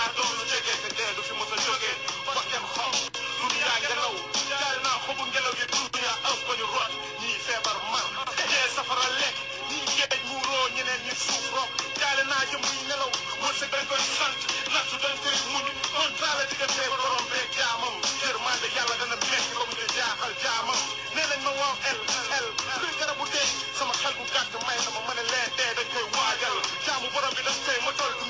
laa doon jógee te dee du fi mos a jógee ba dem xob dund yaa ngelaw jaay naa xobu ngelaw yi dund yaa ëpp ba ñu root ñii feebar mar ñee safara lekk ñii géej muuroo ñeneen ñi suuf rob jaale naa jëm muy nelaw moo si dañ koy sant nattu dañ koy muñ on taala diggante borom beeg jaamam yërmande yàlla dana metti ba mu de jaaxal jaamam nee nañ ma waaw el el kuy garabu dee sama xel bu gàtt may na ma mën a lee dee dañ koy waajal jaamu borom bi daf koy ma toll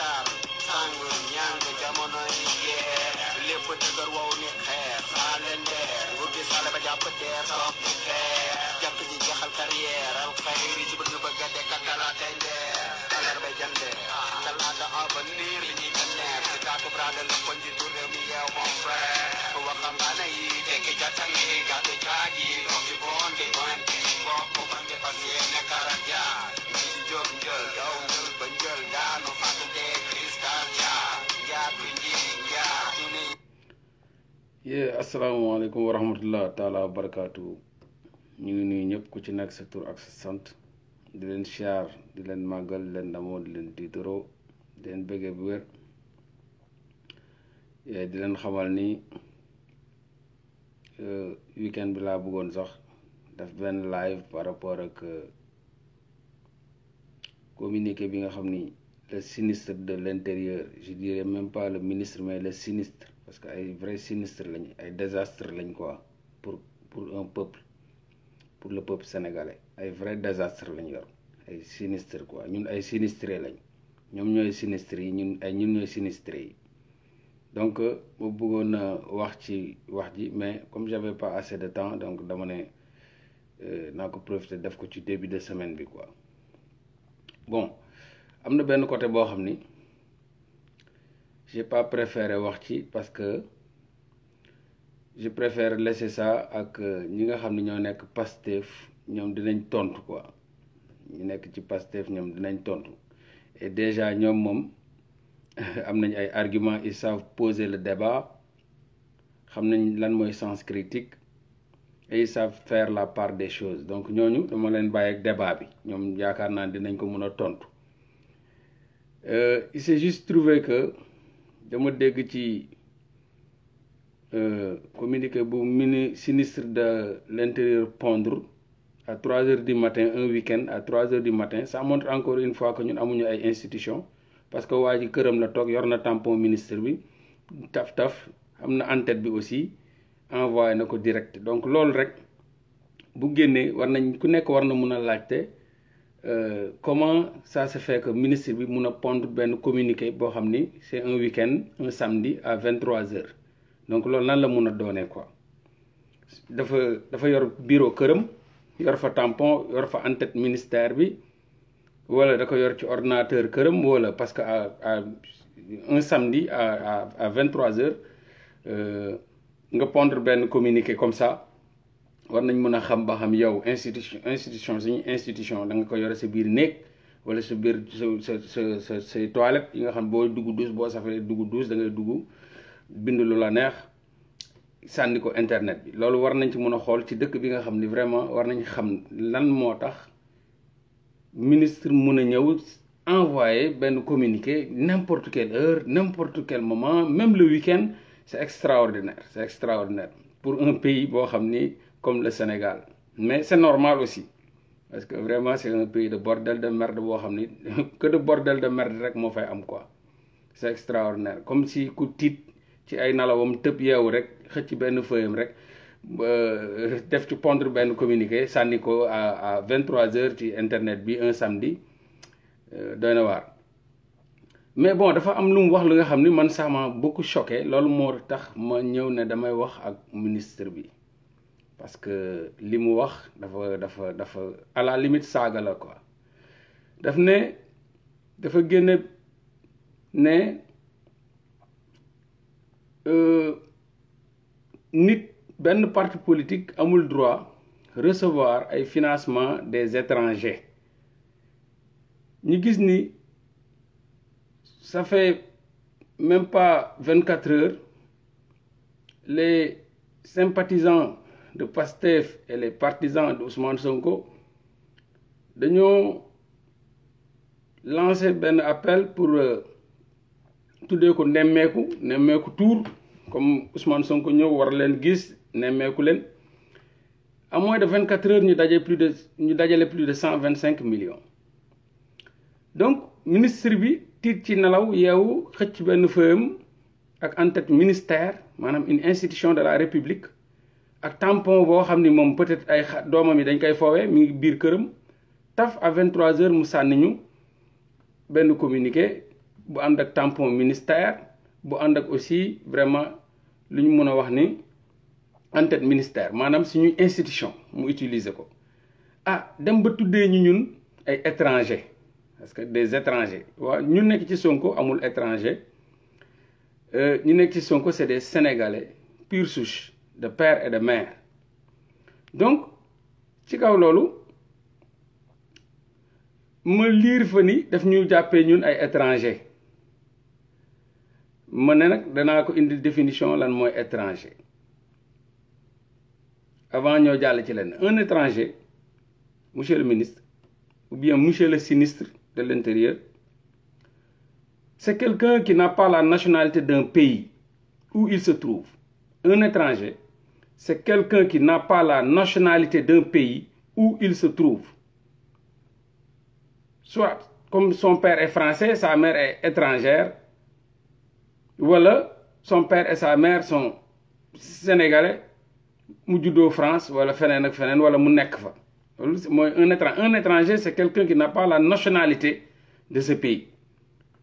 sara sangu nyanga jamono yi lépp dëgër wow ni xeer saa leen deer nguur gi saale ba jàpp al xayri ci bëgg bëgg a dekk ak talaatay ndeer alarbay jande talaata avenir li ñuy ganneer si taatu braade la ko njiitu réew mi yeew moom frère waxambaane yi tekki jatang yi gàddu caaj yi yee asalaamaaleykum wa rahmatullah taala barakaatu ñu ngi nuyu ñépp ku ci nekk sa tur ak sa sant di leen siyaar di leen màggal di leen damoo di leen tiitaroo di leen bëggee bu wér di leen xamal ni eh, weekend bi laa bëggoon sax daf benn live par rapport ak eh, communiqué bi nga le sinistre de l'intérieur je ne dirais même pas le ministre mais le sinistre parce que ay vrai sinistre un désastre lañ quoi pour pour un peuple pour le peuple sénégalais ay vrai désastre lañ yor ay sinistre quoi ñun ay sinistre lañ Nous, nous sinistre ñun donc je euh, bëggoon a wax ci mais comme j'avais pas assez de temps donc je ne euh, naa profité def ko début de semaine quoi bon amna ben côté bo xamni j'ai pas préféré wax ci parce que je préfère laisser ça ak euh, ñi nga xamni ñoo nek Pastef ñom dinañ tontu quoi ñu nek ci Pastef ñom dinañ tontu et déjà ñom mom am ay arguments ils savent poser le débat xamnañ lan moy sens critique et ils savent faire la part des choses donc nous dama là pour ak débat Nous, ñoom yaakaar naa dinañ ko a euh, il s'est juste trouvé que dama dégg ci euh, communiqué bu le sinistre de l'intérieur pondre à 3h du matin un week-end à 3h du matin ça montre encore une fois que nous amuñu ay institution parce que waa ji këram la toog yor un tampon ministre bi taf taf am na en-tête aussi envoyé nako direct donc lool rek bu génnee war nañ ku nek war na mëna a laajte euh, comment ça se fait que ministre bi mëna a pondre benn communiqué bo xamni c'est un week-end un samedi à 23 h heures donc lool lan la mëna a quoi dafa dafa yor bureau kërëm yor fa tampon yor fa en-tête ministère bi wala da ko yor ci ordinateur këram wala parce que à à un samedi à à 23 h euh, heures nga pondre ben communiqué comme ça war nañ une xam ba xam institution institution institution da nga wala yi nga xam da internet bi war nañ ci ci dëkk bi nga vraiment ministre ñëw envoyé ben communiqué n'importe quelle heure n'importe quel moment même le week-end c'est extraordinaire c'est extraordinaire pour un pays comme le Sénégal mais c'est normal aussi parce que vraiment c'est un pays de bordel de merde que de bordel de merde rek fay quoi c'est extraordinaire comme si ku ci ay rek rek euh, def ci pondre communiqué à à heures internet bi un samedi euh mais bon dafa am lu wax lu nga xamni man sax ma beaucoup choqué lolou mo tax ma ñëw ne damay wax ak ministre bi parce que limu wax dafa dafa dafa à la limite saaga la quoi daf né dafa génné né euh nit ben parti politique amul droit recevoir ay financement des étrangers ñu gis ni ça fait même pas 24 heures, les sympathisants de PASTEF et les partisans d'Ousmane Sonko ont lancé un appel pour euh, tuddee ko le nemmeeku tour comme Ousmane Sonko ñëw war leen gis à moins de 24 heures nous avons plus de plus de 125 millions donc ministre bi tiit ci nelaw yeewu xëcc benn feuille ak en ministère maanaam une institution de la république ak tampon bo xamni mom peut-être ay doomam yi dañ koy fowé mi ngi biir taf à 23 heures mu sanniñu ben communiqué bu and ak tampon ministère bu and ak aussi vraiment luñu mëna wax ni en tête ministère manam suñuy institution mu utiliser ko ah dem ba tuddee ñu ñun ay étranger parce que des étrangers Nous, ñu nekk ci Sonko amul étranger euh, ñu Sonko c'est des sénégalais pure souche de père et de mère donc ci kaw loolu ma je fa ni daf ñu nous, ñun ay étranger ma ne nag une définition lan étranger avant nous avons ci dire un étranger monsieur le ministre ou bien monsieur le sinistre de l'Intérieur, c'est quelqu'un qui n'a pas la nationalité d'un pays où il se trouve. Un étranger, c'est quelqu'un qui n'a pas la nationalité d'un pays où il se trouve. Soit comme son père est français, sa mère est étrangère, voilà, son père et sa mère sont sénégalais, du do France ou alors le Voilà wala mu un étranger c'est quelqu'un qui n'a pas la nationalité de ce pays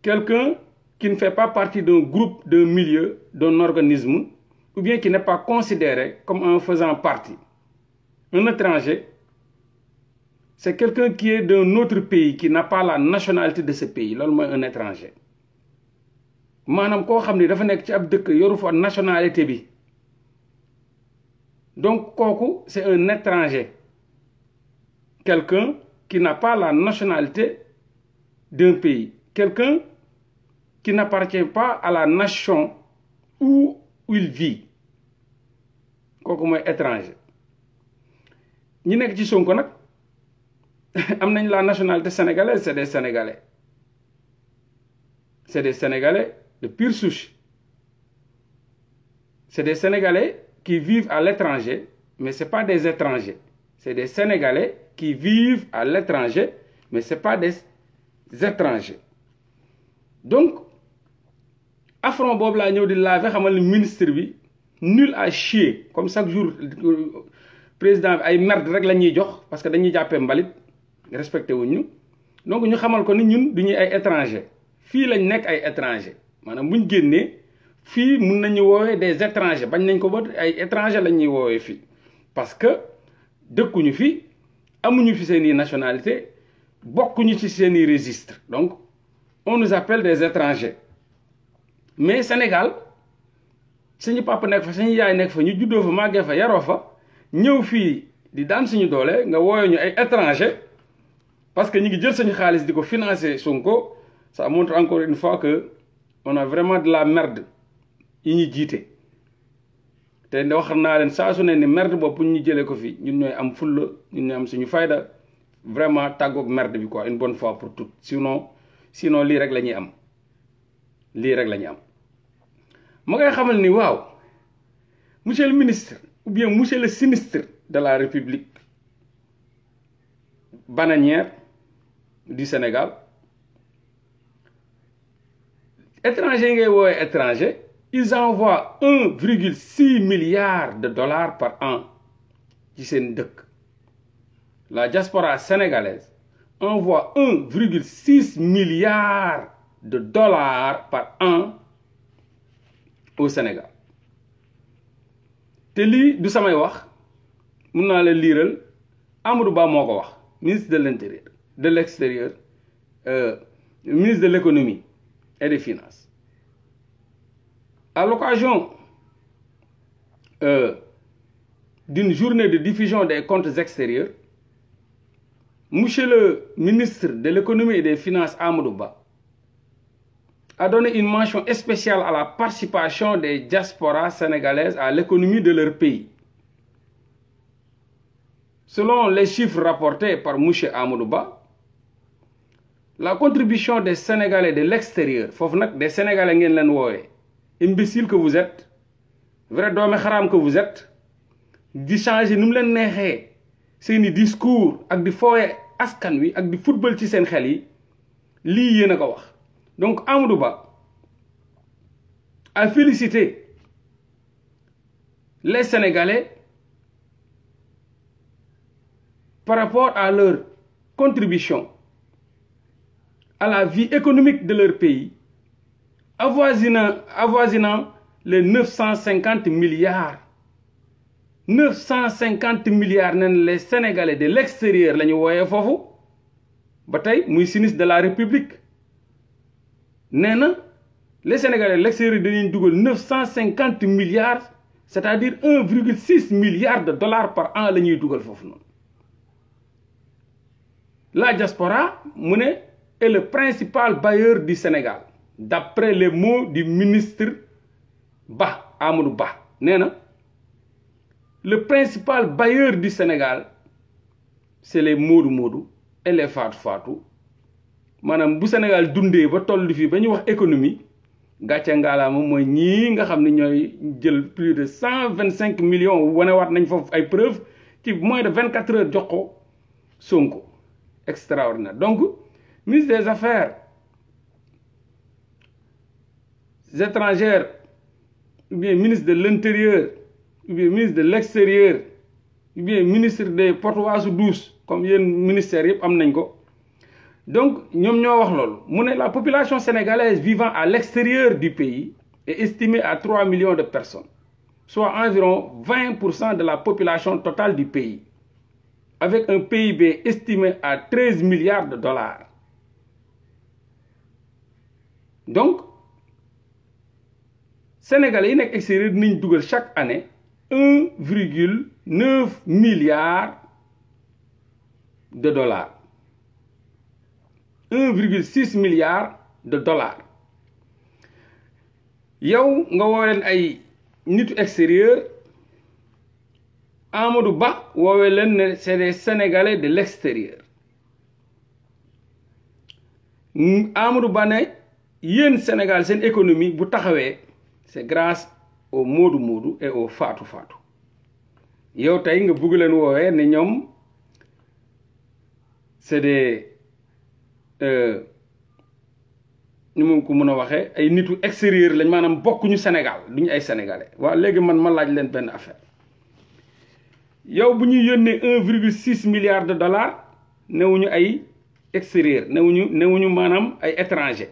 quelqu'un qui ne fait pas partie d'un groupe d'un milieu d'un organisme ou bien qui n'est pas considéré comme en faisant partie un étranger c'est quelqu'un qui est d'un autre pays qui n'a pas la nationalité de ce pays C'est un étranger Je nationalité donc c'est un étranger quelqu'un qui n'a pas la nationalité d'un pays, quelqu'un qui n'appartient pas à la nation où il vit Comme un étranger Nous, ne ci Sonko la nationalité sénégalaise c'est des sénégalais c'est des sénégalais de pure souche c'est des sénégalais qui vivent à l'étranger mais ce c'est pas des étrangers c'est des sénégalais qui vivent à l'étranger, mais ce pas des étrangers. Donc, affront Bob la de di laafee xamal ni ministre bi nul à chier comme chaque jour président a ay merde rek la jox parce que dañuy jàppee mbalit respecté wuñ ñu donc ñu xamal ko ni ñun du ñuy ay étranger fii lañ nek ay étranger Madame bu fille génnee fii des étrangers bañ nañ ko ba ay étranger la ñuy woowee parce que dëkkuñu fi amuñu fi seen de nationalité bokkuñu ci seen i registre donc on nous appelle des étrangers mais Sénégal suñu papa nekk fa suñu yaay nekk fa ñu juddoo fa màggee fa yaroo nous ñëw des di daan suñu doole nga nous ñu ay étrangers parce que si ngi jël suñu xaalis qui financer Sonko ça montre encore une fois que on a vraiment de la merde Il ñu té waxal naa len sa su né ni merde boobu ñu jëlé ko fi ñun ñoy am full ñun ñooy am suñu fayda vraiment tagok merde bi quoi une bonne fois pour toutes sinon sinon li rek lañuy am li rek lañuy am. ma ngay xamal ni waaw monsieur le ministre ou bien monsieur le sinistre de la république bananière du Sénégal étranger ngay woy étranger ils envoient 1,6 milliard de dollars par an la diaspora sénégalaise envoie 1,6 milliard de dollars par an au Sénégal Télé ce du samay wax ministre de l'intérieur de l'extérieur euh, ministre de l'économie et des finances à l'occasion euh, d'une journée de diffusion des comptes extérieurs, Monsieur le ministre de l'économie et des finances Amadouba a donné une mention spéciale à la participation des diasporas sénégalaises à l'économie de leur pays. Selon les chiffres rapportés par Mouché Amadouba, la contribution des Sénégalais de l'extérieur, des Sénégalais imbécile que vous êtes vrai domme kharam que vous êtes d'échanger nous nous mu c'est c'est un discours avec des fois askan wi avec football ci s'en xel yi lii yéen donc a les Sénégalais par rapport à leur contribution à la vie économique de leur pays avoisinant, avoisinant les 950 milliards 950 milliards les sénégalais de l'extérieur, les la fofu. de la république les sénégalais de l'extérieur, de 950 milliards cest à dire 1,6 milliard de dollars par an la ñuy fofu. la diaspora est le principal bailleur du Sénégal d'après les mots du ministre Bah, Amadou Bah le principal bailleur du Sénégal c'est les Modou Modou et les Fatou Fatou si le Sénégal dundé, ba toll fii ba wax économie gàcce ngaalaama plus de 125 millions De nañ fofu ay preuves ci moins de 24 heures Sonko extraordinaire donc ministre des affaires étrangères, ou bien ministre de l'Intérieur, ou bien ministre de l'Extérieur, ou bien ministre des ou douces, comme il ministère donc nous avons la population sénégalaise vivant à l'extérieur du pays est estimée à 3 millions de personnes soit environ 20 de la population totale du pays avec un PIB estimé à 13 milliards de dollars donc sénégalais yi nekk extérieur dinañ dugal chaque année un virgule neuf milliards de dollars un de dollars yow nga woo leen ay nitu extérieur Amadou Ba woowee leen ne c'est des sénégalais de l'extérieur Amadou Ba ne yéen Sénégal seen économie bu taxawee c'est grâce au Modou Modou et au Fatou Fatou yow tay nga bugg leen wowe ne ñom c'est des euh ni mu ko mëna waxé ay nitu extérieur lañ bokku ñu Sénégal duñu ay sénégalais wa légui man ma laaj leen ben affaire yow bu ñuy yónnee un milliard de dollars newuñu ay extérieur newuñu newuñu manam ay étrangers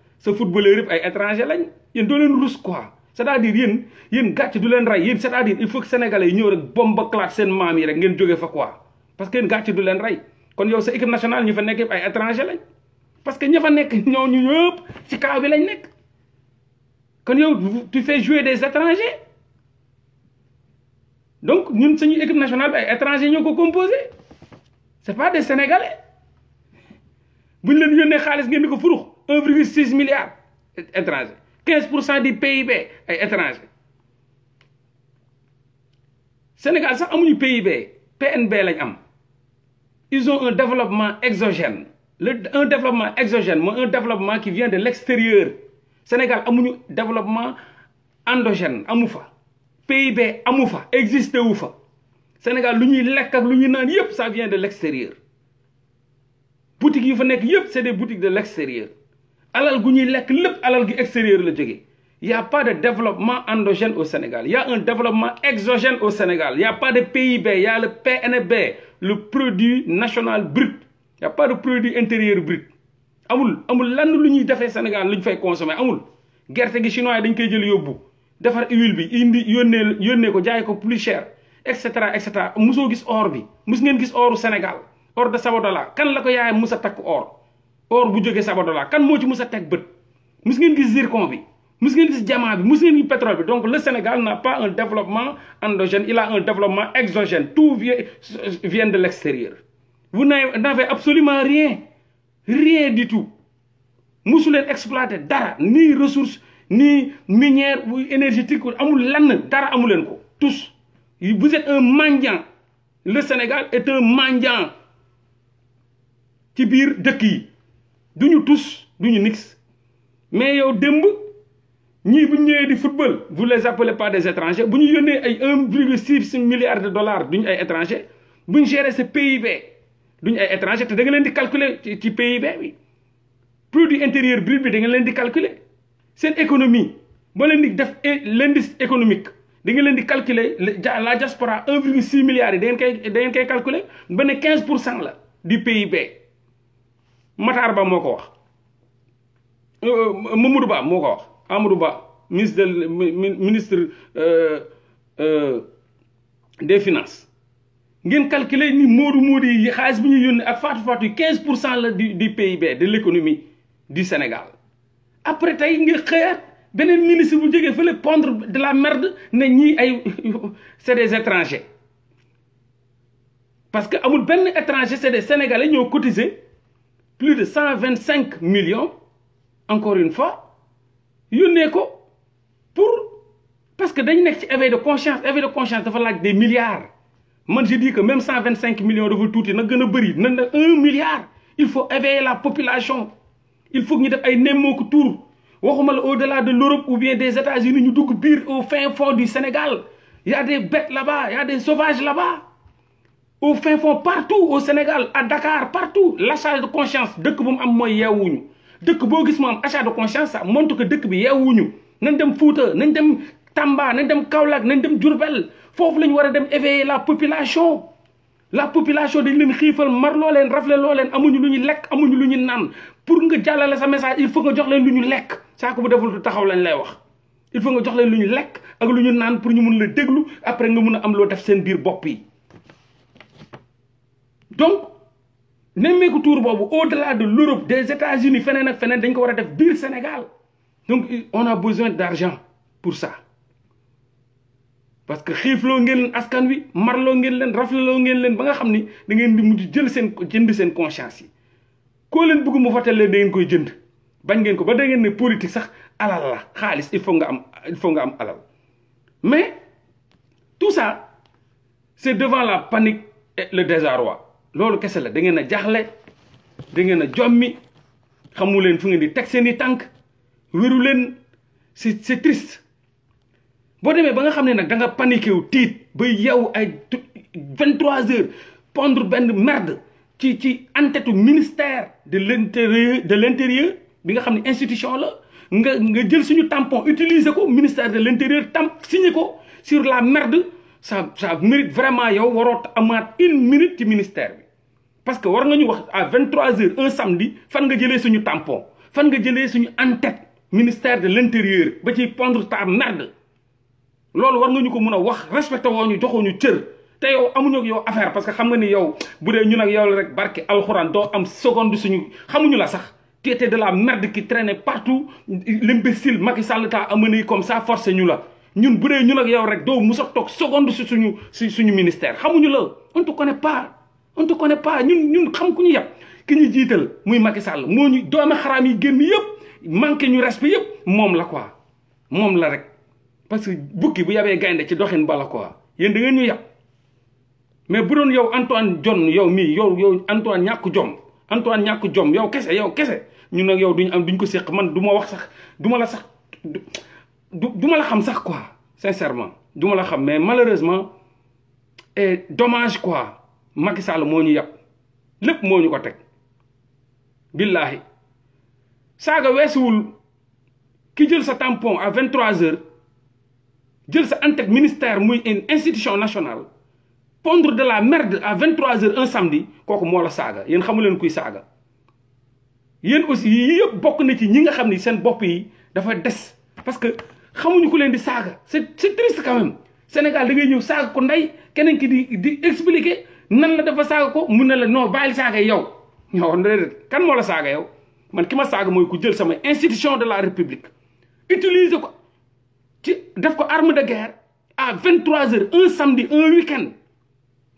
ce footballeur ay étranger lañ yéen doo leen russe quoi c'est-à-dire yéen yéen gàcc du leen rey c'est-à-dire il faut que sénégalais yi ñëw rek bomba claat seen maam yi rek ngeen jógee fa quoi parce que yéen gàcc du leen rey kon yow sa équipe nationale ñu fa nekk yëpp ay étranger lañ parce que ña fa nekk ñoo ñu ñëpp ci kaw bi lañ nekk kon yow tu fais jouer des étrangers donc ñun suñu équipe nationale bi ay étrangers ñoo ko c'est pas des sénégalais ne leen yónnee xaalis ngeen di ko furux 1,6 milliard étrangers 15 du PIB est étrangers Sénégal ça a un PIB PNB ils ont un développement exogène un développement exogène mais un développement qui vient de l'extérieur Sénégal un développement endogène PIB Amoufa, existe. existe Sénégal l'Union, ça vient de l'extérieur boutiques qui fa c'est des boutiques de l'extérieur alal guñuy lek lepp alal gu extérieur la il n'y a pas de développement endogène au Sénégal il y a un développement exogène au Sénégal il n'y a pas de PIB il y a le PNB le produit national brut il n'y a pas de produit intérieur brut amul amul lan lu ñuy au Sénégal lu ñu fay consommer amul gerte gi chinois yi dañ koy de yóbbu defar huile bi indi yónnee yónnee ko jaay ko plus cher etc. cetera et cetera pas gis or bi mos ngeen gis oru Sénégal or de Sabodala kan est-ce yaayam mos a or or bu jógee sabadola kan mo ci mus a beut mus ngeen gis zircon bi mus ngeen gis diamant bi mus ngeen gis pétrole bi donc le Sénégal n'a pas un développement endogène il a un développement exogène tout vient de l'extérieur vous n'avez absolument rien rien du tout musu leen exploiter dara ni ressources, ni minière ou énergétique amul lenn dara ko tous vous êtes un mendiant le Sénégal est un mendiant Qui biir de qui nous tous nous mix, nix mais yow démb ñi bu ñëwé football vous les appelez pas des étrangers Si vous avez ay un de dollars d'étrangers. ay étrangers ce PIB Nous ay étrangers Vous da nga calculer ci PIB bi produit intérieur brut bi da nga calculer économie si leen di def l'indice économique da nga leen calculer la diaspora 1,6 milliard, Nous milliards da calculer du PIB. Matar Ba moko wax euh Ba wax Amadou Ba ministre euh, euh, des finances ngien calculer ni Modou Modou ils xaalis yoni ak 15 du PIB de l'économie du Sénégal après tay ont xëyaat benen ministre bu jógee fële pondre de la merde né ñi des étrangers parce que amul benn étranger étrangers des sénégalais ont cotisé plus de 125 millions encore une fois yónnee pour parce que dañ nekk ci éveil de conscience éveil de conscience dafa des milliards Moi, je dis que même 125 millions de millions de il na a un milliard il faut éveiller la population il faut que ñu def ay autour. tour au delà de l'Europe ou bien des États-Unis nous dugg au fin fond du Sénégal Il y a des bêtes là-bas il y a des sauvages là-bas au fin fond partout au Sénégal à Dakar partout l'achat de conscience de bu mu am mooy yeewuñu dëkk boo achat de conscience ça montre que dëkk bi nañ dem Fouta Tamba nañ dem Kaolack nañ dem Diourbel la éveiller la population la population de leen marlolen mar la leen rafle loo leen amuñu lu amuñu de pour nga sa il faut que jox leen lu Lek, il faut que jox leen pour après donc nemmeeku tour boobu au delà de l'Europe des États-Unis feneen ak feneen dañ ko war def biir Sénégal donc on a besoin d'argent pour ça parce que xiifloo ngeen leen askan wi marloo ngeen leen rafleloo ngeen leen ba nga xam ni da ngeen di mujj jël seen jënd seen conscience yi koo leen bëgg mu voté leen da ngeen koy jënd bañ ngeen ko ba da ngeen ne politique sax alal la xaalis il faut nga am il faut nga am alal mais tout ça c'est devant la panique le désarroi loolu kese la da ngeen a jaaxle da ngeen a jommi xamu leen fu ngeen di tek seen tank tànk len c'est c'est triste bo demee ba nga xamné nak da nga paniqué wu tiit ba yow ay 23 heures pondre ben merde ci ci en ministère de l'intérieur de l'intérieur bi nga xamné institution la nga nga jël suñu tampon utiliser ko ministère de l'intérieur tam signé ko sur la merde ça ça mérite vraiment yow waroo amat une minute ci ministère parce que war nga ñu wax à 23h un samedi fan nga jëlee suñu tampon fan nga jëlee suñu en-tête ministère de l'intérieur, ba ci pondre ta merde loolu war nga ñu ko a wax respecté woo ñu joxoo ñu cër te yow amuñu ak yow affaire parce que xam nga ni yow bu dee ñun ak yow la rek barké alcorane do am seconde suñu xamuñu la sax. tu étais de la merde qui traînait partout l'imbécile Macky Sall t'a amené comme ça forcé ñu la ñun bu dee ñun ak yow rek do mus tok seconde suñu suñu ministère xamuñu la on te connaît pas on te connaît pas ñun ñun xam ku ñu yapp ki ñu jiital muy Macky Sall moo ñu doomi xaraam yi génn yëpp manqué ñu respect yëpp mom la quoi mom la rek parce que bukki bu yabee gaynde ci doxine bala quoi yeen da ngeen ñu yapp mais bu doon yow Antoine John yow mi yow yow Antoine ñàkk jom Antoine ñàkk jom yow kese yow kese ñun ak yow duñ am duñ ko séq man duma ma wax sax duma la sax duma ma la xam sax quoi sincèrement duma ma la xam mais malheureusement et eh, dommage quoi Macky Sall moo ñu yàpp lépp moo ñu ko tek billahi saga weesuwul ki jël sa tampon à 23 trois heures jël sa en ministère muy une institution nationale pondre de la merde à 23 trois heures un samedi kooku mo la saga yeen xamu leen kuy saga yeen aussi yeb yëpp bokk na ci ñi nga xam ni seen yi dafa dess parce que xamuñu ku len di saga c'est c'est triste quand même Sénégal da ngay ñëw saaga ko ndey keneen ki di expliquer nan la dafa saaga ko mun na la non bàyyil saaga yow ñoo déedéet kan moo la saaga yow man ki ma saaga mooy ku jël sama institution de la république utiliser ko ci def ko arme de guerre à vingt trois heures un samedi un week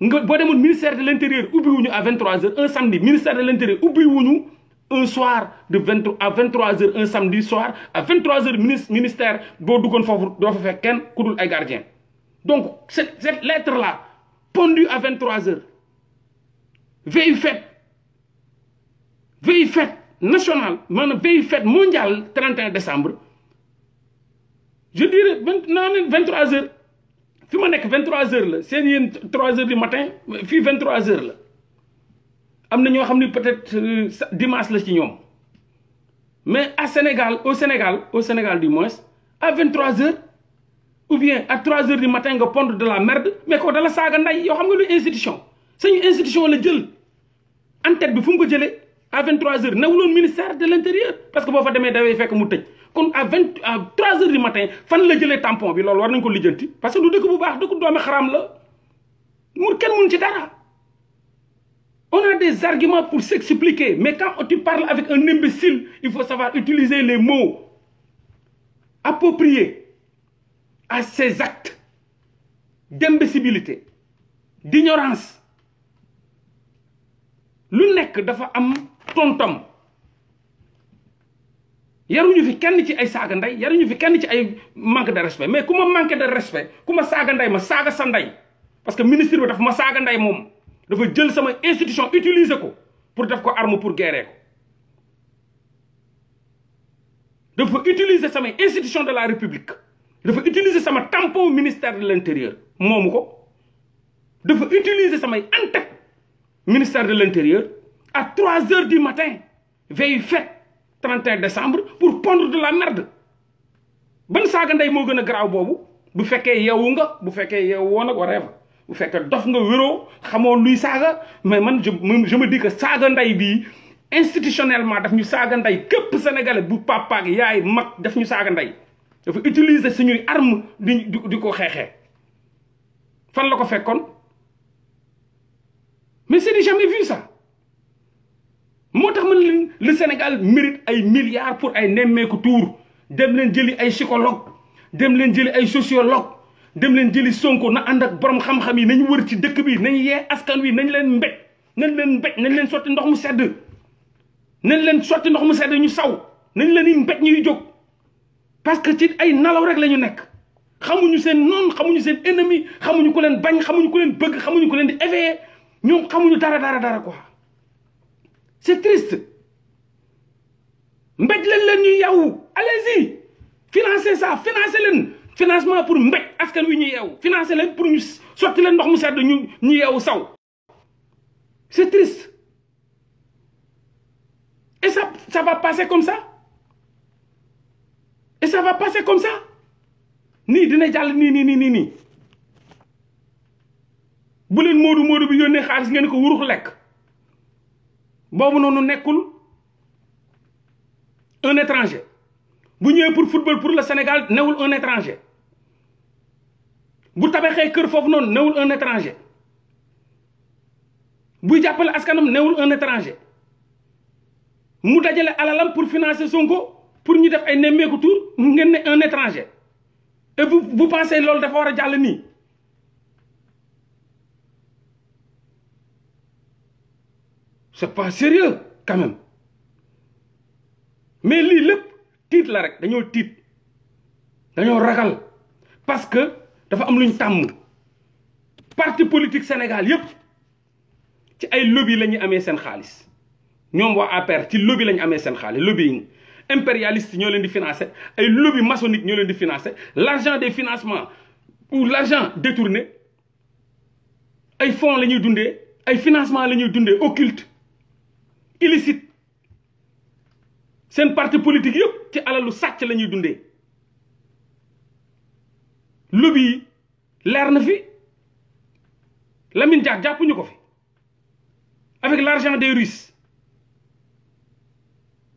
nga boo demoon ministère de l' intérieur ubbi wuñu à vingt trois heures un samedi ministère de l' intérieur ubbi wuñu un soir de vingt à vingt trois heures un samedi soir à vingt trois heures ministère boo duggoon foofu doo fa kenn ku dul ay gardien donc cette cette lettre là pondu à 23 h veille fête veille fête nationale maintenant veille fête mondiale 31 décembre je dirais 23 h fi ma 23 h C'est 3 h du matin fii 23 h la Amna peut-être euh, dimanche la ci mais au Sénégal au Sénégal au Sénégal du moins à 23 h ou bien à 3 h du matin nga pondre de la merde mais kooku dala saga nday yo xam nga lu institution une institution la djel en-tête bi fum ko djelé à 23 heures nawuloon ministère de l'intérieur parce que boo fa demee dawee fek mu tëj kon à 20 à 3 h du matin fan la que tampon bi lolou war nañ ko parce que lu dëkk bu baax dëkk doomi xaraam la mu ken mun ci dara on a des arguments pour s'expliquer mais quand tu parles avec un imbécile il faut savoir utiliser les mots appropriés à ces actes d'imbécilité d'ignorance lu nek dafa am tontam yaruñu fi kenn ci ay saga ndey yaruñu fi kenn ci ay manque de respect mais comment ma manque de respect Comment saga saaga ma saga sa parce que ministère doit dafa ma saaga mom. moom dafa jël sama institution utiliser ko pour def ko arme pour guerrer ko dafa utiliser samay institution de la république faut utiliser sama tampon ministère de l'intérieur, moi utiliser sa ministère de l'intérieur, à 3 heures du matin veille fête 31 décembre pour pondre de la merde Bonne saga, a vous un que nga bu vous vous bu dof mais moi, je je me dis que saga institutionnellement képp sénégalais papa yaye, mak, faut utiliser suñuy arme di di ko fan la ko mais c'est jamais vu ça motax le Sénégal mérite des milliards pour ay nemmeeku tour dem len jëli ay psychologue dem len jëli ay sociologue dem len jëli Sonko na and ak borom xam-xam yi nañ wër ci dëkk bi nañ yé askan wi nañ len nañ len nañ len ndox mu nañ ndox mu ñu saw nañ parce que ci ay nalaw rek lañu nek xamuñu sen non xamuñu sen ennemi xamuñu ko leen bañ xamuñu ko leen bëgg xamuñu ko leen di éveiller ñoom xamuñu dara dara dara quoi c'est triste mbéj leen leen ñuy yeewu allez-y financez ça financez leen financement pour mbéj askan wi ñu yaw financez leen pour ñu soti leen ndox mu sedd ñu ñu yaw saw c'est triste et ça ça va passer comme ça et ça va passer comme ça ni ni ni ni ni ni. nii bu Modou Modou bi un étranger Si pour football pour le Sénégal newul un étranger bu vous kër un étranger Si vous askanam un étranger pour financer son goût pour ñu def ay nemmeeku tour ngeen ne un étranger et vous vous pensez loolu dafa war a jàll c'est pas sérieux quand même mais lii lépp tiit la rek dañoo tiit dañoo ragal parce que dafa am lu ñu parti politique Sénégal yépp ci ay lobby la ñu amee seen xaalis ñoom waa APR ci lobby la ñu amee seen lobby impérialistes qui leen di financer lobby maçonnique qui ont di financer l'argent des financements ou l'argent détourné ay fonds la ñuy dundee ay financements la dundee occulte illicite un parti politique qui a le sac la ñuy dundee lobby yi la na avec l'argent des Russes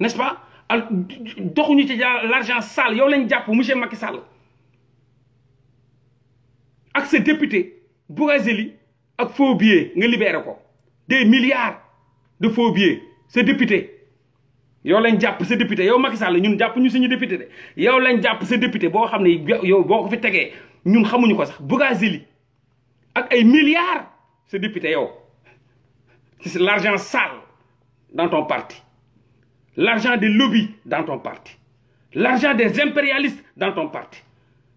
n'est-ce pas doxuñu ci l'argent sale yow lañ jàpp monsieur Macky Sall ak sa député Bougazeli ak faux billets nga libéré ko des milliards de faux billets députés. député yow lañ jàpp sa député yow Macky Sall ñun japp ñu suñu député de yow lañ japp ces députés bo xamné ne yow boo fi tegee ñun xamuñu ko sax Bougazeli ak ay milliards ces député yow c'est l'argent sale dans ton parti l'argent des lobbies dans ton parti, l'argent des impérialistes dans ton parti,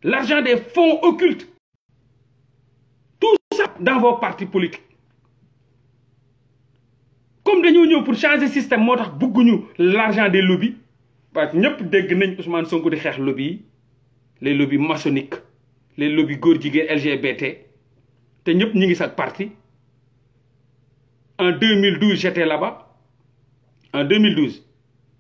l'argent des fonds occultes, tout ça dans vos partis politiques. Comme nous sommes pour changer le système, nous avons l'argent des lobbies. Parce que nous avons Ousmane Sonko de faire les lobbies maçonniques, les lobbies gordigés LGBT. Et nous avons cette parti. En 2012, j'étais là-bas. En 2012,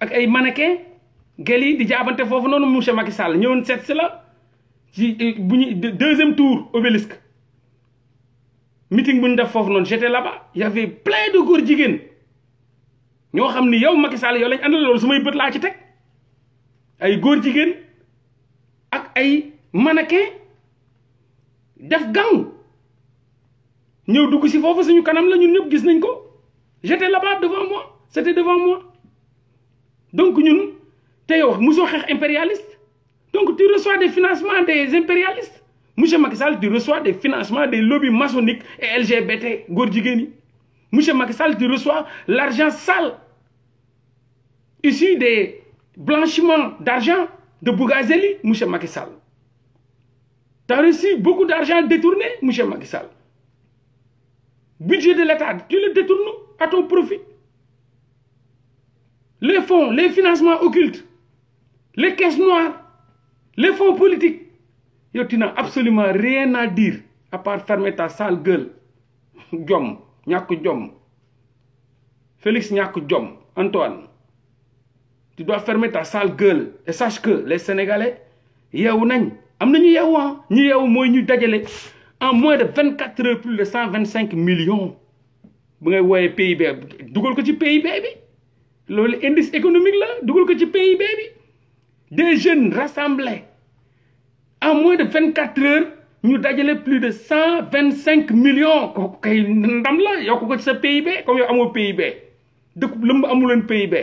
ak ay mannequins Gali di jabanté monsieur eh, deuxième tour obélisque meeting def j'étais là-bas il y avait plein de góor Nous ñoo xamni yow Macky Sall yow lañ andal lolu sumay Ils ont ci ay ak ay mannequin def gang dugg ci fofu suñu kanam la ñun gis j'étais là-bas devant moi c'était devant moi donc nous, tu yow donc tu reçois des financements des impérialistes monsieur Macky tu reçois des financements des lobbies maçonniques et LGBT Gordigeni. M. tu reçois l'argent sale issu des blanchiments d'argent de Bougazeli monsieur Macky tu as reçu beaucoup d'argent détourné monsieur Macky budget de l'État tu le détournes à ton profit les fonds, les financements occultes, les caisses noires, les fonds politiques. Yo, tu n'as absolument rien à dire à part fermer ta sale gueule. Diom, Nyaku Djom. Félix Nyaku Djom. Antoine. Tu dois fermer ta sale gueule et sache que les Sénégalais, pas nañ a ñu yeewu ah ñu en moins de 24 heures plus de 125 millions bu ngay pays PIB dugal ko ci PIB loolu indice économique la dugal ko ci PIB bi des jeunes rassemblés en moins de vingt quatre heures ñu dajale plus de cent vingt cinq millions kooku kay ndam la yokk ko ci sa PIB comme yow amoo PIB dëkk lëmb amu leen PIB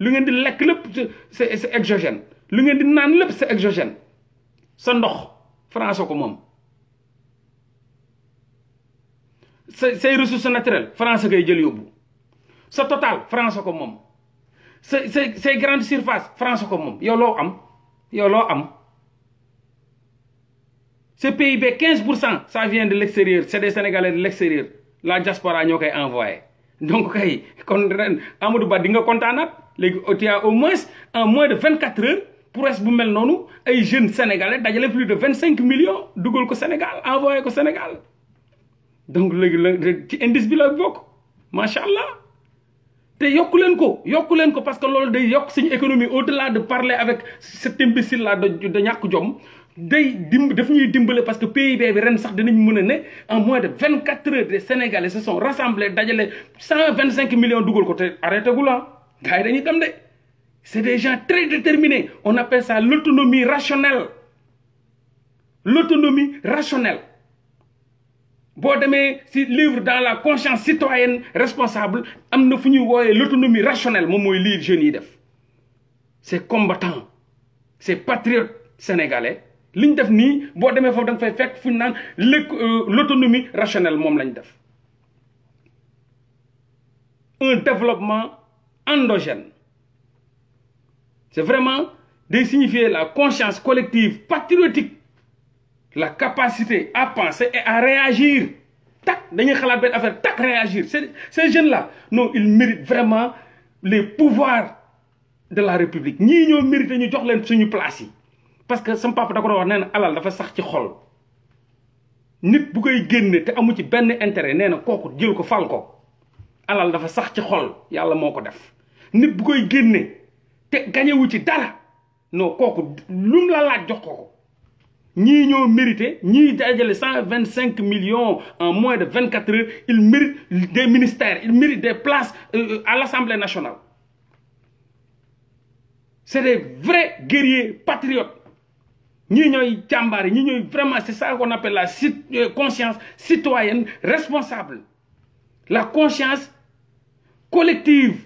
lu ngeen di lekk lépp c'est exogène lu ngeen di naan lépp c'est exogène sa ndox France ko moom sa say ressources naturelles France kay jël yóbbu sa total France ko moom c'est une grande surface France comme moom yow lo am yow lo am ce PIB 15 ça vient de l'extérieur c'est des Sénégalais de l'extérieur la diaspora ñokay envoyé donc kay kon a Amadou Ba di nga kontaanaat légui au moins en moins de 24 heures pour bu mel nonou ay jeunes sénégalais dajale plus de 25 millions dougal ko Sénégal envoyé au Sénégal donc légui ci indice bi la bok machallah te yokku parce que l'économie au delà de parler avec cet imbécile là de ñàkk jom day dimb parce que pays pays ren sax en moins de 24 heures les sénégalais se sont rassemblés dajale 125 millions de ko ont arrêté là. la gars des gens très déterminés on appelle ça l'autonomie rationnelle L'autonomie rationnelle si demee livre dans la conscience citoyenne responsable am na l'autonomie rationnelle moom mooy lii jeune yi def c'est combattant c'est patriote sénégalais li ñu def nii boo demee euh, l'autonomie rationnelle un développement endogène c'est vraiment de signifier la conscience collective patriotique la capacité à penser et à réagir. Tac, dañuy xalaat benn affaire tac réagir ces ces jeunes là non ils méritent vraiment les pouvoirs de la république ñii ñoo mérité ñu jox leen suñu place yi. parce que sama papa da ko doon wax nee na alal dafa sax ci xol nit bu koy génne te amu ci benn intérêt nee na kooku jël ko fal ko alal dafa sax ci xol yàlla moo ko def nit bu koy génne te gañewu ci dara non kooku lum la laaj jox ko. Ni ont mérité ni les les 125 millions en moins de 24 heures ils méritent des ministères ils méritent des places euh, à l'Assemblée nationale c'est des vrais guerriers patriotes niño vraiment c'est ça qu'on appelle la euh, conscience citoyenne responsable la conscience collective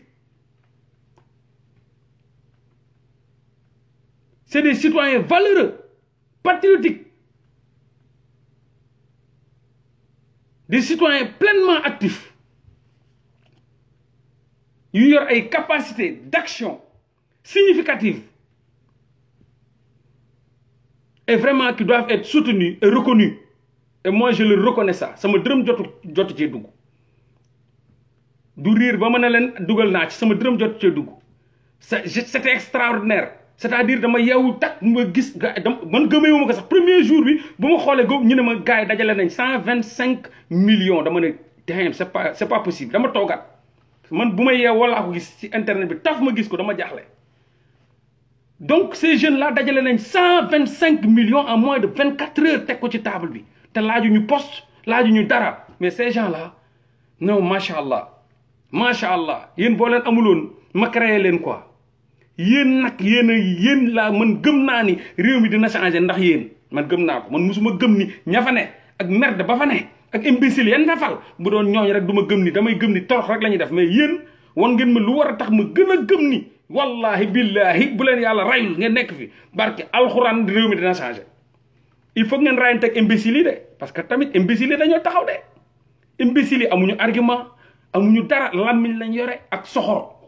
c'est des citoyens valeureux des citoyens pleinement actifs, y ont une capacité d'action significative et vraiment qui doivent être soutenus et reconnus et moi je le reconnais ça Ça me drame de d'autres du rire, ba ça me leen d'autres c'était extraordinaire c'est-à-dire dama yewu tak ma gis man gëmeewu ma ko sax premier jour bi buma xolé go ñu ne ma gaay dajalé nañ 125 millions dama ne damn c'est pas c'est pas possible dama togat man buma yew wala ko gis ci internet bi taf ma gis ko dama jaxlé donc ces jeunes là dajalé nañ 125 millions en moins de 24 heures tek ko ci table bi té laaju ñu poste laaju ñu dara mais ces gens là non machallah machallah macha bo leen amuloon ma créer leen quoi yéen nag yéen yéen laa man gëm naa ni réew mi dina changé ndax yéen man gëm naa ko man musuma gëm ni ña fa ne ak merde ba fa ne ak imbécile yan fa fal bu doon ñooñ rek duma gëm ni damay gëm ni torox rek la ñuy def mais yéen wan ngeen ma lu war a tax ma gën a gëm ni wallahi billahi bu leen yàlla rayul ngeen nekk fi barke alxuraan réew mi dina changé il faut ngeen rayante ak imbécile de parce que tamit imbécile yi dañoo taxaw de imbécile yi amuñu argument amuñu dara làmmiñ lañ yore ak soxor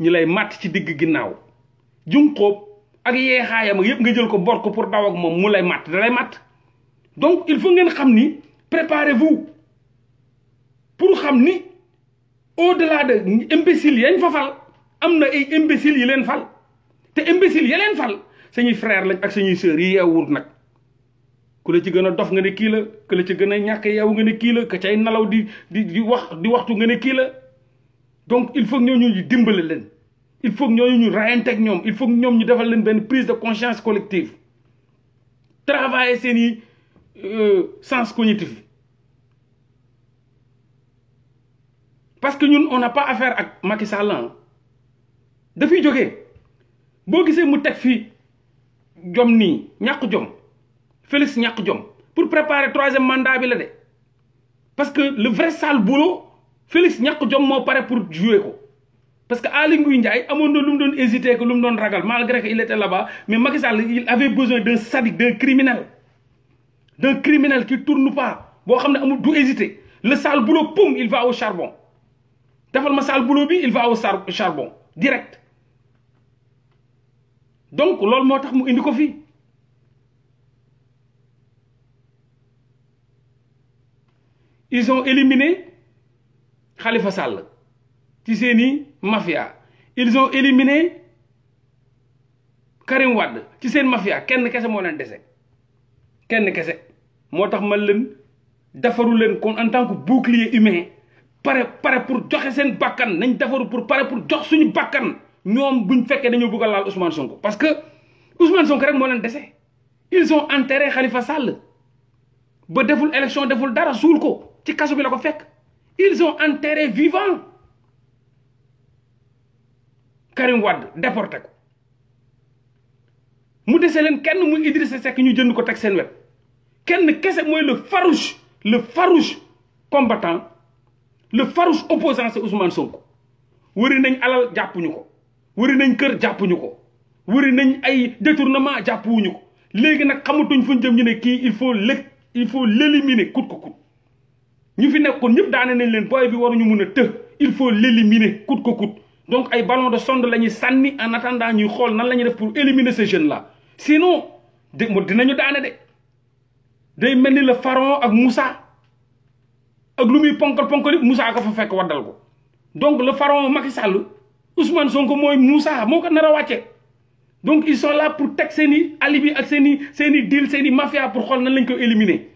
ñi lay mat ci digg jung junqóob ak yeexaayam ak yëpp nga jël ko bor ko pour daw ak mom mu lay mat da lay donc il faut ngeen xamni préparez-vous pour xamni au delà de imbécile yañ fa fal amna ay imbécile yi len fal te imbécile ya fal suñuy frère lañ ak suñuy sœur yi yeewut nak ku la ci gëna dof nga ne ki la ku la ci gëna ñak nga ne ki la ka cey nalaw di di di wax di waxtu nga ne ki la donc il faut que nous nous il faut que nous ñu réintégrions. il faut que nous ñu prise de conscience collective travailler euh, sens cognitif parce que nous, on n'a pas affaire à Macky Sall Depuis vous j'ai joué, mu Félix pour préparer troisième mandat parce que le vrai sale boulot Félix ñàkk jom moo pare pour jouer parce que Ali Ngouille Ndiaye amoon na hésité que lu ragal malgré qu'il était là-bas mais Macky Sall il avait besoin d'un sadique d'un criminel d'un criminel qui tourne pas boo xam amul hésité le sale boulot poum il va au charbon defal le sale boulot bi il va au charbon direct donc loolu moo tax mu indi ko ils ont éliminé Khalifa Sall ci mafia ils ont éliminé Karim Wade ci sais mafia kenn le ce Qui kenn ce C'est pour ça que en tant que bouclier humain pare pour joxe seen Nous nañ un pour qui pour jox suñu bakkan fait buñ fekkee ont bëgg Ousmane Sonko parce que Ousmane Sonko train de se faire. ils ont enterré Khalifa Sall ba vous élection deful dara suul ko ci la ils ont enterré vivant Karim Wade déporté mu dese kenn mu Idrissa Seck ñu jënd ko seen kenn kessé le farouche le farouche combattant le farouche opposant c'est Ousmane Sonko wëri nañ alal jappu ñuko. wëri nañ kër jappu ñuko. wëri nañ ay détournement jappu ñuko. Légui nak xamatuñ jëm ñu il faut il faut l'éliminer ñu fi nekkoon ñëpp daane nañ leen boy bi waruñu mun a il faut l'éliminer coûte que coûte donc ay ballon de sonde lañuy sanni en attendant ñuy xool nan la def pour éliminer ces jeunes là sinon de mo dinañu daane de day mel le pharaon ak Moussa ak lu muy ponkal ponkal Moussa ko fa fekk wadal ko donc le pharaon Macky Sall Ousmane Sonko moy Moussa moko nara nar donc ils sont là pour teg seen i alibi ak seni seni deal seni mafia pour xol nan lañ ko éliminer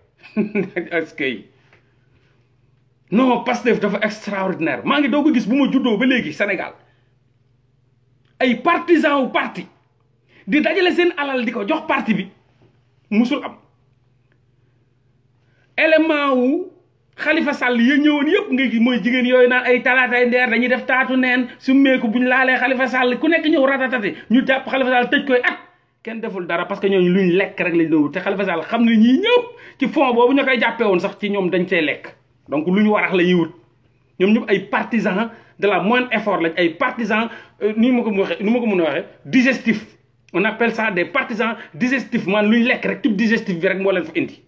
askay non Pastef dafa extraordinaire maa ngi doo ko gis bu mu juddoo ba léegi Sénégal ay partisan wu parti di dajale seen alal di ko jox parti bi musul am élément wu Xalifa Sall ya ñëwoon yëpp nga gi mooy jigéen yooyu naan ay talaataay ndeer dañuy def taatu neen su meeku bu ñu laalee Xalifa Sall ku nekk ñëw ratatati ñu jàpp Xalifa Sall tëj koy at ken deful dara parce que ñoo luñ lekk rek lañ té Khalifa Sall donc warax partisans de la moindre effort lañ ay partisans euh, ni digestif. on appelle ça des partisans digestifs man type digestif rek mo leen fa indi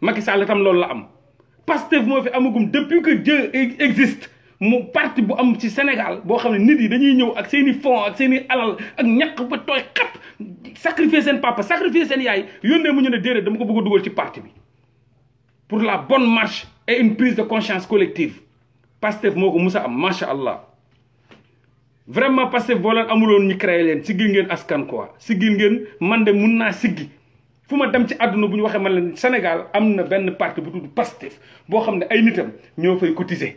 Macky Sall loolu la am depuis que Dieu existe mu parti bu am ci Sénégal bo de nit yi dañuy ñëw ak seeni ak alal ak ba sacrifier papa sacrifier yaay mu ñu ne dama ko ci parti pour la bonne marche et une prise de conscience collective Pastef moko musa am vraiment Pastef boo un ñi créer ci askan quoi siggil ngeen man de dem ci Sénégal amna parti bu tuddu Pastef bo xamné ay nitam cotiser.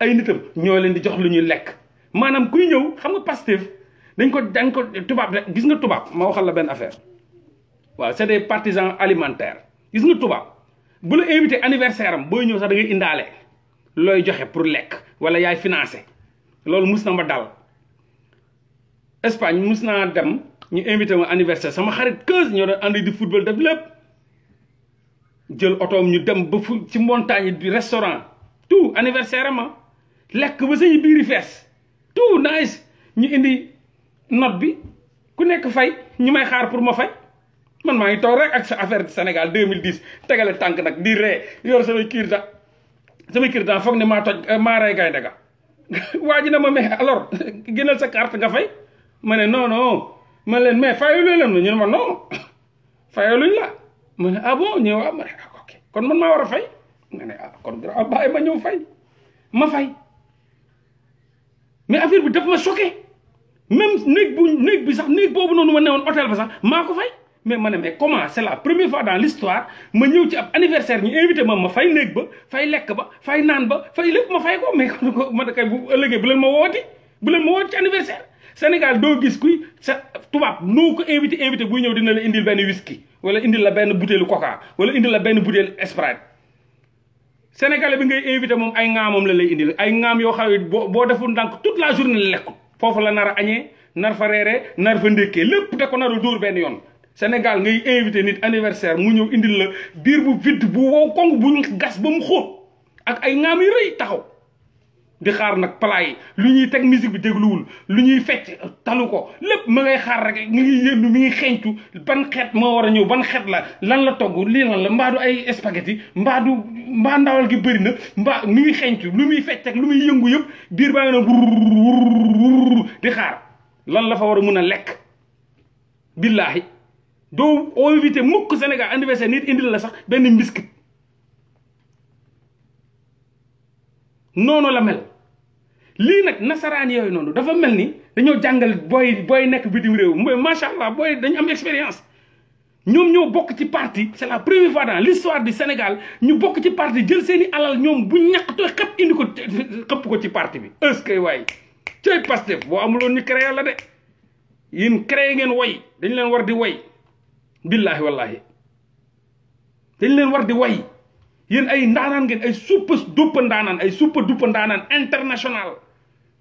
ay nitam ñoo leen di jox lu ñuy lekk maanaam kuy ñëw xam nga Pastef dañ ko dañ ko tubaab rek gis nga tubaab ma waxal la benn affaire waaw c'est des partisans alimentaire gis nga tubaab bu la invité anniversaire am booy ñëw sax da indaale looy joxe pour lekk wala yaay financé loolu mus na ma dal Espagne mus naa dem ñu invité ma anniversaire sama xarit keuse ñoo doon ànd di football def lépp jël otoom ñu dem ba fu ci montagne bi restaurant tout anniversaire ma lek ba sañu biiri fess tout nice ñu indi not bi ku nekk fay ñu may xaar pour ma fay man ma ngi toog rek ak sa affaire Sénégal 2010 tégalé tank nak di ré yor sama kiir da samay kiir da foog ne toj ma ray gay daga waji na ma mais alors gënal sa carte nga fay ma ne non non ma len mais fayu leen ma ñu ma non luñ la ma ah bon ñu ma ah, ok kon man ma wara fay ma ne ah kon grand bàyyi ma ñëw fay ma fay mais affaire bi dafa ma choqué même néeg bu néeg bi sax néeg boobu noonu ma woon hôtel ba sax maa ko fay mais ma ne mais comment c'est la première fois dans l'histoire ma ñëw ci ab anniversaire ñu invité ma ma fay néeg ba fay lekk ba fay naan ba fay lépp ma fay ko mais ma ne kay bu ëllëgee bu leen ma wooti bu leen ma wooti ci anniversaire Sénégal doo gis kuy sa tubaab noo ko invité invité buy ñëw dina la indi benn whisky wala indil la benn butéelu coca wala indil la benn butéelu Sprite sénégalais bi ngay invité moom ay ŋaamam la lay indil ay ŋaam yoo xam ne boo boo deful ndànk toute la journée la foofu la nar a añee nar fa reeree nar fa ndékkee lépp da ko narul dóor benn yoon sénégal ngay invité nit anniversaire mu ñëw indil la biir bu vide bu wow kong bu gas ba mu xóot ak ay ŋaam yu rëy taxaw di xaar nag palaa yi lu ñuy teg musique bi dégluwul lu ñuy fecc talu ko lépp ma ngay xaar rek mi ngi yëndu mi ngi xeeñtu ban xeet moo war a ñëw ban xeet la lan la togg lii lan la mbaadu ay spaghetti mbaadu mbaa ndawal gi bëri na mbaa mi ngi xeeñtu lu muy fecc ak lu muy yëngu yëpp biir baa ngi na di xaar lan la fa war a mun a lekk billaahi doo invité mukk Sénégal anniversaire nit indil la sax benn mbiskit noonu la mel li nak nasaraan yoy nonu dafa melni dañu jangal boy boy nek nekk bitim réew mooy macha allah booy dañu am experience ñom ñoo bok ci parti c'est la première fois dans l'histoire du Sénégal ñu bok ci parti jël seeni alal ñom bu to xep indi ko xep ko ci parti bi est-ce que waay cooy Pastef boo amuloon ñu créer la dé yéen créer ngeen way dañ leen war di way billahi wallahi dañ leen war di way yéen ay ndaanaan ngeen ay soupe dupe ndaanaan ay soupe dupe ndaanaan international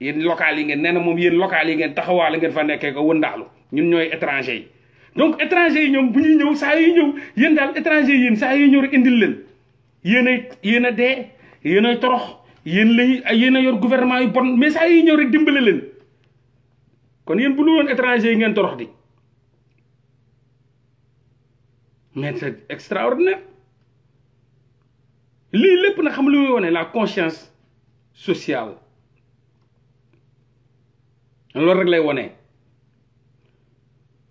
yéen local yi ngeen nee na moom yéen local yi ngeen taxawaale ngeen fa nekkee ko wëndaalu ñun ñooy étranger yi donc étranger yi ñoom bu ñuy ñëw saa yuy ñëw yéen daal étranger yéen saa yuy ñëw rek indil leen yéen ay yéen a dee yéen ay torox yéen lañuy yéen a yor gouvernement yu bon mais saa yuy ñëw rek dimbale leen kon yéen bu lu woon étranger yi ngeen torox di mais c'est extraordinaire lii lépp na xam lu muy wone la conscience sociale loolu rek lay woné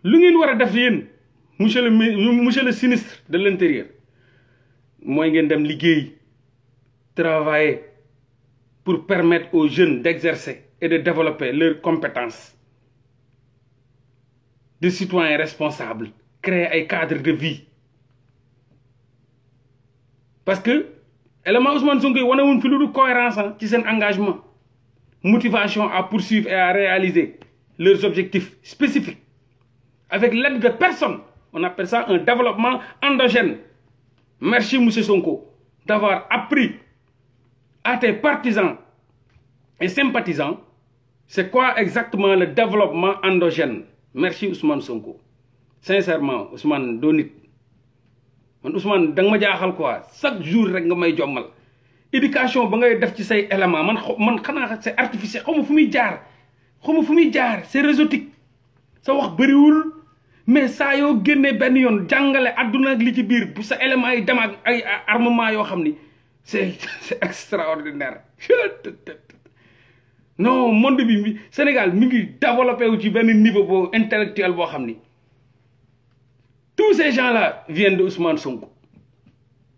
lu ngeen wara def yéen monsieur le monsieur le sinistre de l'intérieur moy ngeen travailler pour permettre aux jeunes d'exercer et de développer leurs compétences de citoyens responsables créer un cadre de vie parce que élément Ousmane Sonko wonawun fi lu cohérence ah, ci un engagement motivation à poursuivre et à réaliser leurs objectifs spécifiques. Avec l'aide de personnes, on appelle ça un développement endogène. Merci M. Sonko d'avoir appris à tes partisans et sympathisants c'est quoi exactement le développement endogène. Merci Ousmane Sonko. Sincèrement, Ousmane Donit. Ousmane, dang ma jaaxal quoi. Chaque jour je nga éducation ba ngay def ci say élément man man xana c'est artificiel xaw fumuy jaar xaw fumuy jaar c'est réseautique sa wax wul mais sa yo génnee ben yon jangalé aduna ak li ci bir bu sa élément yi dama ay armement yo xamni c'est c'est extraordinaire non monde bi Sénégal mi ngi développer ci ben niveau bo intellectuel bo xamni tous ces gens là viennent de Ousmane Sonko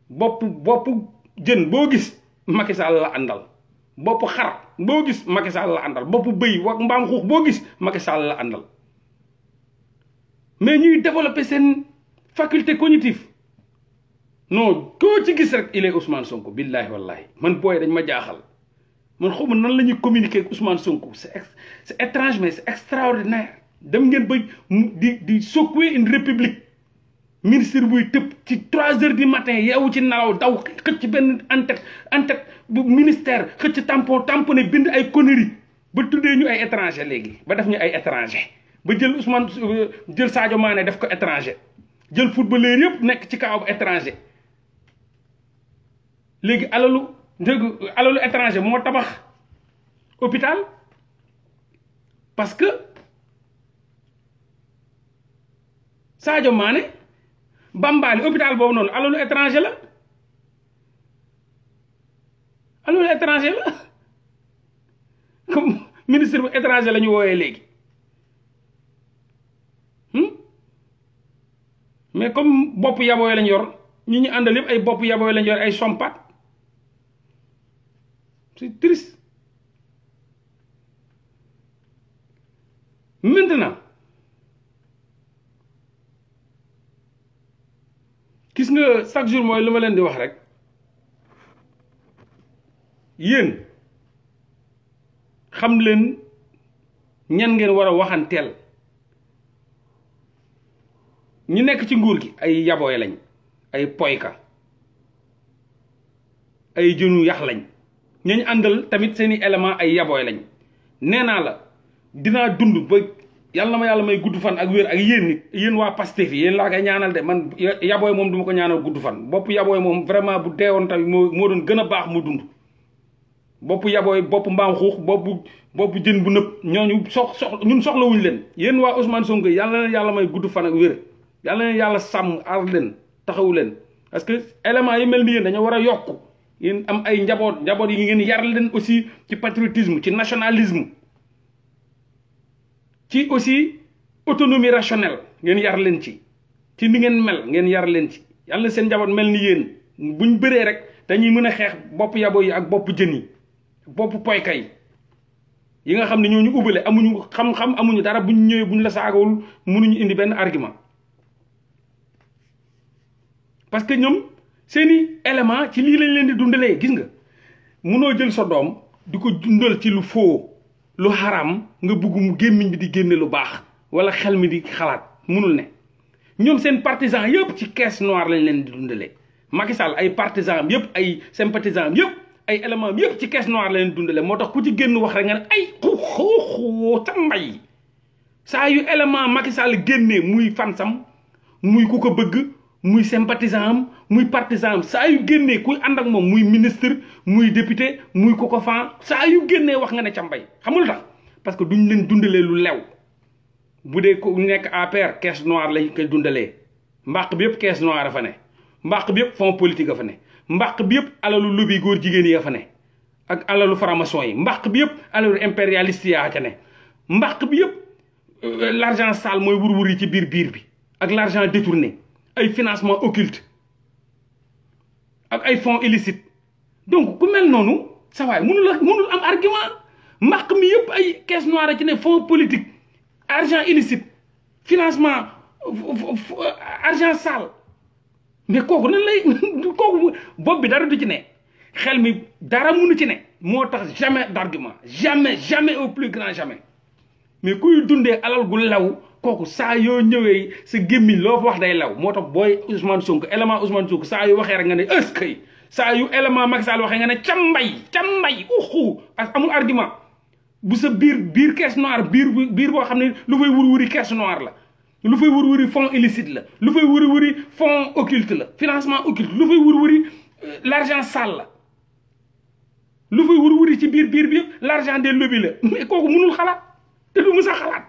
bop bop bo gis Macky Sall la àndal bopp xar bo gis Macky Sall la àndal bopp bëy wax mbaam xuux boo gis Macky Sall la àndal mais ñuy développer sen faculté cognitive non ko ci gis rek il est Ousmane Sonko billahi wallahi man boy dañ ma jaaxal man xum nan la communiquer ak Ousmane Sonko c'est étrange mais c'est est extraordinaire dem ngeen ba di di secouer une république ministre buy tëb ci trois heures du matin yeewu ci nalaw daw xëcc benn en-tête en-tête bu ministère xëcc tampon tamponné bind ay conneries ba tuddee ñu ay étranger léegi ba def ñu ay étranger ba jël Ousmane euh, jël Sadio maane def ko étranger jël footballeur yëpp nekk ci kaw bu étranger léegi alalu dégg alalu étranger moo tabax hôpital parce que Sadio Mané Bambali hôpital boobu noonu alalu étranger la alalu étranger la comme ministre bu étranger la ñu wooyee léegi hmm? mais comme bopp yabooy lañ yor ñu ñu àndal yëpp ay bopp yabooy lañ yor ay sompat c'est triste na gis nga chaque jour mooy lu ma leen di wax rek yéen xam leen ñan ngeen war a waxanteel ñu nekk ci nguur gi ay yabooy lañ ay poyka ay jënu yax lañ ñañ àndal tamit seeni élément ay yabooy lañ nee naa la dinaa dund ba yàlla ma yàlla may gudd fan ak wér ak yéen nit yéen waa Pastef yéen laa koy ñaanal de man yabooy moom du ma ko ñaanal gudd fan bopp yabooy moom vraiment bu deewoon tamit moo moo doon gën a baax mu dund bopp yabooy bopp mbaam xuux bopp bopp jën bu nëb ñooñu sox sox ñun soxlawuñ leen yéen waa Ousmane Sonko yàlla leen yàlla may gudd fan ak wér yàlla leen yàlla sàmm aar leen taxawu leen parce que éléments yi mel ni yéen dañoo war a yokk yéen am ay njaboot njaboot yi ngeen yar leen aussi ci patriotisme ci nationalisme ci aussi autonomie rationnelle ngeen yar leen ci ci ni ngeen mel ngeen yar leen ci yàlla seen njaboot mel ni yéen ñu bëree rek dañuy mën a xeex bopp yabo yi ak bopp jën yi bopp poyka yi yi nga xam ne ñooñu ubale amuñu xam-xam amuñu dara buñ ñëwee buñ la saagawul mënuñu indi benn argument parce que ñoom seeni élément ci lii lañ leen di dundalee gis nga mënoo jël sa doom di ko dundal ci lu foo lu xaraam nga bugg mu gémmiñ bi di génne lu baax wala xel mi di xalaat munul ne ñoom seen partisan yëpp ci caisse noire lañ leen di dundalee Macky Sall ay partisan am yëpp ay sympathisant am yëpp ay élément am yëpp ci caisse noire la leen dundalee moo tax ku ci génn wax rek nga ne ay xuxuxu ta mbay saa yu élément Macky Sall génnee muy sam muy ku ko bëgg muy sympathisant am muy partisan am saa yu génnee kuy ànd ak moom muy ministre muy député muy ko ko fan saa yu génnee wax nga ne cambay xamul tax parce que duñ leen dundalee lu lew bu dee ku nekk APR caisse noire lañ koy dundalee mbàq bi yëpp caisse noire a fa ne mbàq bi yëpp fonds politique a ne mbàq bi yëpp alalu lobby góor jigéen yi a fa ne ak alalu franc yi mbàq bi yëpp alalu impérialiste yaa ca ne bi yëpp euh, l'argent sale mooy wur yi ci biir biir bi ak l'argent détourné financement occulte avec ay fonds illicites donc comme elle non ça va. nous argument mbàq mi caisse noire fonds politique argent illicite financement argent sale mais nan dara du ci ne dara jamais d'argument jamais jamais au plus grand jamais mais vous dundee alal là law kooku saa yoo ñëwee sa gémmiñ loo wax day law moo tax booy Ousmane Sonko élément Ousmane Sonko saa yu waxee rek nga ne ës kay saa yu élément Macky Sall waxee nga ne cambay cambay uxu parce que amul argument bu sa biir biir caisse noire biir biir boo xam ne lu fay wuri wuri caisse noir la lu fay wuri wuri fonds illicite la lu fay wuri wuri fonds occulte la financement occulte lu fay wuri wuri euh, l'argent sale la lu fay wuri wuri ci biir biir bi l'argent des lobbies la mais kooku mënul xalaat te du mës a xalaat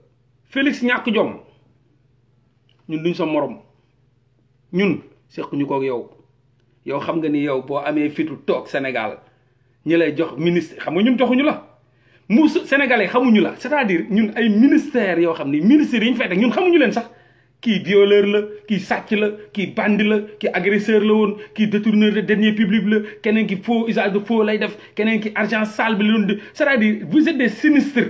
Félix nous sommes ñun duñ sa morom ñun sommes ñu ko yow yow xam nga ni yow bo amé fitu tok Sénégal ñi jox ministre xam nga sénégalais la c'est-à-dire ñun ay ni yi fay ñun xamuñu violeur Qui le, qui agresseur qui détourneur de deniers publics qui keneen des faux usage de faux qui argent sale c'est-à-dire vous êtes des sinistres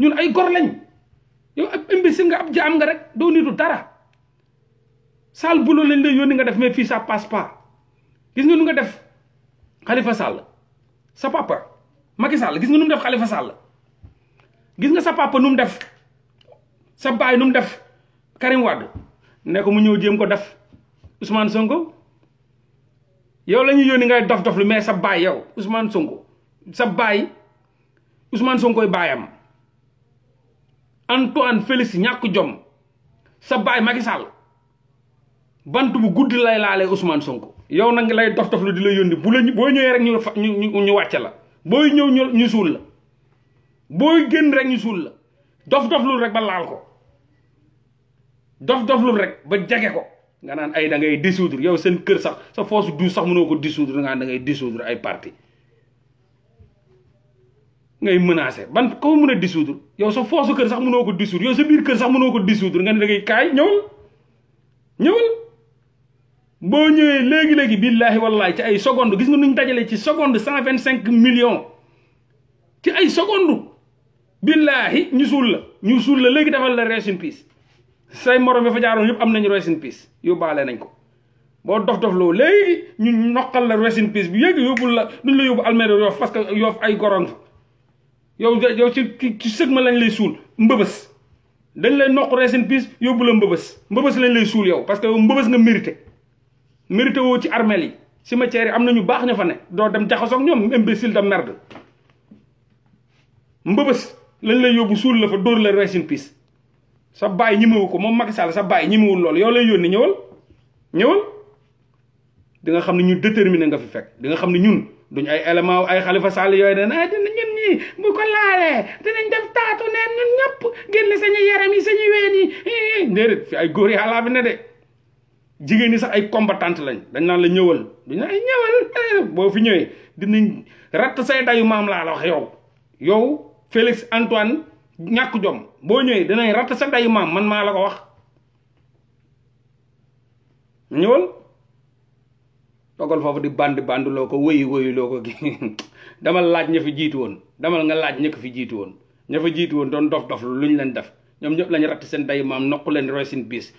ñun ay gor lañ yow ab imbécile nga ab jaam nga rek do nitu dara sal bulo lañ lay yoni nga def mais fi ça passe pas gis nga nu nga def khalifa sall sa papa Macky Sall gis nga nu def khalifa sall gis nga sa papa num def sa bay num def Karim wad ne ko mu ñew jëm ko def Ousmane Sonko yow lañu yoni ngay dof dof lu mais sa bay yow Ousmane Sonko sa bay Ousmane Sonko bayam Antoine Félix ñàkk jom sa baay Macky Sall bant bu gudd lay laalee Ousmane Sonko. yow nak lay dof dof lu di la yónni bu la nyu ñëw rek ñu ñu ñu wàcce la boy ñëw ñu ñu la boy génn rek ñu sul la dof dof lu rek ba laal ko dof dof lu rek ba jage ko. nga nan ay da ngay dissoudre yow seen kër sax sa force du sax mëno ko dissoudre nga da ngay dissoudre ay parti ngay menacer bant koo mun a dissoudre yow sa foofu kër sax mënoo ko dissoudre yow sa biir kër sax mënoo ko dissoudre nga ne da ngay kaay ñëwal ñëwal boo ñëwee léegi-léegi billaahi wallaahi ci ay seconde gis nga nuñ dajalee ci seconde cent vingt cinq millions ci ay seconde billaahi ñu suul la ñu suul la léegi defal la rest in peace say morom yi fa jaaroon am nañu rest in peace yóbbaale nañ ko boo dof dof loo léegi ñu noqal la rest in peace bi yéegi yóbbul la duñ la yóbbu almeeri Yoff parce que Yoff ay gorong yow yow ci ci sëg ma lañ lay suul mbëbës dañ lay noq reesin piis yóbbu la mbëbës mbëbës lañ lay suul yow parce que yow mbëbës nga mérité mérité ci armel yi si cimetière yi am na ñu baax ña fa ne doo dem jaxasoog ñoom imbécile de merde mbëbës lañ lay yóbbu suul la fa dóor la reesin piis sa baay ñimewu ko moom Macky Sall sa baay ñimewul loolu yow lay yónni ñëwal ñëwal di nga xam ne ñu déterminé nga fi fekk di nga xam ne ñun duñ ay élément ay khalifa sall yoy na ah dina ñun ñi bu ko laalé dinañ def taatu neen ñun ñëpp génn sañu yaram yi sañu ween yi fi ay yi ala bi né dé jigéen yi sax ay combattante lañ dañ naan la ñëwal duñ ay ñëwal eh, bo fi ñëwé dinañ rat say dayu mam laa la wax yow yow félix antoine ñak jom bo ñëwé dinañ rat say dayu mam man ma la ko wax ñëwal togal fofu di band banduloo loko weyi weyi loko gi damal laaj ñe fi jitu won damal nga laaj ña fi jitu won ñe fa jitu won don dof dof luñ leen def ñom ñëpp lañu ratt seen day maam nokku leen roy seen bis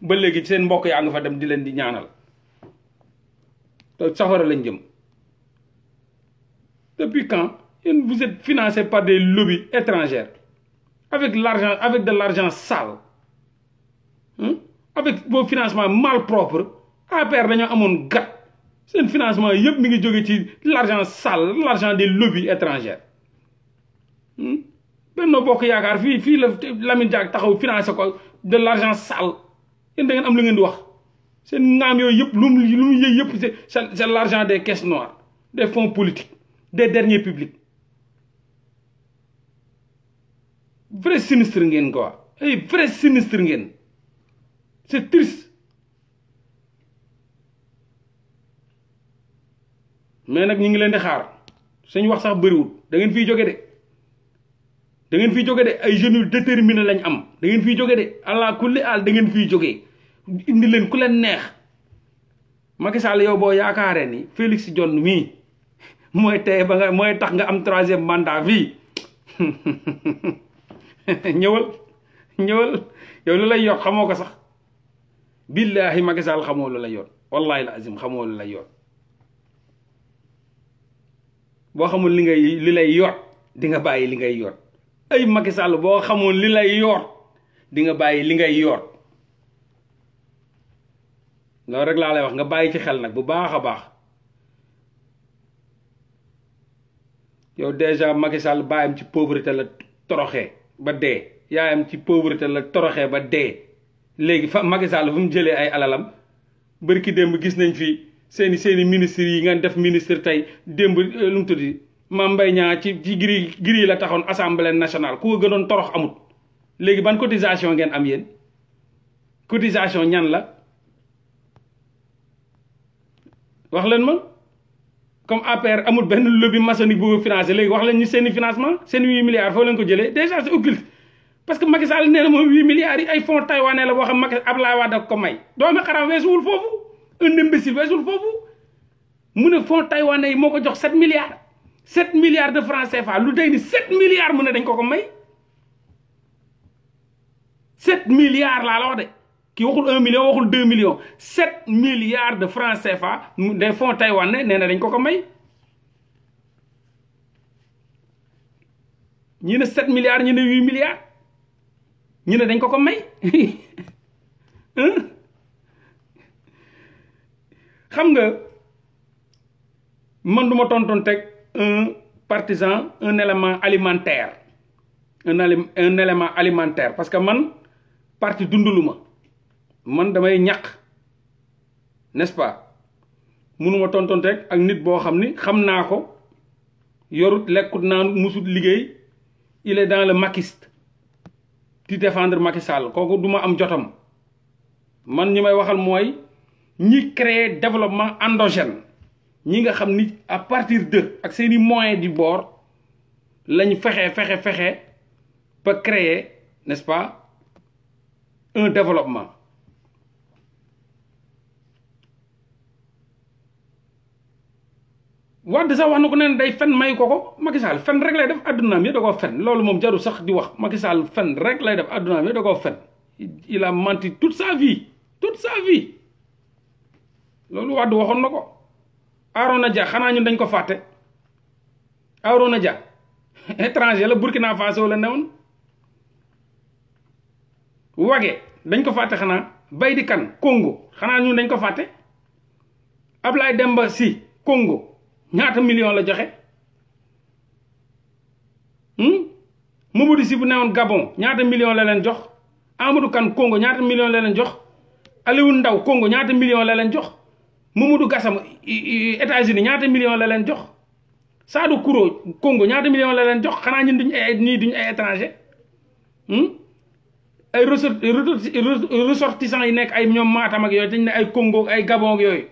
ba legi seen mbokk ya nga fa dem di leen di ñaanal te safara lañ jëm depuis quand vous êtes financé par des lobbies étrangères avec l'argent avec de l'argent sale hmm? avec vos financements mal propres APR dañoo amoon gat un financement yëpp mi ngi l'argent sale l'argent des lobbies étrangers hmm? Benno Bokk a fii que la Lamine Diack financé de l'argent sale Vous avez ngeen am lu ngeen di wax c'est l'argent des caisses noires des fonds politiques des derniers publics vrai sinistre ngeen quoi ay eh, vrai sinistre c'est triste mais nag ñu ngi leen di xaar suñu wax sax bëriwul dangeen ngeen fiy jóge de dangeen fi jóge de ay jeunes yu déterminé lañ am dangeen ngeen fiy jóge de allah kulli àll da ngeen fiy jógee indi leen ku leen neex Macky Sall yow boo yaakaaree ni Félix Diome mii mooy tey ba nga mooy tax nga am troisième mandat fii ñëwal ñëwal yow lu lay yoon xamoo ko sax billaahi Macky Sall xamoo lu lay yoon wallaahi la azim xamoo lu lay yoon boo xamul li ngay li lay yoot di nga bàyyi li ngay yoot ay Macky Sall boo xamoon li lay yoot di nga bàyyi li ngay yoot loolu rek laa lay wax nga bàyyi ci xel nag bu baax a baax yow déjà Macky Sall baayam ci pauvreté la toroxee ba dee yaayam ci pauvreté la toroxee ba dee léegi fa Macky Sall fu mu jëlee ay alalam bërki démb gis nañ fii seeni seeni ministre yi ngeen def ministre tey démb lu euh, mu tuddi Mame Mbaye ci ci giri giri la taxoon assemblée nationale ku ko gënoon torox amut léegi ban cotisation ngeen am yen cotisation ñan la wax leen ma comme APR amul benn lobby maçonnique bu ko financé léegi wax leen ñu seeni financement seen huit milliards foo leen ko jëlee déjà c'est occulte parce que a Sall nee na moom huit milliards yi ay fonds taïwanais la boo xam Macky Abdoulaye Wade ko may doomi xaram weesuwul foofu un imbécile weesul foofu mu ne fonds taïwanais yi moo ko jox sept milliards sept milliards de francs CFA lu day ni sept milliards mu ne dañ ko ko may sept milliards laa la wax de ki waxul un million waxul deux millions sept milliards de francs CFA des fonds taïwanais nee na dañ ko ko may ñi ne sept milliards ñi ne huit milliards ñu ne dañ ko ko may xam nga man un partisan un élément alimentaire un un élément alimentaire parce que man parti dunduluma man damay n'est-ce pas Je tonton teg ak nit bo xamni xamna ko yorut il est dans le maquiste di défendre Macky Sall du am jotam man ñi may ñi créer développement endogène ñi nga xam ni à partir de ak seeni moyens du bord lañ fexe fexe fexe ba créer n'est-ce pas un développement Wade sax wax na ko neen day fen may ko ko Macky Sall fen rek lay def addunaam yi da koo fen loolu moom jarul sax di wax Macky Sall fen rek lay def addunaam yi da koo fen il a menti toute sa vie toute sa vie loolu Wade waxoon na ko Arona Dia xanaa ñun dañ ko fàtte Arona Dia étranger la Burkina Faso la newoon Wagué dañ ko fàtte xanaa Baydi Kane Congo xanaa ñun dañ ko fàtte Ablaye Demba si Congo ñaata million la joxe hmm? Mamadou Sy bu newoon Gabon ñaata million la leen jox Amadou Kane Congo ñaata million la leen jox Aliou Ndaw Congo ñaata million la leen jox mu Mamadou Gassama États-Unis ñaata million la leen jox Sadou Kouro Congo ñaata million la leen jox xanaa ñun duñu ay ñii duñu ay étranger hmm? ay ressortissants yi nekk ay ñoom Matam ak yooyu dañ ne ay Congo ay Gabon ak yooyu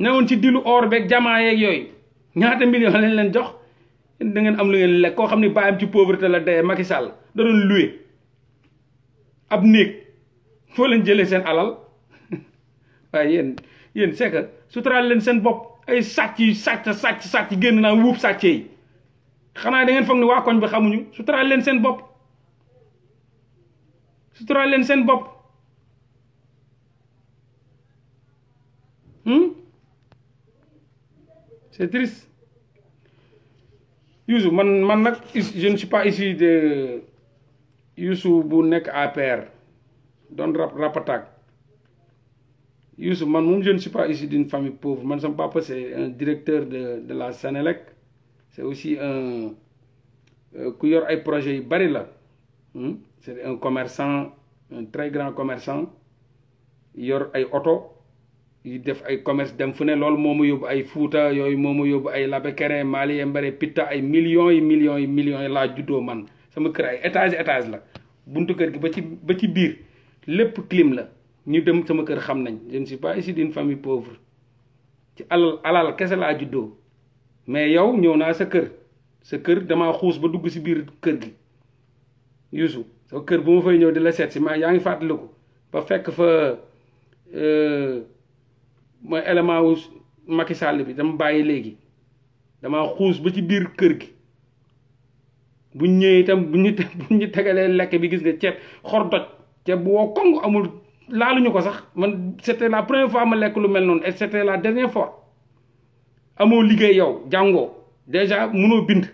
newoon ci dilu or beeg jamaa yeeg yooyu ñaata million lañ leen jox da ngeen am lu ngeen lekk koo xam ni bàyyam ci pauvreté la dee Macky Sall da doon loué ab néeg foo leen jëlee seen alal waaye yéen yéen c'est que suturaal leen seen bopp ay sàcc yi sàcc sàcc sàcc génn naa wuub sàcc yi xanaa da ngeen foog ne waa koñ bi xamuñu suturaal leen seen bopp suturaal leen seen bopp hmm? c'est triste Youssou man man nag je ne suis pas issu de Youssou bu nekk APR doon rap Youssou man je ne suis pas issu d'une famille pauvre mon papa c'est un directeur de de la Sénélec c'est aussi un euh, ku yor ay projets yu bari la hmm? c'est un commerçant un très grand commerçant yor ay oto yu def ay commerce dem fu ne loolu yob ma yóbbu ay Fuuta yooyu moo ma yóbbu ay Labakéré Mali Embere Pitta ay millions yi millions yi millions yi laa man sama me ay étage étage la buntu kër gi ba ci ba ci biir lépp clim la ñu dem sama kër xam nañ je ne suis pas issu famille pauvre ci alal alal kese laa juddoo mais yow ñëw naa sa kër sa kër damaa xuus ba dugg si biir kër gi Youssou sa kër bu ma fay ñëw di la set si maa yaa ngi fàttaliku ba fekk fa euh, mooy élément wu Macky Sall bi dama bàyyi léegi dama xuus ba ci biir kër gi bu ñëwee itam bu ñu bu tegalee lekk bi gis nga ceeb xor doj ceeb bu woo kong amul Lalu ko sax man c'était la première fois ma lek lu mel non et c'était la dernière fois amo liguey yow jango déjà mëno bind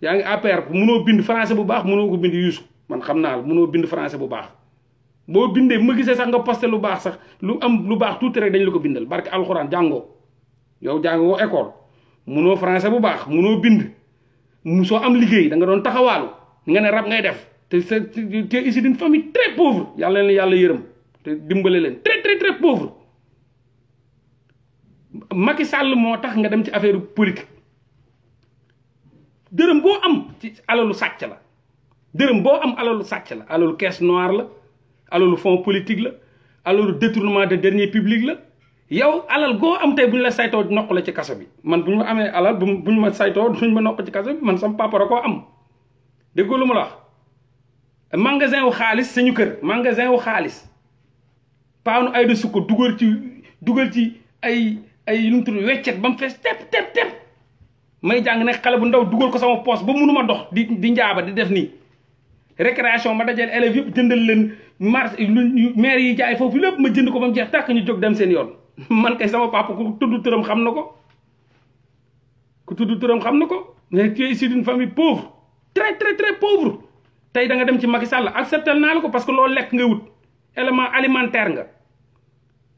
yaa ngi APR mëno bind français bu baax mëno ko bind yusuf man xamna mëno bind français bu baax bo bindé bu ma gisee sax nga poster lu baax sax lu am lu baax tout rek dañ la ko bindal barké alcorane jango yow jango école mëno français bu baax mëno bind Muso am liguey da nga don taxawaalu nga né rap ngay def te c'est ici d'une famille très pauvre yalla len yalla yeureum te dimbale leen très très très pauvre Macky Sall moo tax nga dem ci affaire politique dërëm boo am ci alalu sàcc la dërëm boo am alalu sàcc la alalu caisse noir la alalu fonds politique la alalu détournement de deniers publics la yow alal goo am tey bu ñu la saytoo noq la ci kaso bi man bu ñu ma amee alal bu ñu ma saytoo duñ ma noq ci kaso bi man sama papa koo am dégg lu ma la magasin wu xaalis suñu kër magasin wu xaalis paanu ay de suko dugal ci dugal ci ay ay lu tur tudd bam fess tep tep tep may jang nag xale bu ndaw dugal ko sama poos ba munuma dox di di njaaba di def ni récréation ma dajel élève yëpp jëndal leen mars maire yi jaay fofu lepp ma jënd ko bam jeex tak ñu jog dem seen yoon man kay sama papa ku tuddu turam xam nako ku tuddu turam xam nako mais tu ici d'une famille pauvre très très très pauvre tay da nga dem ci Macky Sall accepté na la ko parce que lo lek nga wut élément alimentaire nga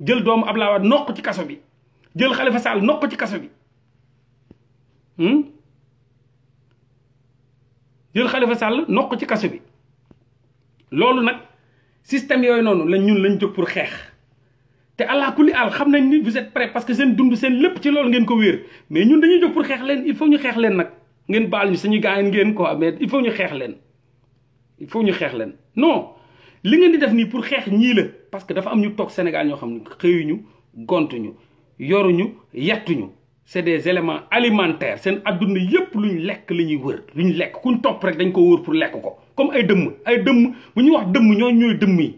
jël doomu Abdoulaye Wade noq ci kasso bi jël Khalifa Sall noq ci kasso bi hmm jël Khalifa Sall noq ci kasso bi loolu nak système yoy nonou lañ ñun lañ jox pour xex te allah kulli al xamnañ ni vous êtes prêts parce que seen dund sen lepp ci loolu ngeen ko wër mais ñun dañuy jox pour xex leen il faut ñu xex leen nak ngeen bal ñu suñu gaay ngeen quoi mais il faut ñu xex leen il faut ñu xex leen non li nga ni def pour la parce que dafa am ñu Sénégal nous c'est des éléments alimentaires sen pour yépp luñ lekk wër luñ lekk kuñ top rek dañ ko wër pour ko comme ay dëmm ay dëmm bu ñu wax dëmm ñoo ñoy dëmm yi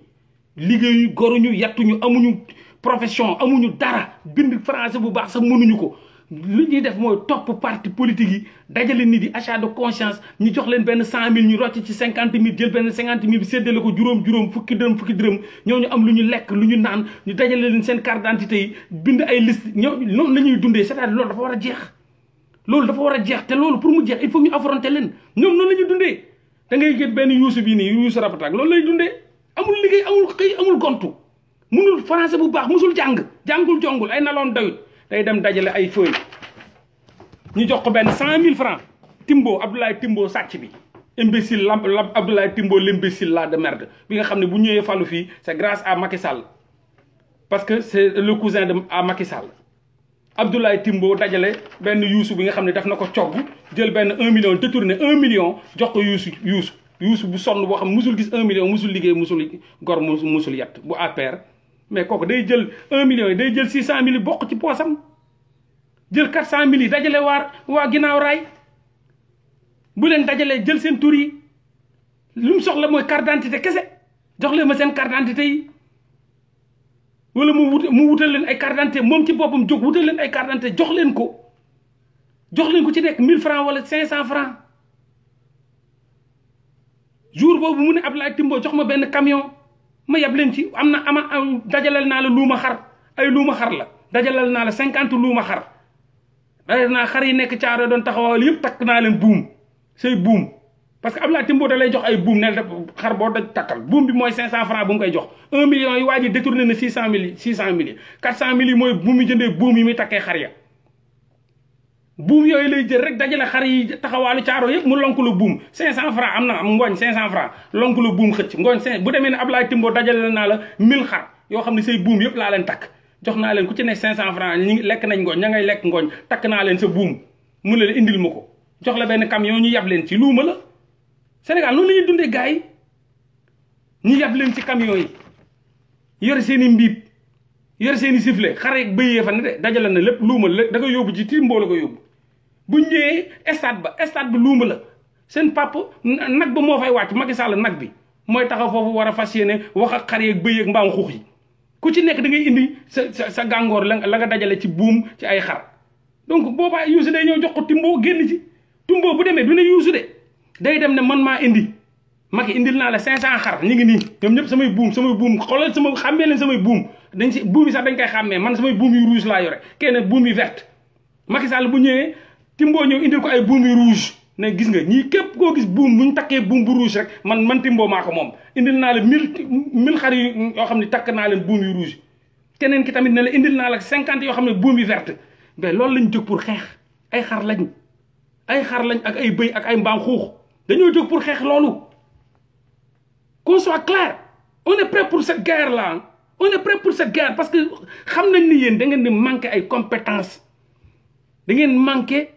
ñu amuñu profession amuñu dara bind français bu baax mënuñu ko lu ñuy def mooy topp parti politique yi dajale nit yi achat de conscience ñu jox leen benn cent mille ñu rocc ci cinquante mille jël benn cinquante mille bi séddale ko juróom-juróom fukki dërëm fukki dërëm ñoo ñu am lu ñu lekk lu ñu naan ñu dajale leen seen carte d'identité yi bind ay liste ñoo la ñuy dundee c'est-à-dire loolu a jeex loolu dafa war a te loolu pour mu jeex il faut ñu affronter leen ñoom noonu la ñuy dundee da ngay gét benn yuusu bii nii yuusu rapatak loolu lay dundee amul liggéey amul xëy amul gontu munul français bu baax musul jàng jàngul jongul ay naloon dawit day dem dajale ay feuilles ñu jox ko francs Timbo Abdoulaye Timbo bi imbécile Abdoulaye Timbo l'imbécile de merde bi nga xamné bu c'est grâce à Macky Sall parce que c'est le cousin de à Macky Sall Abdoulaye Timbo dajale ben bi nga xamné daf jël 1 million détourné 1 million jox ko un Yus. bu sonn bo musul gis 1 million musul liggéey musul gor musul bu mais kooku day jël un million yi day jël six cent mille yi bokk ci poosam jël quatre cent mille yi dajale waar waa ginnaaw raay bu leen dajalee jël seen tur yi soxla mooy carte d'identité kese jox leen ma seen carte d'identité yi wala mu wut mu wutal leen ay carte d'identité moom ci boppam jóg wutal leen ay carte d'identité jox leen ko jox leen ko ci nekk 1000 francs wala 500 francs jour boobu mu ne ab Abdoulaye Timbo jox ma benn camion. ma yeb leen ci am na ama dajalal naa la luuma xar ay luuma xar la dajalal naa la cinquante luuma xar dajalal naa xar yi nekk caaro doon taxawal yëpp takk naa leen buum say buum parce que Abdoulaye Timbo da lay jox ay buum ne la xar boo daj takkal buum bi mooy cinq cent franc bu mu koy jox un million yi waa ji détourné na six cent mille six cent mille quatre cent mille yi mooy bu mu jëndee buum yi muy takkee xar ya buum yooyu lay jël rek dajale xar yi taxawaalu caaro yëpp mu lonk la buum 500 francs am na am ngooñ 500 francs lonk la buum xëcc ngooñ 5 bu demee ne Ablaye Timbo dajale naa la mil xar yoo xam ne say buum yëpp laa leen takk jox naa leen ku ci nekk 500 francs ñi lekk nañ ngooñ ña ngay lekk ngooñ takk naa leen sa buum mu ne la indil ma ko jox la benn camion ñu yab leen ci luuma la Sénégal noonu la dundee gars yi ñu yab leen ci camion yi yore seen i mbiib yore seen xar yeeg bëyee fa ne de na lépp luuma la da koy yóbbu ci Timbo la ko yóbbu bu ñëwé estade ba estade bi luuma la seen papa nak ba mo fay wacc Macky Sall nak bi moy taxaw fofu wara fasiyene wax ak xari ak beuy ak mbaam xux yi ku ci nekk da ngay indi sa sa gangor la nga dajalé ci boom ci ay xar donc boba yusu day ñëw jox ko timbo génn ci tumboo bu démé du né yusu dé day dem né man ma indi Macky indil na la 500 xar ñi ngi ni ñom ñep samay boom samay boom xolal sama xamé leen samay boom dañ ci boom yi sax dañ koy xamé man samay boom yu rouge la yoré kenn boom yi verte Macky Sall bu ñëwé Timbo ñëw indil ko ay buum yu rouge ne gis nga ñii képp koo gis buum bu ñu takkee buum bu rouge rek man man Timbo maa moom indil naa la mille mille xar yu yoo xam ne takk naa leen buum yu rouge keneen ki tamit ne la indil naa la cinquante yoo xam ne buum yu verte mais loolu lañ jóg pour xeex ay xar lañ ay xar lañ ak ay bëy ak ay mbaam dañoo jóg pour xeex loolu qu'on soit clair on est prêt pour cette guerre la on est prêt pour cette guerre parce que xam nañ ni yéen da ngeen di manqué ay compétence da ngeen manqué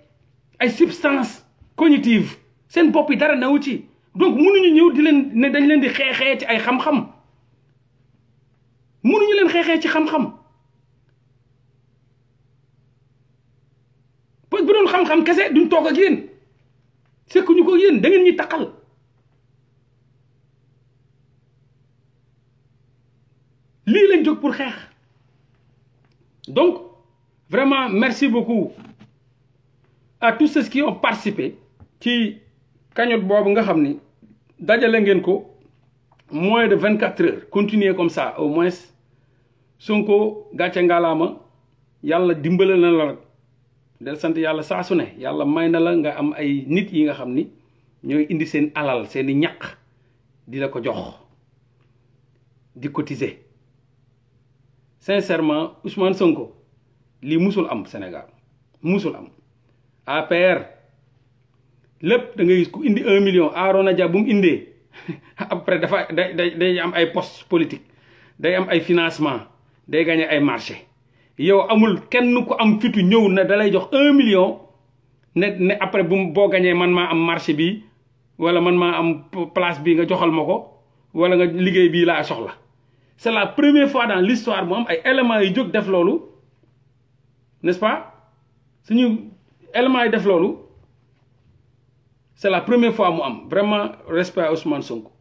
ay substance cognitive sen Donc, yi dara na wuti donc ñu ñew di leen dañ leen di Nous ci ay xam-xam ñu leen ci xam-xam parce que bu doon xam-xam kessé duñ toog ak ko yeen da ngeen ñi takal li lañ pour xex donc vraiment merci beaucoup à tous ceux qui ont participé ci cagnotte bobu nga xamni dajale ngeen ko moins de 24 heures continuer comme ça au moins Sonko gatcha ngalama yalla dimbale na la del sante yalla sa suné yalla may na la nga am ay nit yi nga xamni ñoy indi sen alal sen ñaq di la ko jox di cotiser sincèrement Ousmane Sonko li musul am Sénégal musul am APR lepp da ngay gis ku indi 1 million Arona Dia bu mu après dafa day day am ay poste politique day am ay financement day gagner ay marché yow amul kenn ku am fitu ñew na dalay jox 1 million ne ne après bu bo gagner man ma am marché bi wala man ma am place bi nga joxal mako wala nga liggéey bi la soxla c'est la première fois dans l'histoire mo am ay élément yu jóg def lolu n'est-ce pas suñu Elle def c'est la première fois mu am vraiment respect à Ousmane Sonko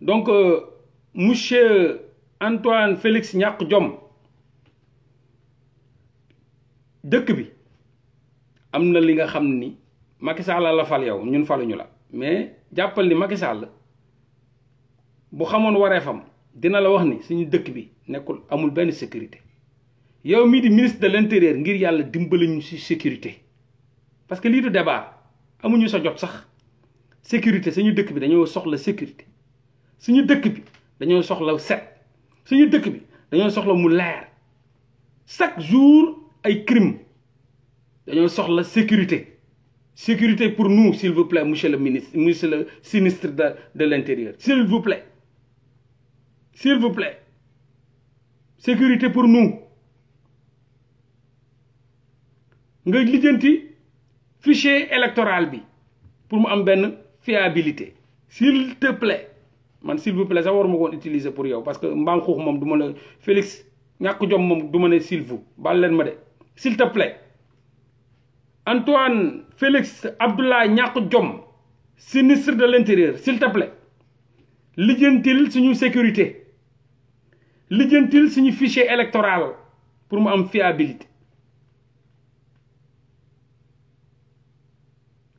donc euh, monsieur Antoine Félix ñàkk jom deuk bi am li nga xamni Macky la fal yow ñun la mais ni Macky bu vous dina la wax ni suñu bi sécurité yow mii di ministre de l'intérieur ngir yalla dimbali ñu ci sécurité parce que li du débat amuñu sa jot sax sécurité suñu dëkk bi dañoo soxla sécurité suñu dëkk bi dañoo soxla set suñu dëkk bi dañoo soxla mu leer chaque jour ay crime dañoo soxla sécurité sécurité pour nous s'il vous plaît monsieur le ministre monsieur le ministre de l'intérieur s'il vous plaît s'il vous plaît sécurité pour nous nga fichier électoral bi pour mu am ben fiabilité s'il te plaît man s'il vous plaît war ma koon utiliser pour yow parce que mbaam xuux moom Félix ñàkk jom moom du s'il vous bal leen ma dé s'il te plaît Antoine Félix Abdoulaye ñàkk jom ministre de l'intérieur s'il te plaît lijjantil suñu sécurité lijjantil suñu fichier électoral pour mu am fiabilité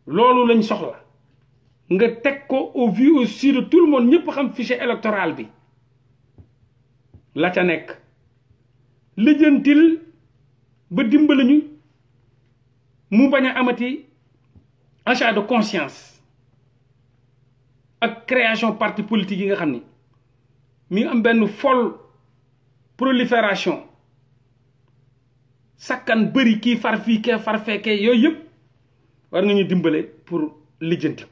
lolu lañ soxla nga tek ko au vu aussi de tout le monde ñepp xam fichier électoral bi la ca nekk lijjantil ba dimbali mu baña amati achat de conscience ak création parti politique yi nga xamni mi am benn folle prolifération sakkan bëri ki far fii kee far war nga dimbalé pour l'identité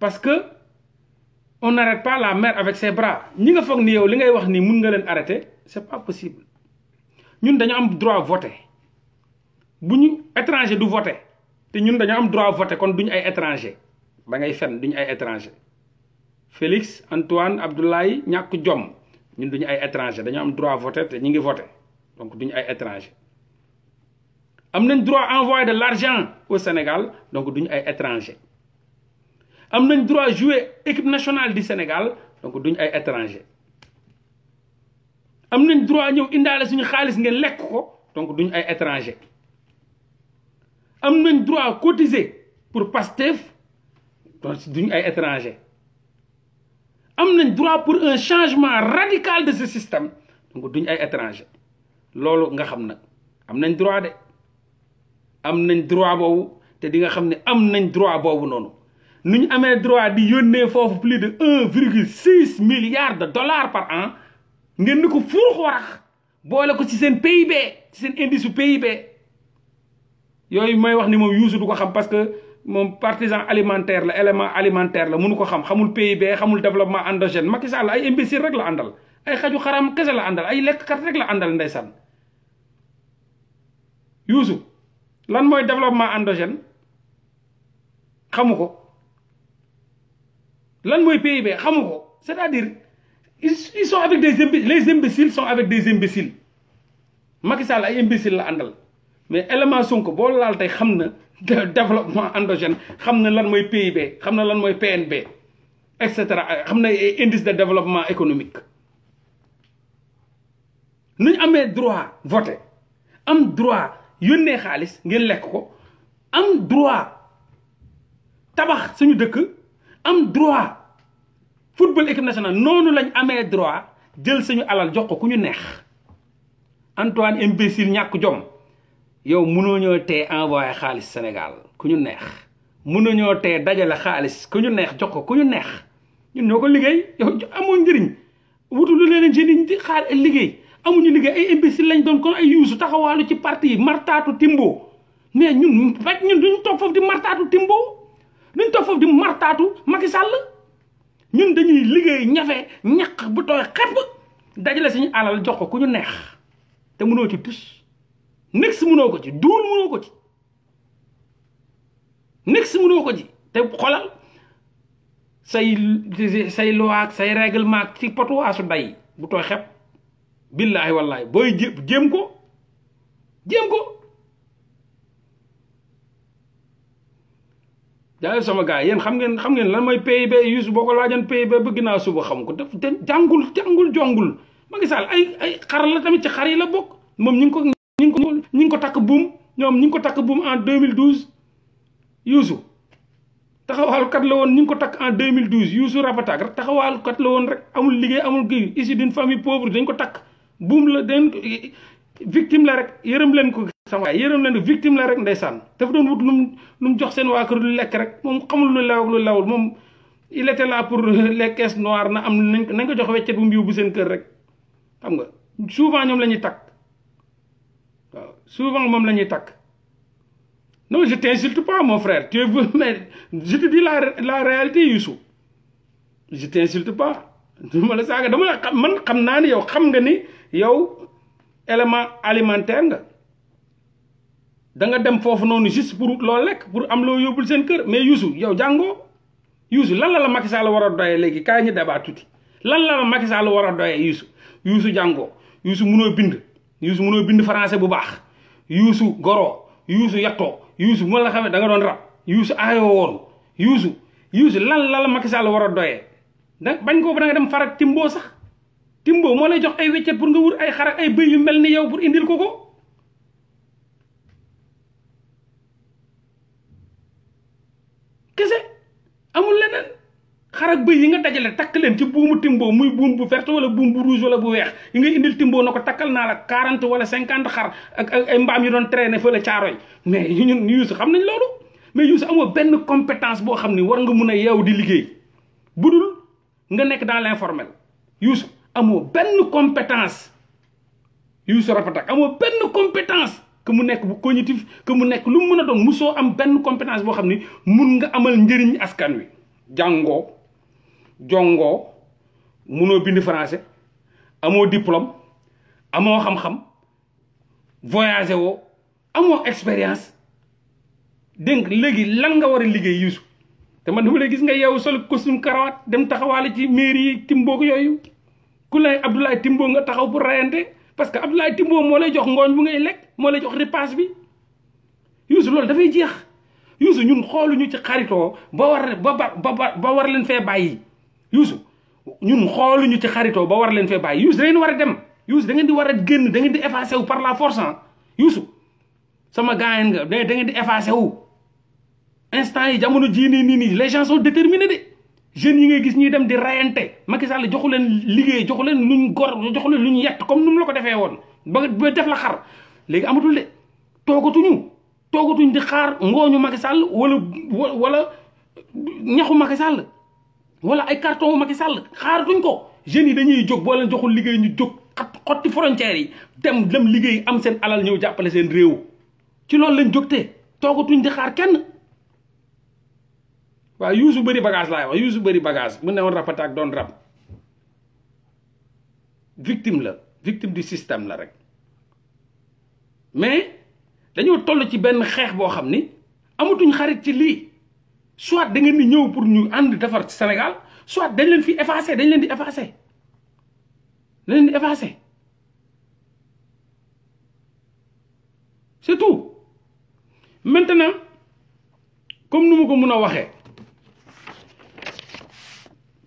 parce que on n'arrête pas la mer avec ses bras ñi nga foog ni yow li ngay wax ni mun nga leen arrêter c'est pas possible ñun dañu am droit voter buñu étrangers étranger du voter té ñun dañu am droit voter kon duñu ay étranger ba ngay fenn duñu ay étranger Félix Antoine Abdoulaye ñak jom ñun duñu ay étranger dañu am droit voter té ñi ngi voter donc duñu ay étranger am le droit envoyer de l'argent au Sénégal donc duñu ay étranger am le droit de jouer équipe nationale du Sénégal donc nous ay étranger am le droit d'aller à suñu xaalis ngeen lekk ko donc étrangers. ay étranger le droit droit cotiser pour Pastef donc duñu ay étranger am le droit pour un changement radical de ce système donc étrangers. ay étranger que nga xam nag am le droit de am nañ droit boobu te di nga xam ne am nañ droit boobu noonu nu ñu amee droit di yónnee foofu plus de un virgule six milliards de dollars par an ngeen ni ko fuurux warax boole ko ci seen PIB ci seen indice su PIB yooyu may wax ni moom yuusu du ko xam parce que moom partisan alimentaire la élément alimentaire la mënu ko xam xamul PIB xamul développement endogène Macky Sall ay imbécile rek la àndal ay xaju xaram kese la àndal ay lekk lekkkat rek la àndal ndeysaan yuusu lan moy développement endogène xamu ko lan moy PIB xamu ko c'est-à-dire ils sont avec des les imbéciles sont avec des imbéciles Macky Sall ay imbéciles la imbécile. mais élément Sonko bon laal tay xamna le développement endogène xamna lan PIB xamna lan PNB etc. cetera xam indice de développement économique Nous avons le droit voter le droit yónnee xaalis ngeen lekk ko am droit tabax suñu dëkk am droit football équipe nationale noonu lañ amee droit jël suñu alal jox ko ku ñu neex Antoine imbécile ñàkk jom yow mënoo ñoo tee envoyé xaalis Sénégal ku ñu neex mënoo ñoo tee dajale xaalis ku ñu neex jox ko ku ñu neex ñun ñoo ko liggéey yow amoo njëriñ wutu lu leen seen xaar liggéey amuñu liggéey ay imbécile lañ doon kon ay yusu taxawalu ci parti martatu timbo mais ñun rek ñun duñ tok fofu di martatu timbo duñ tok fofu di martatu Macky Sall ñun dañuy liggéey ñafé ñak bu toy xep dajale señ alal jox ko ku ñu neex te mëno ci tous nex mëno ko ci dul mëno ko ci nex mëno ko ci te xolal say say loi ak say règlement ci potu waasu day bu toy xep billahi wallahi boy jëm ko jëm ko daal sama gaay yeen xam ngeen xam ngeen lan mooy PIB yusuf boko lajane laajoon PIB bëgg na suba xam ko def jangul jangul jongul ngi sal ay ay xar la tamit ci xar yi la bok mom ñing ko ñing ko ñing ko tak buum ñom ñing ko tak buum en 2012 yusuf taxawal kat la won ñing ko tak en 2012 yusuf Rapatak taxawal kat la won rek amul liggey amul kii issu d'une famille pauvre dañ ko tak boum la den victime la rek yeureum len ko sama yeureum len victime la rek ndeysaan dafa doon wut num num jox sen wa keur lu lek rek mom xamul lu lew lu lewul mom il était là pour les caisses noires na am nañ ko jox weccet bu mbiw bu sen keur rek xam nga souvent ñom lañuy tak souvent mom lañuy tak non je t'insulte pas mon frère tu es mais je te dis la la réalité Youssou je t'insulte pas dama la saga dama man xam na ni yow xam nga ni yow élément alimentaire nga danga dem foofu noonu juste pour loo lekk pour am loo yóbbul seen kër mais Youssou yow jàngoo Youssou lan la la Macky Sall war a doyee léegi kaay ñu débat tuuti lan la la war a doyee Youssou Youssou jàngoo Youssou munoo bind Youssou munoo bind français bu baax Youssou goroo Youssou yattoo Youssou bu ma la xamee da nga doon rab Youssou aayoo woon Youssou Youssou lan la la Macky Sall war a doyee da bañ koo ba da nga dem farak timboo sax timboo moo lay jox ay weccet pour nga wut ay xar ay bëy yu mel ni yow pour indil ko ko kese amul leneen xar bëy yi nga dajale takk leen ci buumu timboo muy buum bu verte wala buum bu rouge wala bu weex yi nga indil timboo na ko takkal naa la quarante wala cinquante xar ak ay mbaam yu doon traîner fële caaroy mais ñun yuusu xam nañ loolu mais yuusu amoo benn compétence boo xam ni war nga mun a yeew di liggéey bu dul nga nekk dans l'informel yuusu amoo ben compétence Youssou rapata amo ben compétence que mu nek cognitif que mu nek lu meuna a compétence bo xamni nga amal ndirign askan wi munoo bind français amo diplôme amo xam-xam voyager amo expérience legui lan nga wara liggéey te man lay gis nga yeewu sol costume dem ci mairie kulay lay Abdoulaye Timbo nga taxaw pour rayante parce que Abdoulaye Timbo mo lay jox ngooñ bu ngay lek mo lay jox ripaas bi lol da fay jeex yusu ñun ñu ci xarito ba war ba ba war leen fe bayyi yusu ñun ñu ci xarito ba war leen fe bayyi yusu wara dem yusu da ngeen di wara genn da ngeen di effacer wu par la force ah sama gaayen nga da ngeen di effacer wu instant yi jamono jii ni ni les gens sont déterminés de jeunes yi ngay gis ñuy dem di rayante Macky Sall joxu leen liggéey joxu leen luñ gor joxu leen luñ yett comme nu mu ko defee woon ba ba def la xar léegi amatul de toogatuñu toogatuñ di xaar ngooñu Macky Sall wala wala ñaxu Macky Sall wala ay carton Macky Sall xaaratuñ ko jeunes yi dañuy jóg boo leen joxul liggéey ñu jóg xotti frontières yi dem dem liggéey am seen alal ñëw jàppale seen réew ci loolu lañ jóg te toogatuñ di xaar kenn waaw yuusu bagas bagage laay wax bagas, bëri bagage mu ne woon rapata ak don rap victime la victime du système la rek mais dañu tollu ci ben xex bo xamni ni xarit ci li soit da ngeen ni ñew pour ñu and defar ci Sénégal soit dañ leen fi effacer dañ leen di effacer dañ leen di effacer c'est tout maintenant comme nu ko mëna a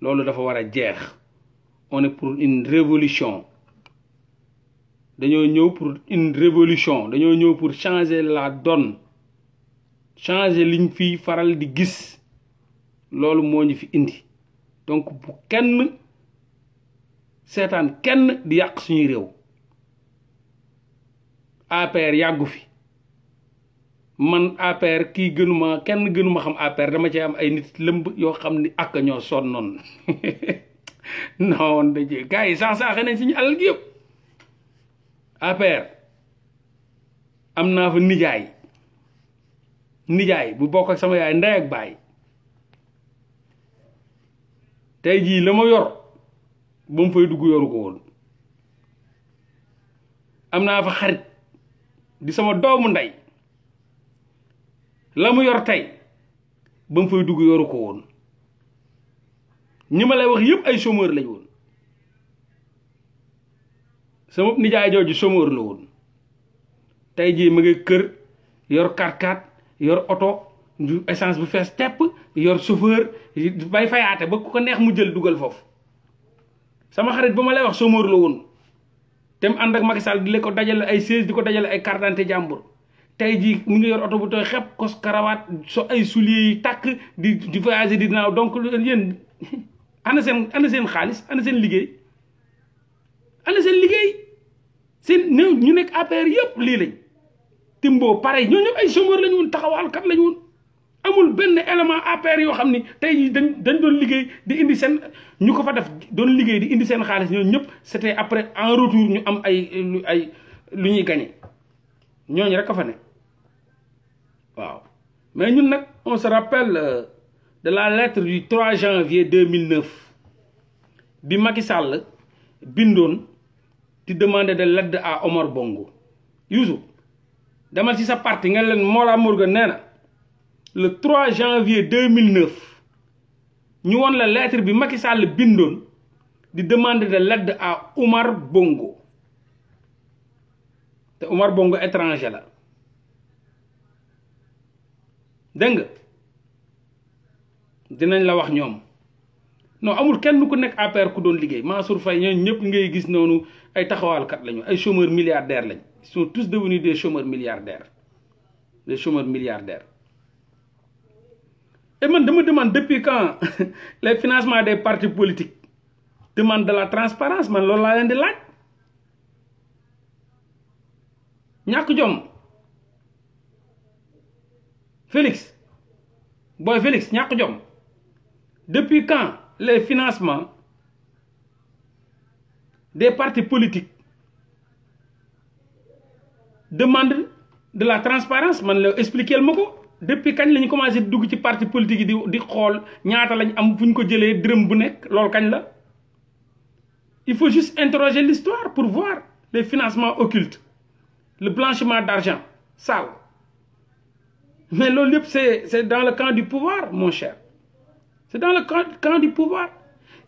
loolu dafa war a jeex on est pour une révolution dañoo ñëw pour une révolution dañoo ñëw pour changer la donne changer liñ fiy faral di gis loolu moo ñu fi indi donc bu kenn seetaan kenn di yàq suñuy réew APR yàggu fi man APR kii gënuma kenn gënuma xam APR dama ci am ay nit lëmb yoo xam ni ak ñoo sonnoon non daje gars yi saax-saaxe nañ suñu alal gi yëpp APR am naa fa nijaay nijaay bu bokk ak sama yaay ndey ak baay tey jii la ma yor ba mu fay dugg yoru ko woon am naa fa xarit di sama doomu ndey lamu yor tay bam fay dugg yoru ko won ñima lay wax yeb ay chômeur lañ won sama nijaay joju chômeur la won tay ji ma ngay kër yor 4x4 yor oto essence bu fess tep yor chauffeur bay fayate ba ko neex mu jël dugal foofu sama xarit bama lay wax chômeur la won tem ànd ak Macky Sall di ko dajal ay 16 di ko dajale ay carte d'identité jambour tey jii mu ngi yor oto bu tooy xepp kos karawaat so ay souliers yi tàkk di di voyager di naaw donc yéen ana seen seen xaalis ana seen liggéey ana seen liggéey seen ñu nekk APR yëpp lii lañ Timbo pare ñoo ñëpp ay chômeur lañu woon taxawalkat lañu woon amul benn élément APR yoo xam ni tey jii dañ dañ doon liggéey di indi seen ñu ko fa def doon liggéey di indi seen xaalis ñoo ñëpp c'était après en retour ñu am ay ay lu ñuy gagné ñooñu rek fa ne waaw mais ñun nag on se rappelle euh, de la lettre du 3 janvier 2009 bi Macky Sall bindoon di demander de l'aide à Omar Bongo Youssou demal ci sa parti nga leen Mollah Morgun nee na le 3 janvier 2009 ñu woon la lettre bi Macky Sall bindoon di demander de l'aide à Omar Bongo te Omar Bongo étranger la dégg nga dinañ la wax ñoom noo amul kenn ku nekk APR ku doon liggéey Mansour Faye ñooñu ñëpp ngay gis noonu ay taxawalkat lañu ay chômeurs milliardaires lañ ils sont tous devenus des chômeurs milliardaires des chômeurs milliardaires. et man dama demande depuis quand les financements des partis politiques demande de la transparence man loolu laa leen di laaj ñàkk jom. Félix boy Félix depuis quand les financements des partis politiques demandent de la transparence Je vais expliquer le depuis quand les ont commencé dugg ci parti politique du di di il faut juste interroger l'histoire pour voir les financements occultes le blanchiment d'argent ça. Mais l'OLIP c'est dans le camp du pouvoir mon cher c'est dans le camp du pouvoir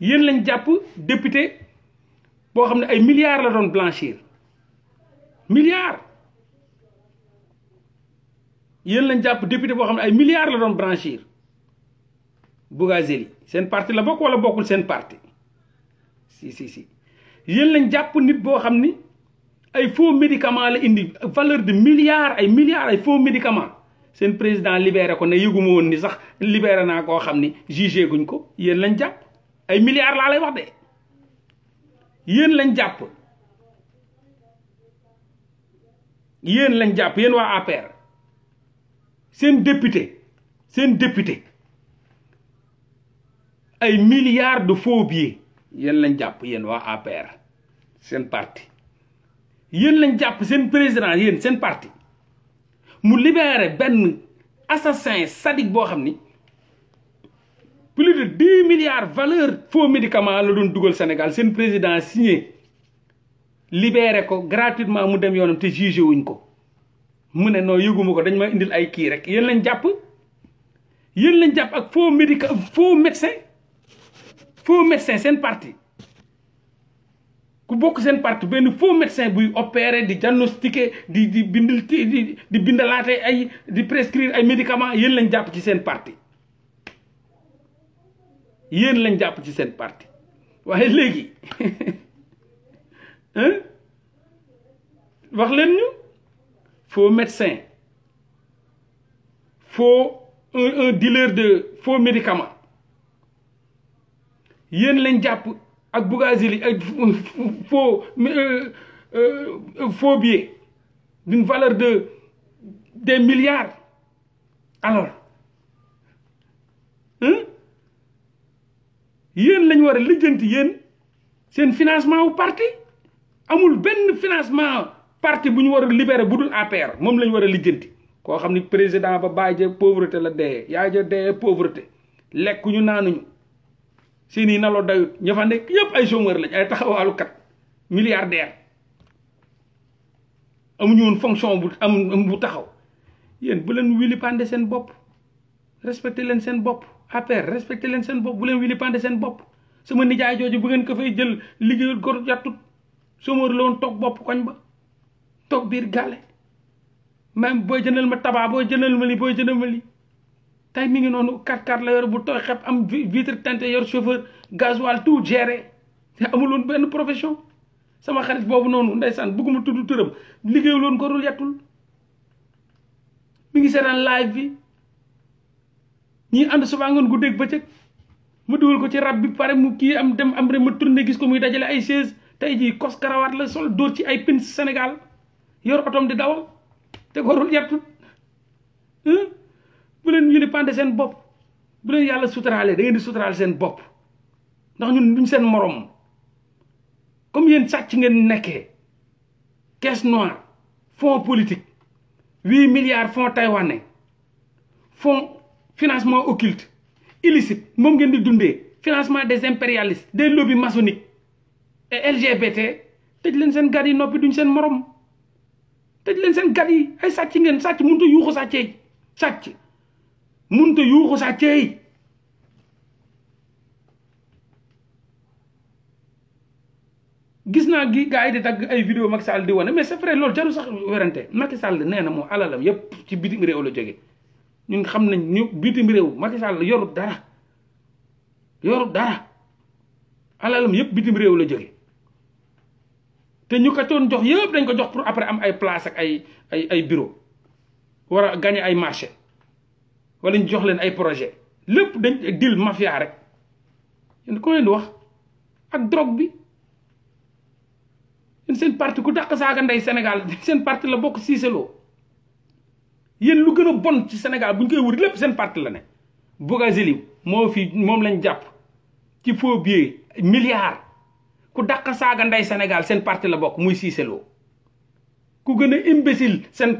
y a un député pour xam des ay milliards de blanchir milliards y a un député pour xam des ay milliards la doon blanchir Bougazeli une partie la là wala C'est une partie. si si si Il y a nit député qui ni des faux médicaments la indi valeur de milliards ay milliards de faux médicaments seen président libéré ko na yëguma woon ni sax libéré naa koo xam ni jugé guñ ko yéen lañ jàpp ay milliards laa lay wax de yéen lañ jàpp yéen lañ jàpp yéen waa APR seen député seen député ay milliards de faux billets yéen lañ jàpp yéen waa APR seen parti yéen lañ jàpp seen président yéen seen parti mu libéré ben assassin sadik bohamni plus de 10 milliards valeur faux médicaments la doon dougal Sénégal sen président signé libéré ko gratuitement mu dem yoonam te jugé wuñ ko mu dañ ma indil ay ki rek yeen lañ japp yeen lañ japp faux faux médecin faux médecin parti bu bokk seen parti benn foo médecin buy opérer di diagnostiquer di di bindal di di bindalaate ay di prescrire ay médicament yéen lañ jàpp ci seen parti yéen lañ jàpp ci seen parti waaye léegi wax leen ñu faux médecin faux un un dealer de faux médicament yéen lañ jàpp. ak Bougazili faux euh, euh, d'une valeur de des milliards alors ce hein? yeen a financement au parti amul ben financement parti bu ñu a APR la wara président a xamni président ba pauvreté la pauvreté seen nii naloo dayut ña fa nekk yëpp ay chômeur lañ ay taxawaalukat milliardaire amuñu woon fonction bu am bu taxaw yéen bu leen wili pande seen bopp respecté leen seen bopp APR respecte leen seen bopp bu leen wili pande seen bopp sama nijaay jooju bu ngeen ko fay jël liggéeyul gor jàttut chômeur la woon toog bopp koñ ba toog biir gàlle même booy jëndal ma tabac booy jëndal ma li booy jëndal ma li tey mi ngi noonu 4x4 la yor bu tooy xep am vitre teintée yor chauffeur gasoil tout géré te amuloon benn profession sama xarit boobu noonu ndey ndeysaan bëgguma tudd tëram liggéeyuloon ko dul yettul mi ngi seetaan live bi ñii ànd suba ngoon gu dégg bëccëg ma dugal ko ci rab bi pare mu kii am dem am rek ma tourné gis ko muy dajale ay chaise tey jii kos karawaat la sol dóor ci ay pins Sénégal yor otom di dawal te ko dul yettul bu leen ñu dépendre seen bopp bu leen yàlla suturaalee da ngeen di suturaal seen bopp ndax ñun duñ seen morom comme yéen sàcc ngeen nekkee caisse noire fonds politique huit milliards fonds taïwanais fonds financement occulte illicite moom ngeen di dundee financement des impérialistes des lobbies maçonniques et LGBT tëj leen seen gat yi noppi duñ seen morom tëj leen seen gat yi ay sàcc ngeen sàcc mënut a yuuxu sàccee sàcc munte yu sa cey gis gi gaay di tagg ay video Macky Sall di wone mais c'est vrai lol jaru sax wéranté Macky Sall néna mo alalam yépp ci bitim réew la jóge ñun xamnañ ñu bitim réew Macky Sall yorut dara yorut dara alalam yépp bitim réew la jóge te ñu ka ton jox yépp dañ ko jox pour après am ay place ak ay ay ay bureau wara gagner ay marché wala ñu jox leen ay projet lépp dañ dil mafia rek yéen ko leen di wax ak drog bi yéen seen parti ku dàq saaga ndey Sénégal seen parti la bokk Cissé Lo yéen lu gën a bon ci Sénégal bu ñu koy wër lépp seen parti la ne Bougazelli moo fi moom lañ jàpp ci faux billets milliards ku dàq saaga ndey senegal seen parti la bokk muy Cissé Lo ku gëna imbécile sen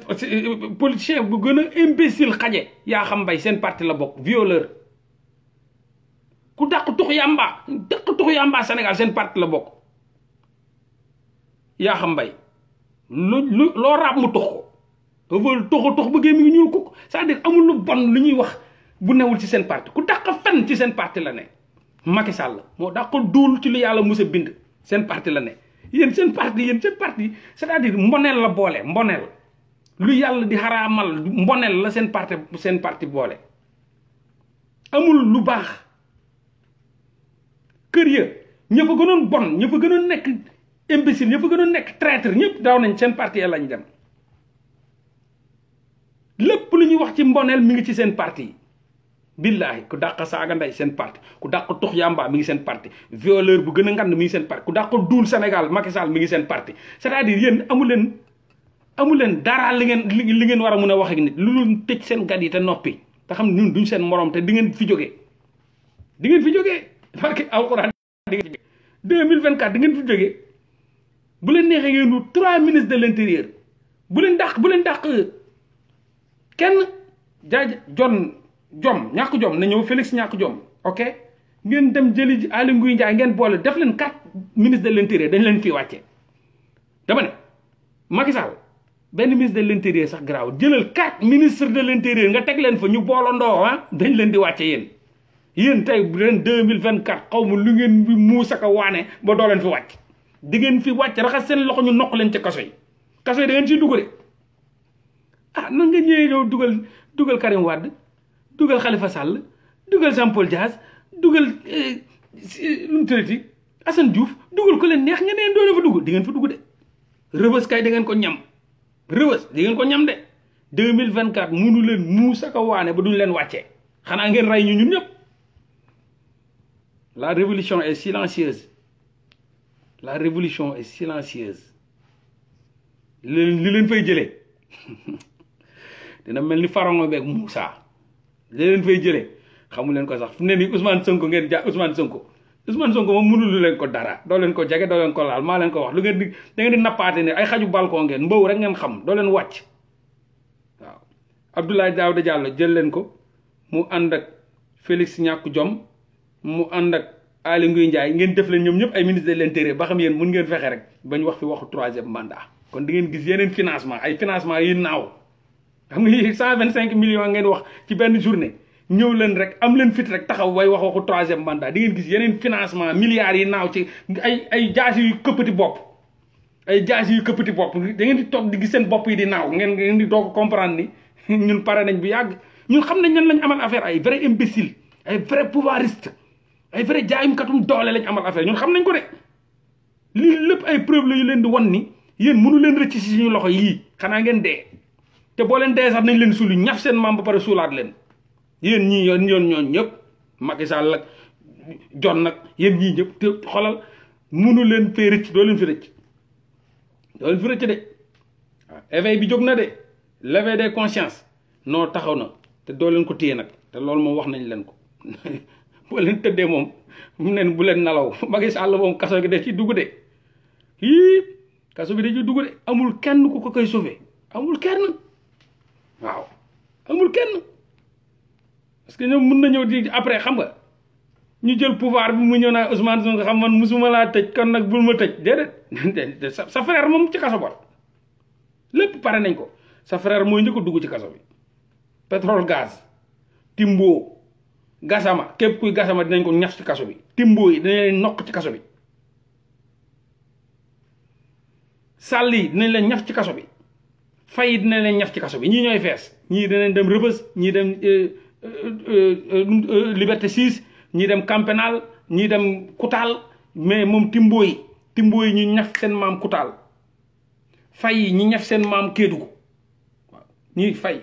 politicien bu gëna imbécile xajé ya xam bay sen parti la bok violeur ku dakk tux yamba dakk tux yamba Sénégal sen parti la bok ya xam bay lo lu mu tux ko dafa tux tux ba gémmi ñuul ku ça amul lu bon lu ñuy wax bu newul ci sen parti ku dakk fan ci sen parti la né Macky Sall mo dakk duul ci lu yalla musse bind sen parti la yéen seen parti yéen seen parti cest à mboneel la boole mboneel lu yàlla di xaraamal mboneel la seen parti seen parti boole amul lu baax kër ya ña fa gënoon bon ña fa gënoon nekk imbécile ña fa gënoon nekk traître ñëpp daw nañ seen parti ya lañ dem lépp lu ñuy wax ci mboneel mu ngi ci seen parti billahi ku dàq saaga nday sen parti ku dakk yamba mi ngi violer parti violeur bu gën ngand mi ngi sen parti ku dakk dul senegal Macky Sall mi ngi sen parti c'est-à-dire yeen amu len amu len dara li ngeen li ngeen wara a wax ak nit lu tecc sen gadi te nopi te xam ñun duñ sen morom te di ngeen fi jógee di ngeen fi barke alquran 2024 di ngeen fi bu len ngeen ministres de l'intérieur bu len dakk bu len dakk kenn jaj jonne jom ñàkk jom na ñëw Félix ñàkk jom ok ngeen dem jëli ji Aly Ngouille Ndiaye ngeen boole def leen quatre ministre de l'intérieur dañ leen fii wàcce dama ne Macky Sall benn ministre leen l'intérieur sax garaaw jëlal quatre ministre de l'intérieur nga teg leen fa ñu boolandoo ah dañ leen di wàcce yéen yéen tey leen deux mille vingt quatre xaw ma lu ngeen bi muus ak waane ba doo leen fi wàcc di ngeen fi wàcc raxas seen loxo ñu nokk leen ci kaso yi kaso yi da ngeen ciy dugg de ah nan nga ñëwee yow dugal dugal Karim Wade dugal Khalifa Sall dugal Jean Paul jazz dugal lu eh, mu tërati Assane Diouf dugal ko len neex ngeen ne doon fa dug di ngeen fa dug de. rëbës kay da ngeen ko ñam rëbës di ngeen ko ñam de 2024 munu len musa ka waane ba duñ len wacce xana ngeen ray ñu ñun ñep La révolution est silencieuse. La révolution est silencieuse. li len fay jëlee dina melni farango bek musa li leen fay jëlee xamu leen ko sax fu ne nii Ousmane Sonko ngeen ja Ousmane Sonko Ousmane Sonko moom mënul lu leen ko dara doo leen ko jege doo leen ko laal maa leen ko wax lu ngeen di da nappaate ne ay xaju balcon ngeen mbow rek ngeen xam doo leen wàcc waaw Abdoulaye Daouda Diallo jël leen ko mu ànd ak Félix ñàkk jom mu ànd ak Aly Ngouille Ndiaye ngeen def leen ñoom ñëpp ay ministre de l'intérieur ba xam yéen mun ngeen fexe rek bañ wax fi waxu troisième mandat kon di ngeen gis yeneen financement ay financement yi naaw xam nga cent vingt cinq millions ngeen wax ci benn journée ñëw leen rek am leen fit rek taxaw way wax ko troisième mandat di ngeen gis yeneen financement milliards yi naaw ci ay ay jaas yu këppati bopp ay jaas yu këppati bopp da ngeen di toog di gis seen bopp yi di naaw ngeen ngeen di doog comprendre ni ñun pare nañ bu yàgg ñun xam nañ ñan lañ amal affaire ay vrai imbécile ay vrai pouvoiriste ay vrai jaayum katum doole lañ amal affaire ñun xam nañ ko de lii lépp ay preuve la yu leen di wan ni yéen mënu leen rëcc si suñu loxo yii xanaa ngeen dee te boo leen dee sax nañ leen suuli ñaf seen maam ba pare suulaat leen yéen ñii yoon yoon ñooñ ñëpp Macky Sall ak jot nag yéen ñi ñëpp te xolal munu leen fee rëcc doo leen fi rëcc doo leen de waaw ah, bi jóg na de l'éveil des conscience noo taxaw na te doo leen ko téye nag te loolu moom wax nañ leen ko boo leen tëddee moom mu neen bu leen nalaw Macky Sall moom kaso gi de ci dugg de yii kaso bi da ci dugg de amul kenn ku ko koy sauver amul kenn waaw amul kenn parce que ñoom mën na ñëw di après xam nga ñu jël pouvoir bi mu ñëw naa Ousmane Sonko xam man musuma laa tëj kon nag bul ma tëj déedéet sa frère moom ci kaso bor lépp pare nañ ko sa frère mooy njëkk dugg ci kaso bi pétrole gaz timbo gasama képp kuy gasama dinañ ko ñax ci kaso bi timbo yi dinañ leen nokk ci kaso bi dinañ leen ñax fay dina leen ñaf ci kaso bi ñii fees ñii dinañ dem Rebeuss ñii dem euh, euh, euh, Liberté 6 ñii dem Camp ñii dem Koutal mais moom Timbo yi yi ñu ñaf seen maam Koutal fay yi seen maam Kédougou fay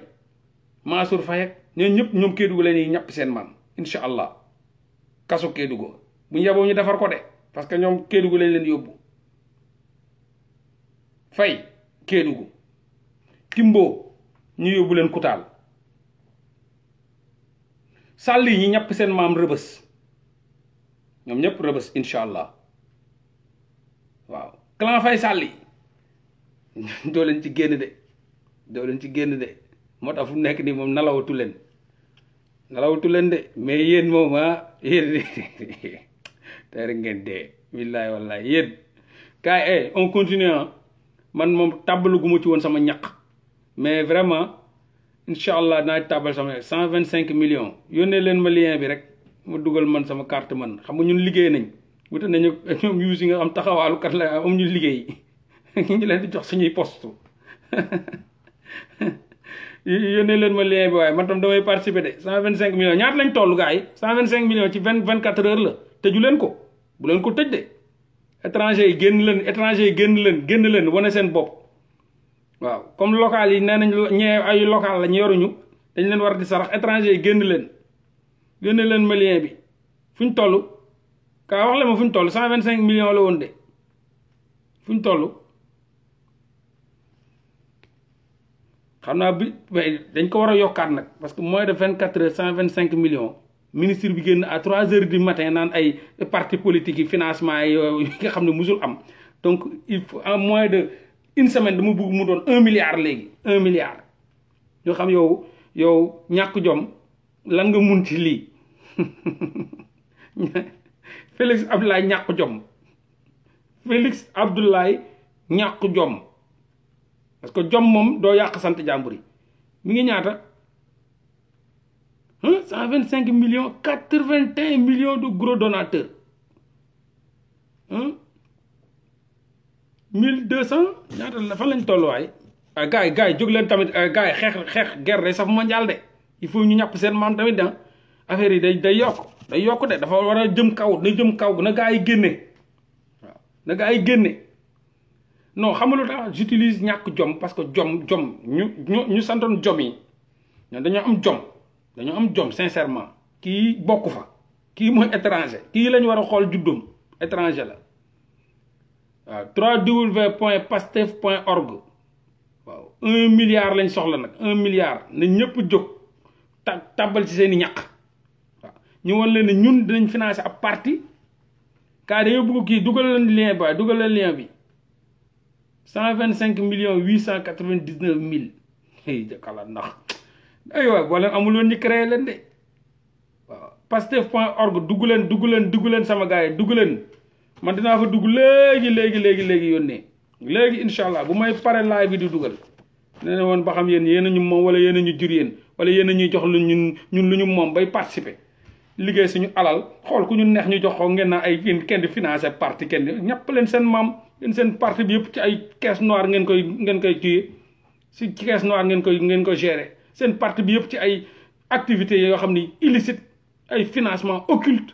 Mansour Faye ak ñoom ñëpp ñoom Kédougou la ñuy ñàpp seen maam incha allah kaso Kédougou bu ñu yeboo ñu defar ko de parce que ñoom Kédougou lañ leen yóbbu fay Kédougou Timbo ñu yóbbu leen Koutal sàlli yi ñi ñàpp seen maam rëbës ñoom ñëpp rëbës incha allah waaw clan fay sàll yi doo leen ci génn de doo leen ci génn de moo tax fu nekk nii moom nalawatu leen nalawatu leen de mais yéen moom ah yéen tey rek ngeen dee billaahi wallaahi yéen kaay eh on continue ah. man moom tàbbalu gu ci woon sama ñaq mais vraiment incha allah naa tabal sama cent vingt cinq million yónnee leen ma lien bi rek ma dugal man sama carte man xam nga ñun liggéey nañ wute nañu ñoom yu nga am taxawaalu kat la am ñu liggéey ñu leen di jox suñuy poste yónnee leen ma lien bi waaye man tam damay participer de cent vingt cinq millions ñaata lañ toll gars yi cent vingt cinq millions ci vingt vingt quatre heures la tëju leen ko bu leen ko tëj de étranger yi génn leen étranger yi génn leen génn leen seen bopp waaw comme local yi nee nañ ñee ay local la lañ yoruñu dañ leen war di sarax étranger yi génn leen génn leen malien bi fuñ toll kaa wax la ma fuñ toll cent vingt cinq millions la woon de fuñ toll xam naa bi dañ ko war a yokkaat nag parce que moins de vingt quatre heures cent vingt cinq millions ministre bi génn à trois heures du matin naan ay parti politique yi financement yi nga xam ne musul am donc il faut en moins de une semaine dama bëgg mu doon un milliard léegi un milliard ñu xam yow yow ñàkk jomm lan nga mun ci lii Félix Abdoulaye ñàkk jom Félix Abdoulaye jom parce que jom moom doo yàq sant jàmbur yi mu ngi ñaata cent vingt cinq million quatre vingt un millions de gros donateurs 1200 ñaata la fa lañ toll waay gaay ah, gaay gars leen tamit ah, gars yi xeex guerre day saf mondial de il faut ñu ñàpp seen maam tamit da ah. affaire yi day day yokk day yok de dafa wara jëm kaw na jëm kaw na gaay yi na gaay yi non xamalu tax j'utilise ñak jom parce que jom jom ñu ñu santone jom yi ñan dañu am jom dañu am jom sincèrement ki bokku fa ki moy étranger ki lañ wara xol juddum étranger la waaw 3w point pastef point org waaw un milliard lañ soxla nag un milliard na ñëpp jóg ta tàbbal ci seen i ñaq waaw ñu wan leen ne ñun dinañ financer ab parti kaa dañoo bëgg kii dugal lien ba dugal leen lien bi cent vingt cinq million huit cent quatre vingt dix neuf mille jëkkala ndax aywa boo leen amul woon ñu créé leen de waaw pastef point org dugg leen dugg leen dugg leen sama gars yi dugg leen man dinaa fa dugg léegi léegi léegi léegi yónnee léegi incha allah bu may pare laay bi di dugal ne ne woon ba xam yéen yéen ñu moom wala yéen a ñu jur yéen wala yéen a ñuy jox lu ñun ñun lu ñu moom bay participer liggéey suñu alal xool ku ñu neex ñu jox ko ngeen na ay kenn di financé parti kenn ñàpp leen seen maam seen parti bi yëpp ci ay caisse noire ngeen koy ngeen koy tuyee si caisse noire ngeen koy ngeen koy gérer seen parti bi yëpp ci ay activités yoo xam ni illicite ay financement occulte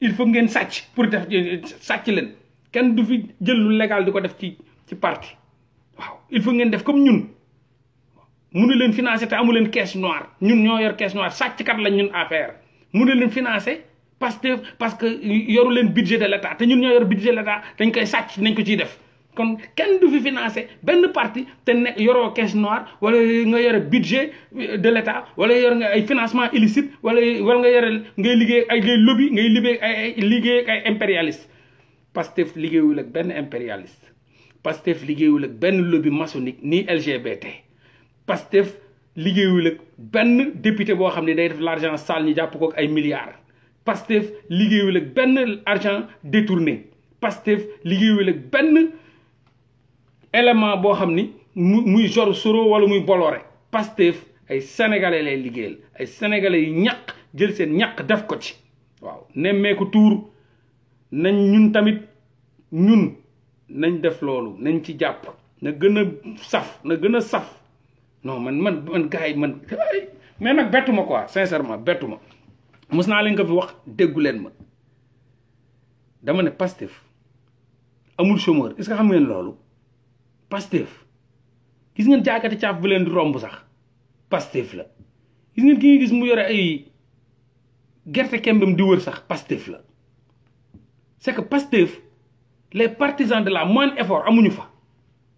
il faut ngeen sàcc pour def sàcc leen kenn du fi jëlu lu légal di ko def ci ci parti waaw il faut ngeen def comme ñun mënu leen financer te amu leen caisse ñun ñoo yor caisse noire sàcckat lañ ñun APR mënu leen financer parce que parce que yoru leen budget de l' état te ñun ñoo yor budget de l' état dañ koy sàcc nañ ko ciy def kon kenn parti te caisse noire budget de l'état financement illicite wala wala nga ngay ay lobby ngay Pastef ak ben impérialiste lobby maçonnique ni LGBT Pastef liggéeyul ak benn député boo xam day def argent sale ko ak ay milliards Pastef ak argent détourné Pastef ak élément boo xam ni mu muy Georges Soro wala muy Bolloré Pastef ay sénégalais lay liggéeyal ay sénégalais yu ñàq jël seen ñàq def ko ci waaw nemmeeku tuur nañ ñun tamit ñun nañ def loolu nañ ci jàpp na gën a saf na gën a saf non man man man gars yi man mais nag bettu ko quoi sincèrement bettu ma mos naa leen ko fi wax déggu leen ma dama ne Pastef amul chômeur est-ce que xam ngeen loolu Pastef gis ngeen jaakati caaf bu leen di romb sax Pastef la gis ngeen ki nga gis mu yore ay gerte kembam di wër sax Pastef la c'est que Pastef les partisans de la moindre effort amuñu fa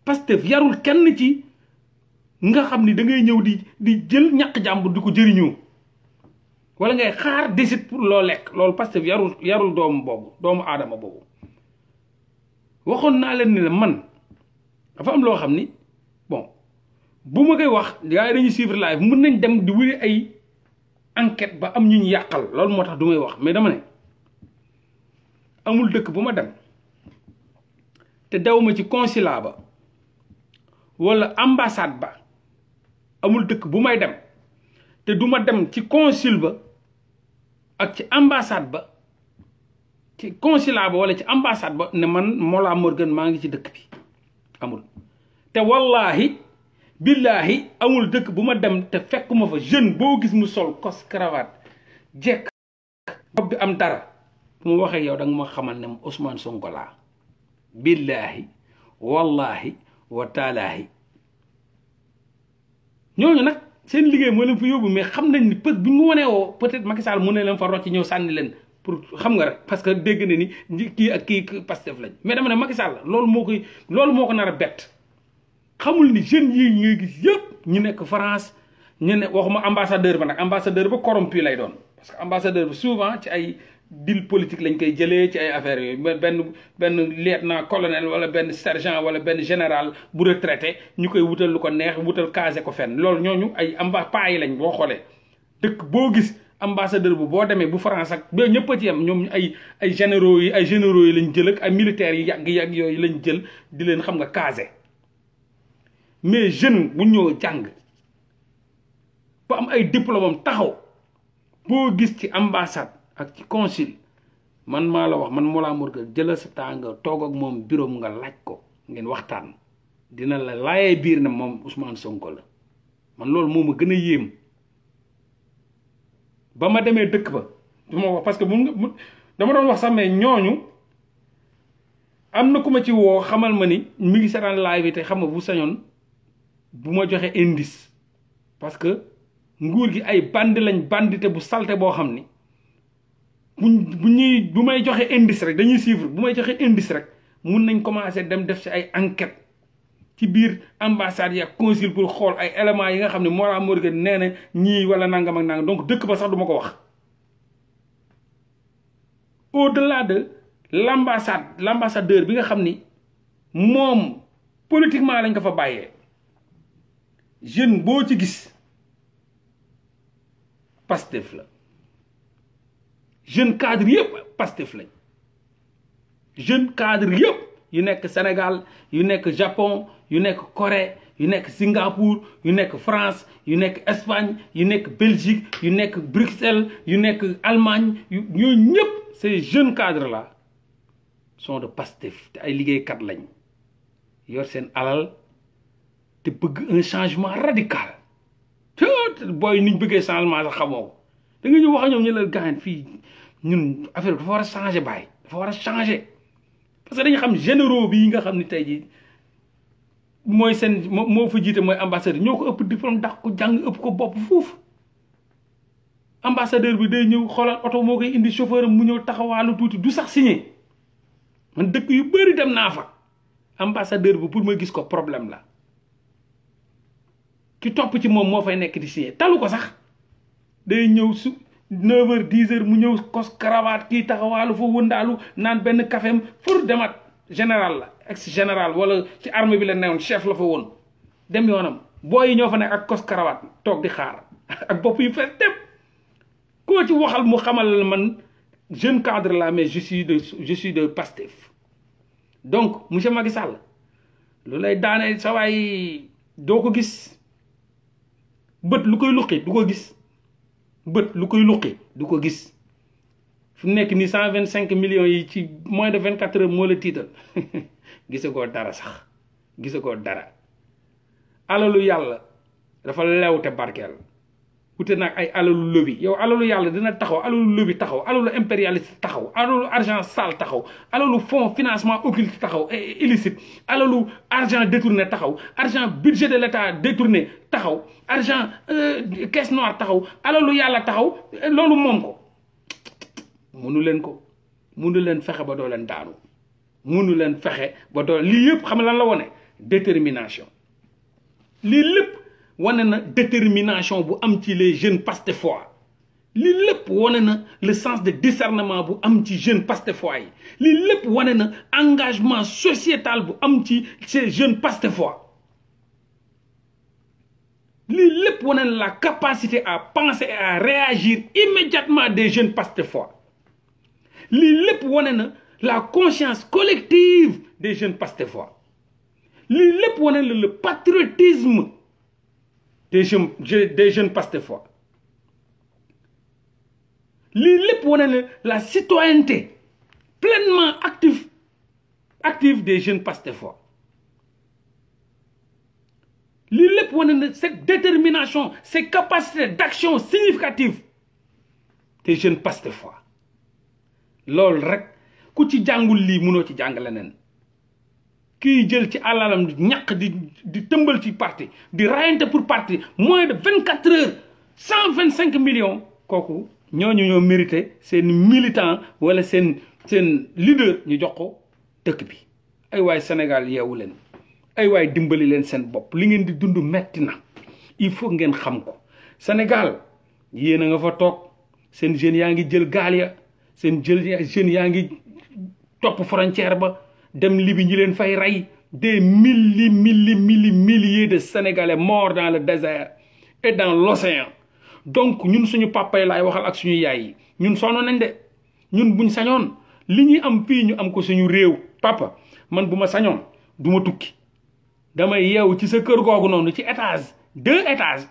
Pastef yarul kenn ci nga xam ni da ngay ñëw di di jël ñàq jàmbur di ko jëriñoo wala ngay xaar décide pour loo lekk loolu Pastef yarul yarul doomu boobu doomu aadama boobu waxoon naa leen ne la man dafa am loo xam ni bon bu ma koy wax gars yi dañuy suivre live mun nañ dem di wuri ay enquette ba am ñu ñu yàqal loolu moo tax du may wax mais dama ne amul dëkk bu ma dem te dawuma ci consulat ba walla ambassade ba amul dëkk bu may dem te duma dem ci consul ba ak ci ambassade ba ci consulat ba walla ci ambassade ba ne man Mollah Morgun maa ngi ci dëkk bi amul te wallaahi billaahi amul dëkk bu ma dem te fekkuma fa jeune boo gis mu sol kos cravate jekk bopp bi am dara bu mu waxee yow da ma xamal ne Ousmane Sonko laa billaahi wallaahi wa taalaahi ñooñu nag seen liggéey moo leen fa yóbbu mais xam nañ ni pës bu ñu wanee woo peut-être mu ne leen fa rocc ñëw sànni leen pour xam nga rek parce que dégg na ni kii ak kii Pastef lañ mais dama ne Macky Sall loolu moo koy loolu moo ko nar a bett xamul ni jeunes yi ñuy gis yëpp ñu nekk France ñu ne waxuma ambassadeur ba nag ambassadeur ba corrompu lay doon parce que ambassadeur bi souvent ci ay deal politique lañ koy jëlee ci ay affaires yooyu benn benn lieutenant colonel wala benn sergent wala benn général bu retraité ñu koy wutal lu ko neex wutal casé ko fenn loolu ñooñu ay amba paa lañ boo xoolee dëkk boo gis ambassadeur bu bo demee bu France ak ba ñëpp ci yem ñom ay ay généraux yi ay généraux yi lañ jël ak ay militaires yi yag yag yoy lañ jël di leen xam nga casé mais jeune bu ñëw jang ba am ay diplôme am taxaw bo gis ci ambassade ak ci consul man ma la wax man Mollah Morgun jël sa tang nga ak mom bureau nga laaj ko ngeen waxtaan dina la laye bir na mom Ousmane Sonko la man lool moma gëna gën yéem ba ma demee dëkk ba du ma wax parce que mun nga dama doon wax sax ñooñu am na ku ma ci woo xamal ma ni mi ngi seetaan live bi te xam nga bu sañoon bu ma joxe indice parce que nguur gi ay bandi lañ bandité bu salte boo xam ni bu bu ñuy bu may joxee indice rek dañuy suivre bu may joxee indice rek mun nañ commencer dem def ci ay enquête ci bir ambassade ya consul pour xol ay element yi nga xamni mora Mollah Morgun ñi wala nangam ak nang donc dëkk ba sax duma ko wax au delà de l'ambassade l'ambassadeur bi nga xamni mom politiquement lañ ko fa bayé jeune bo ci gis pastef la jeune cadre yépp pastef lañ jeune cadre yépp yu nek Sénégal yu nek Japon yu nek Corée yu nek Singapour yu nek France yu nek Espagne yu nek Belgique yu nek Bruxelles yu nek Allemagne ñoo ñep ces jeunes cadres là sont de Pastef té ay kat lañ yor sen alal té bëgg un changement radical boy ñu bëggé changement sax xamoo da nga ñu wax ñoom ñu la gaañ fi ñun affaire dafa war a changer bay dafa war changer parce que dañu xam généraux bi nga xam ni tey jii mooy seen moo fa jiite mooy ambassadeur ñoo ko ëpp diplôme dax ko jàng ëpp ko bopp fuuf ambassadeur bi day ñëw xoolal oto moo koy indi chauffeur mu ñëw taxawaalu tuuti du sax signé man dëkk yu dem fa ambassadeur bi pour ma gis ko problème la ki topp ci moom moo fay nekk di signé sax day su neuf heures dix mu ñëw cos karawaat ki taxawaalu fa wëndaalu naan benn kafeem pour demat général la ex général wala ci arme bi la newoon chef la fa woon dem yoonam booy yi ñoo fa nekk ak kos karawaat toog di xaar ak bopp yu fees dem koo ci waxal mu xamal man jeune cadre la mais je suis de je suis de Pastef donc monsieur Macky Sall lu lay daanee sa doo ko gis bët lu koy luqi du ko gis bët lu koy luqi du ko gis fu nekk nii cent vingt cinq millions yi ci moins de vingt quatre heures moo tiital gise koo dara sax gise koo dara alalu yàlla dafa lew te wute nak ay alalu lobby yow alalu yalla dina taxaw alalu lobby taxaw alalu impérialiste taxaw alalu argent sale taxaw alalu fonds financement occulte taxaw illicite alalu argent détourné taxaw argent budget de l'État détourné taxaw argent euh, caisse noire taxaw alalu yalla taxaw lolou mom ko munu len ko munu len fexe ba do len daanu munu len ba do li xam lan la woné détermination li wane na détermination bu am les jeunes pasteurs li lepp le sens de discernement bu am ci jeunes pasteurs li lepp engagement sociétal bu am ci ces jeunes pasteurs li lepp la capacité à penser et à réagir immédiatement des jeunes pasteurs li lepp la conscience collective des jeunes pasteurs li lepp le patriotisme des jeunes des jeunes pastefois lii la citoyenneté pleinement active active des jeunes pasteurs. foi. ce qui cette détermination cette capacité d'action significative des jeunes pasteurs. L'ol rek ku ci ki jël ci alalam di di di teumbal ci parti di rayante pour parti moins de 24 heures 125 millions sen ñoñu ñoo mérité sen militant wala sen sen leader ñu jox ko dëkk bi ay way sénégal yewu len ay way dimbali len sen bop li ngeen di dundu metti na il faut ngeen xam ko sénégal yeena nga fa tok sen jeune yaangi jël galia ya jeune yaangi top frontière ba dem des milli milliers milliers de sénégalais morts dans le désert et dans l'océan donc nous suñu papa lay waxal ak suñu yaay ñun nañ de ñun buñ sañon li ñi am fi ñu am ko suñu réew papa man buma ma duma tukki des yew ci sa kër gogou nonu ci étage deux étages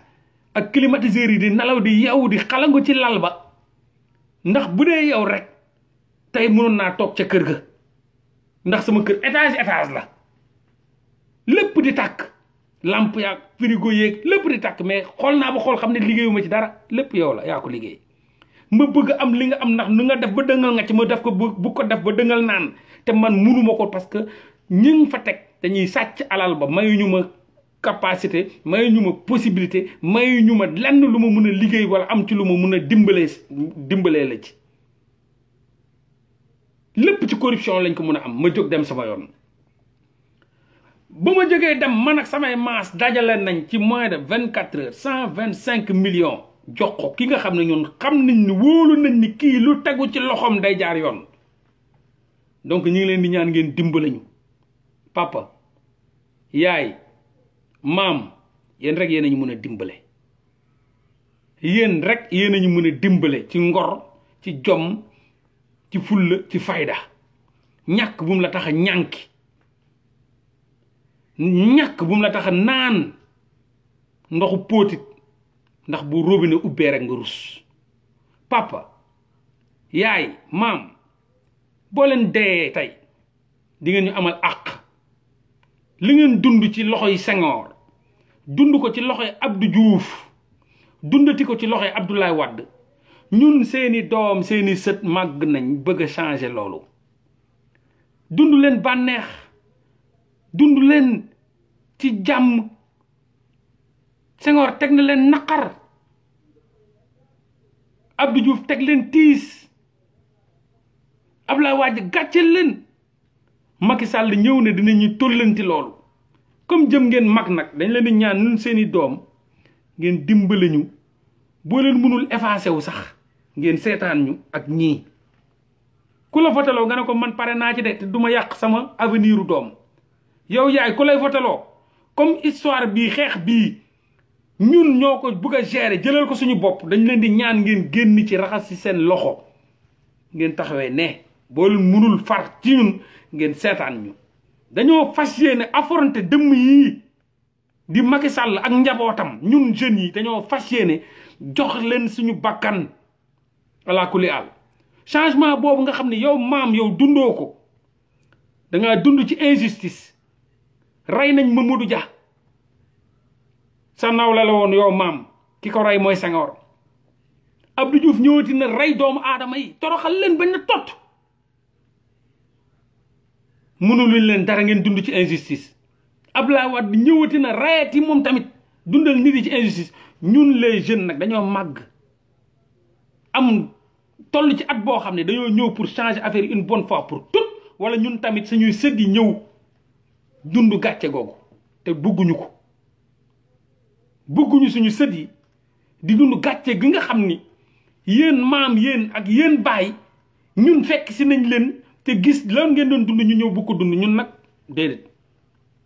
ak climatiseur yi di nalaw di yew di xalangu ci lal ba ndax bu yow rek tay mënon na ndax sama kër étage étage la lépp di tàkk lamp yaag frigo yeeg lépp di tàkk mais xool naa ba xool xam ne liggéeyuma ci dara lépp yow la yaa ko liggéey ma bëgg am li nga am ndax nu nga def ba dëngal nga ci ma def ko bu ko def ba dëngal naan te man munuma ko parce que ñi fa teg dañuy sàcc alal ba mayuñu ma capacité mayuñu ma possibilité mayuñu ma lenn lu ma mun a liggéey wala am ci lu ma mun a dimbalee dimbalee la ci lepp ci corruption lañ ko mëna am ma jog dem sama yoon buma joggé dem man ak samay maas dajalé nañ ci moins de 24 heures 125 millions jox ko ki nga xamné ñun xam nañ ni wolu nañ ni ki lu tegu ci loxom day jaar yoon donc ñi ngi leen di ñaan ngeen dimbalañu papa yaay mam yeen rek yéen a ñu mën a dimbale rek yéen a ñu mën a ci ngor ci jom ci ful ci fayda ñak bu mu la tax a ñak bu mu la tax naan ndoxu potit ndax bu robinet rek nga rus papa yaay Mam, bo len deyee tay di ngeen ñu amal ak. li ngeen dund ci loxoy Senghor dund ko ci loxoy Abdou Diouf dundati ko ci loxoy Abdoulaye Wade ñun seeni doom seeni seut mag nañ bëgg changer loolu dundu len banex dundu len ci jam sengoor tek na len nakar abdou diouf tek len tis abla wadj gatchel len Macky Sall ñew ne dinañuy tollanti loolu comme jëm ngeen mag nak, dañ leen di ñaan ñun seeni doom ngeen dimbali ñu leen mënul effacer wu sax ngeen setan ñu ak ñi ku la votalo nga ne ko man pare na ci dé té duma yak sama aveniru dom yow yaay ku lay votalo comme histoire bi xex bi ñun ñoko ko bëgg gérer jëlal ko suñu bop dañ leen di ñaan ngeen genn ci raxas ci seen loxo ngeen taxawé né bo leen munul far ci ñun ngeen setan ñu dañoo fas yéene affronté dëmm di Macky Sall ak njabotam ñun jeunes yi dañoo fas yéene jox leen suñu bakkan ala kulli al changement bobu nga xamni yow mam yow dundoo ko da nga dund ci injustice ray nañ mamadou dia sa nawla la woon yow mam kiko ray moy sangor abdou diouf ñewati na ray doomu toroxal leen bañ na tot luñ leen dara ngeen dund ci injustice ablaye wad ñewati na rayati mom tamit dundal nit yi ci injustice ñun les jeunes nak dañoo mag am toll ci at boo xam ne dañoo ñëw pour changer affaire une bonne fois pour tout wala ñun tamit suñuy sët yi ñëw dund gàcce googu te bëgguñu ko bëgguñu suñu sët yi di dund gàcce gi nga xam ni yéen maam yéen ak yéen baay ñun fekk si nañ leen te gis lan ngeen doon dund ñu ñëw bu ko dund ñun nag déedéet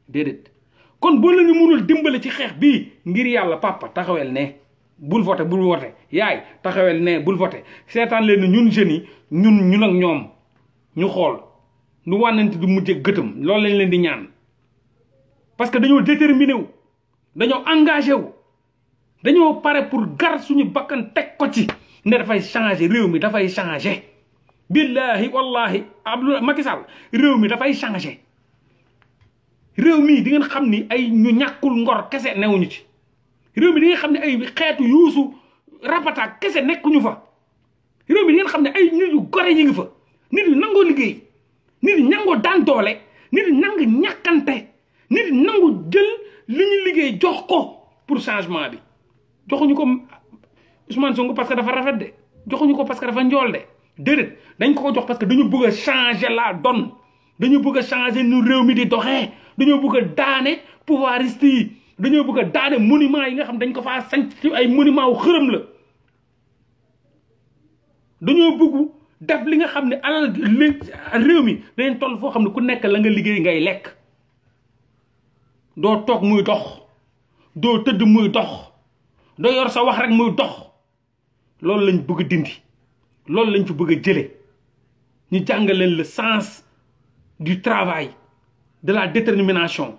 déedéet kon boo la mënul dimbale ci xeex bi ngir yàlla papa taxawel ne bul voté bul voté yaay taxawel ne bul voté sétan leen ñun jëni ñun ñun ak ñom ñu xol ñu wanante du mujjé gëteum loolu lañ leen di ñaan parce que dañoo déterminé wu dañoo engagé wu dañoo pare pour gar suñu bakkan tek ko ci ne dafay changer réew mi dafay changer billahi wallahi abdou Macky Sall réew mi dafay changer réew mi di ngeen xamni ay ñu ñakul ngor kessé néwuñu ci réew mi di nga xamné ay xéetu yusu rapata kese nekkuñu fa réew mi di ngeen xam ay nit yu goré ñi ngi fa nit yu nango liggéey nit yu nango daan doolé nit yu nang ñakanté nit yu nango jël li ñu liggéey jox ko pour changement bi joxuñu ko Ousmane Sonko parce que dafa rafet de joxuñu ko parce que dafa njool dé déedéet dañ ko ko jox parce que dañu bëgg changer la donne dañu bëgg changer ñu réew mi di doxé dañu bëgg daané daane pouvoiriste yi dañu bëgg monument yi nga xam dañ ko ay monument wu xërem la bëgg def li nga xam alal réew mi dañ toll fo xam ku nekk la nga liggéey ngay lekk do tok muy dox do teud muy dox le sens du travail de la détermination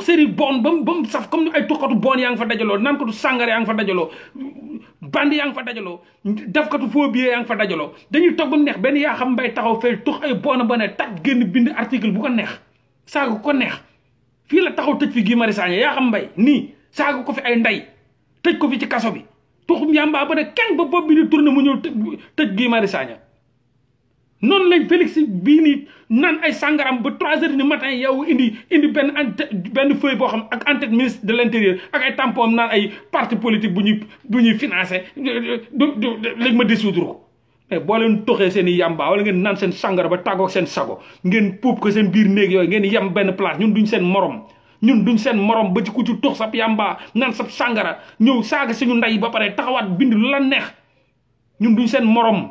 seri bon bam bam saf comme ay tuxatu bon yang fa dajalo nan ko sangare yang fa dajalo bandi yang fa dajalo daf ko phobie yang fa dajalo dañu tok bu neex ben ya xam bay taxaw fe tux ay bon bon tak genn bind article bu ko neex sagu ko neex fi la taxaw tej fi gi mari ya xam bay ni sagu ko fi ay nday tej ko fi ci kasso bi tuxum yamba ba ne ken ba bob bi ni tourne mu ñu tej gi mari non lañ félix bi ni nan ay sangaram ba 3 h ni matin yow indi indi ben ben feuille bo xam ak en ministre de l'intérieur ak ay tampom nan ay parti politique buñu buñu financer lañ ma dissoudre ko mais bo len toxé sen yamba wala ngeen nan sen sangara ba tagok sen sago ngeen poup ko sen bir neeg yoy ngeen yam ben place ñun duñ sen morom ñun duñ sen morom ba ci ku ci tox sap yamba nan sap sangara ñew saga suñu nday ba paré taxawat bind la neex ñun duñ sen morom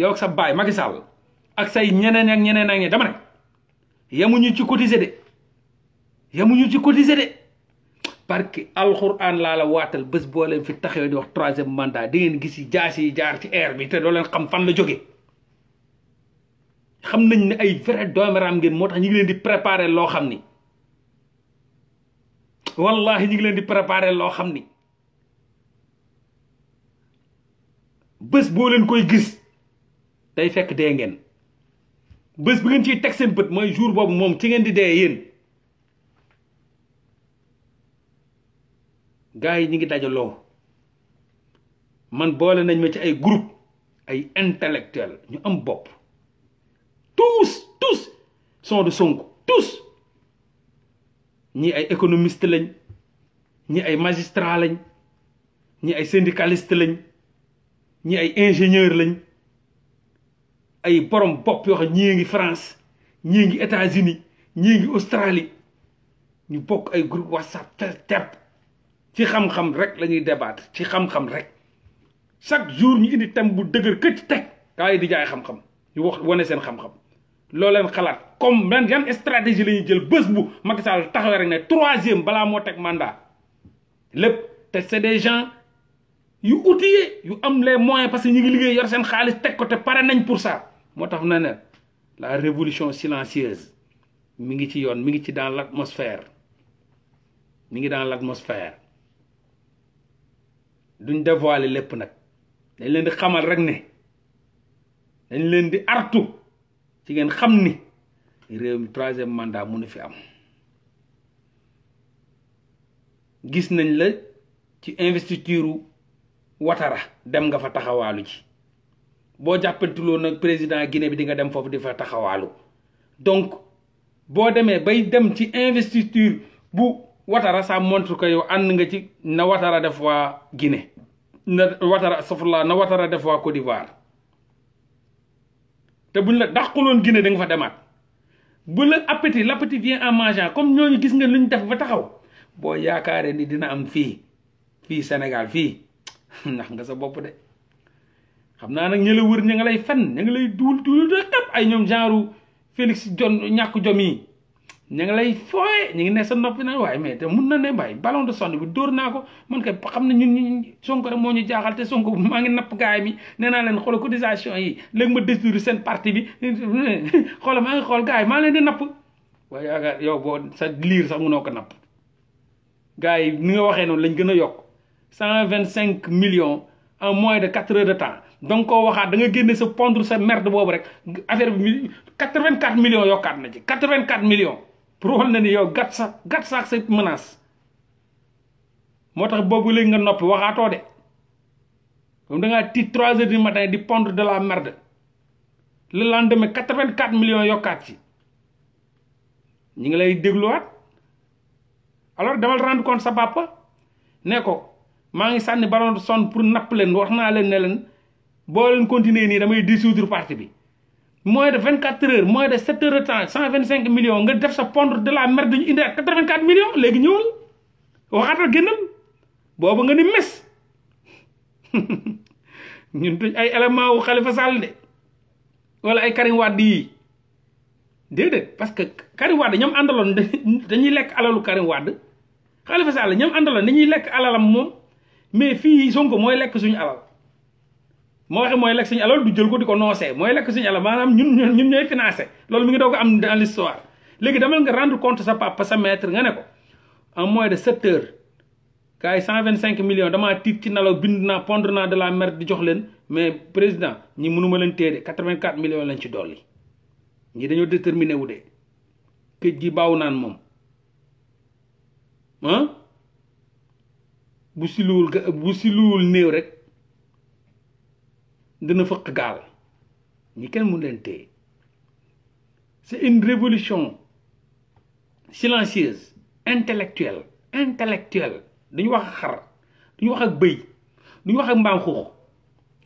yow ak sa bay Macky Sall ak say ñeneen ak ñeneen ak ñe dama ne yamuñu ci cotiser de yamuñu ci cotiser de parce que alquran la la watal bés bo leen fi taxawee di wax 3e mandat di ngeen gis yi jaar ci air bi te do leen xam fan la jógee xam nañ ne ay vrai doomeraam ngeen motax ñi ngi leen di préparer lo xamni wallahi ñi ngi leen di préparer lo xamni ni bo leen koy gis day fekk dee ngeen bëss bi ngeen ci tek seen bëtt moy jour bobu mom ci ngeen di dee yeen gaay ñi ngi dajalo man boole nañ ma ci ay groupe ay intellectuel ñu am bop tous tous sont de Sonko tous ñi ay économiste lañ ñi ay magistrat lañ ñi ay syndicaliste lañ ñi ay ingénieur lañ ay borom bop yoo xam ñii ngi France ñii ngi États-Unis ñii ngi Australie ñu bokk ay groupe WhatsApp te tepp ci xam-xam rek lañuy ñuy débattre ci xam-xam rek chaque jour ñu indi thème bu dëgër këcc teg gaa yi di jaay xam-xam ñu wax woné seen xam-xam loo leen xalaat comme man yan stratégie lañuy jël bëss bu Macky Sall taxawee rek ne troisième balaa moo teg mandat lepp té c'est des gens yu outillé yu am les moyens parce que ñi ngi liggéey yor seen xaaliss tek ko té paré nañ pour ça moo tax na ne la révolution silencieuse mi ngi ci yoon mi ngi ci dans l'atmosphère mi ngi dans l'atmosphère duñ dévoiler lépp nag dañ leen di xamal rek ne dañ leen di artu ci ngeen xam ni réew mi troisième mandat mënu fi am gis nañ la ci investiture Ouattara dem nga fa taxawaalu ci boo jàppantuloo nag président Guinée bi di nga dem foofu di fa taxawaalu donc boo demee bay dem ci investiture bu Ouattara ça montre que yow ànd nga ci na Ouattara def waa Guinée na Ouattara safurlaa na Ouattara def waa Côte d'Ivoire te buñ la dax dàquloon Guinée da nga fa demaat bu la appétit l'appétit vient en mangeant comme ñooñu gis nga lu ñu def ba taxaw boo yaakaaree ni dina am fii fii Sénégal fii ndax nga sa bopp de xam naa nag ñi la wër ña nga lay fen ña nga lay duul duul de xëpp ay ñoom genre Félix John ñàkk jom yi ña nga lay fooye ñu ngi ne sa noppi naan waaye mais te mun na ne mbaay ballon de sonde bi dóor naa ko man kay xam ne ñun ñu Sonko rek moo ñu jaaxal te Sonko maa ngi napp gaay mi nee naa leen xool cotisation yi léegi ma détourné seen parti bi xoola maa ngi xool gaay maa leen di napp waaye yaakaar yow boo sa liir sax munoo ko napp gaay yi ni nga waxee noonu lañ gën a yokk cent vingt cinq millions en moins de quatre heures de temps dang ko waxaat da nga génne sa pondre sa merde bobu rek affaire bi 84 millions yokkaat na ci 84 millions pour wol na ni yow gat sa gat sa sa menace motax bobu lay nga nopi waxato de moom da nga ti 3 heures du matin di pondre de la merde le lendemain 84 millions yokkaat ci ñi nga lay wat alors demal rendre compte sa papa ne ko maa ngi sànni baron son pour nap len waxna len ne len bo leen continuer ni damay dissoudre parti bi moins de 24 heures moins de 7 heures de temps 125 millions nga def sa pondre de la merde ñu indi 84 millions légui ñëwal waxata génnal bobu nga ni mes ñun duñ ay élément wu Khalifa Sall de wala ay Karim wadi, yi parce que Karim wadi ñom andalon dañuy lek alalu Karim wadi. Khalifa Sall ñom andalon dañuy lek alalam mom mais fi Sonko moy lek suñu alal mo waxe moy lek seigne alal du jël ko diko ko moy lek seigne suñu alal maanaam ñun ñun ñoy financer financé mi ngi doog am dans l'histoire léegi demal nga rendre compte sa papa sa maître nga ne ko en moins de 7 heures kay 125 millions dama tit ci nalaw bind naa pondre naa de la merde di jox len mais président ñi mënuma leen téede quatre vingt millions lañ ci doli ñi dañu déterminer wu dé këj gi baw naan mom hein bu siluwul bu siluwul néew rek dina neuf c'est une révolution silencieuse intellectuelle intellectuelle duñ wax xar duñ wax ak bëy duñ wax ak mbaam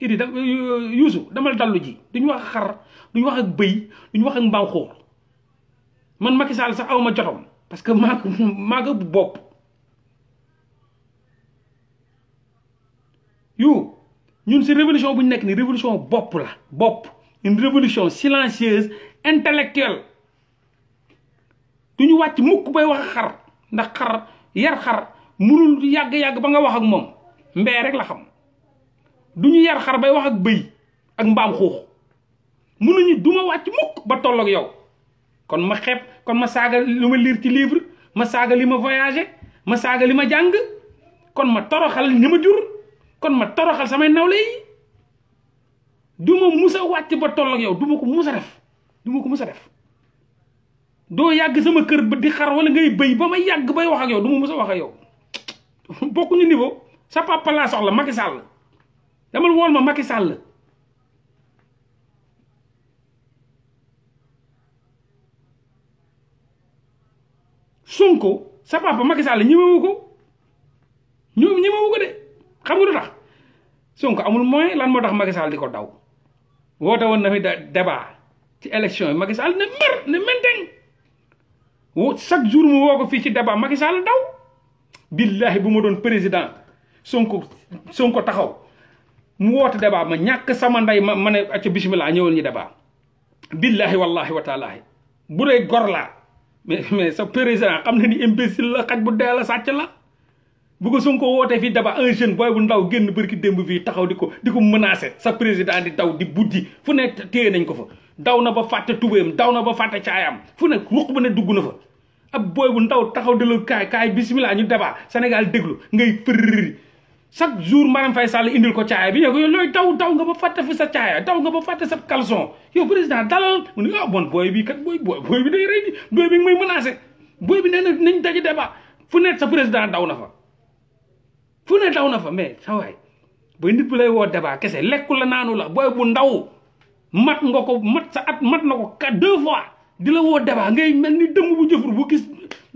idi da yuusu dallu ji duñ wax xar duñ wax ak bëy duñ wax ak man parce que maa maa ko bopp yu ñun si révolution bu ñu ni révolution bop la bop une révolution silencieuse intellectuelle duñu wacc mukk bay wax xar ndax xar yar xar mënul yag yag ba nga wax ak mom mbé rek la xam duñu yar xar bay wax ak bëy ak mbaam duma wacc mukk ba ak yow kon ma xép kon ma saga luma lire ci livre ma saga lima voyager ma saga lima jang kon ma toroxal ni jur kon ma toroxal samay nawle yi du ma mus a wàcc ba toll ak yow du ma ko mus def duma ma ko mus a def doo yàgg sama kër ba di xar wala ngay bay ba ma yàgg bay wax ak yow du ma mus a wax ak yow bokkuñu niveau sa papa laa soxla Macky Sall demal wool ma Macky Sall Sonko sa papa Macky Sall ñemewu ko ñoom ñemewu ko de. xam nga lu tax Sonko amul moyen lan moo tax Macky di ko daw woote woon na fi débat ci élection yi Macky Sall ne mer ne menteng wo chaque jour mu woo ko fii ci débat Macky Sall daw billahi bu ma doon président Sonko Sonko taxaw mu woote débat ma ñàkk sama ndey ma ma ne acca bismillah ñëwal ñu debaa billahi wallahi wa taalahi bu dee gor laa mais mais sa président xam ne ni imbécile la xaj bu dee la sàcc la bu ko Sonko wootee fii daba un jeune booy bu ndaw génn bërki démb fii taxaw di ko di ko menacer sa président di daw di buddi fu ne téye nañ ko fa daw na ba fàtte tubéyam daw na ba fàtte caayaam fu ne ne dugg na fa ab booy bu ndaw taxaw di la kaay kaay bisimilah ñu daba Sénégal déglu ngay fërri chaque jour Marème Faye Sall indil ko caaya bi yow looy daw nga ba fàtte fi sa caaya daw nga ba fàtte sa caleçon yow président dalal mu ne ah bon booy bi kat booy booy bi day rëy booy bi ngi may menacé booy bi nee na nañ daje débat fu nekk sa président daw na fa fu ne daw na fa mais sa waay ba nit bu lay woo débat kese lekku la naanu la booy bu ndaw mat nga ko mat sa at mat na ko deux fois di la woo débat ngay mel ni dëmm bu jëfur bu gis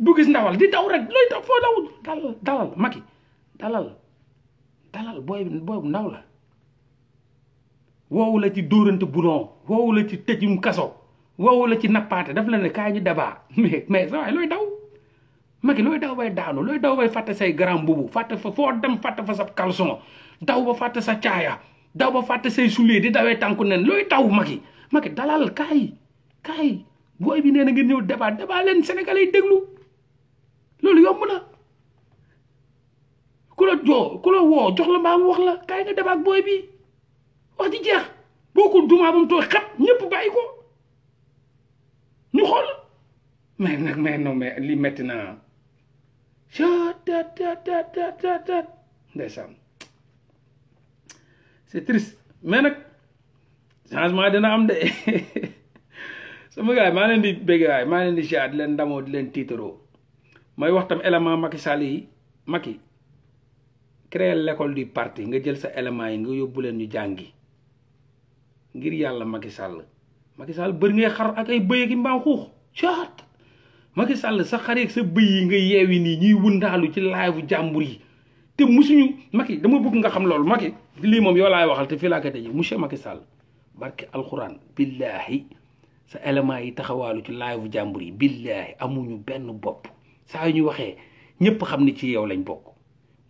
bu gis ndawal di daw rek looy daw foo daw dalal dalal dalal dalal booy bu ndaw la woowu la ci dóorante boulon woowu la ci tëjum kaso woowu la ci nappaate daf la ne kaay ñu débat mais mais looy daw maki looy daw bay daanu looy daw bay fàtte say grand bubu fàtte fa foo dem fàtte fa sa caleçon daw ba fàtte sa caaya daw ba fàtte say sulee di dawee tànku nen looy daw Macky Macky dalal kaay kaay bi nee na ngeen ñëw débat débat leen Sénégalais yi déglu loolu yomb na ku la joo ku la woo jox la mbaam wax la kaay nga débat booy bi wax ji jeex boo ko dumaa ba mu tooy xat ñëpp bàyyi ko ñu xool mais nag mais li metti ndeysaan c'est triste mais nag changement dina am de sama gars yi maa leen di bëgg waay maa leen di siyaar di leen ndamoo di leen tiitaroo may wax tam élément Macky Sall yi Macky créer l'école du parti nga jël sa élément yi nga yóbbu leen ñu jàngi ngir yàlla Macky Sall Macky Sall bëri ngay xar ak ay bëy ak i mbaam xuux Macky Sall sa ak sa beuy nga yewi ni ñi wundalu ci live jàmbur yi te musuñu Macky dama bëgg nga xam lool Macky li mom yow lay waxal te fi la ka deji monsieur Macky Sall barke alquran billahi sa element yi taxawalu ci live jàmbur yi billahi amuñu benn bop sa ñu waxe ñepp xam ne ci yow lañ bok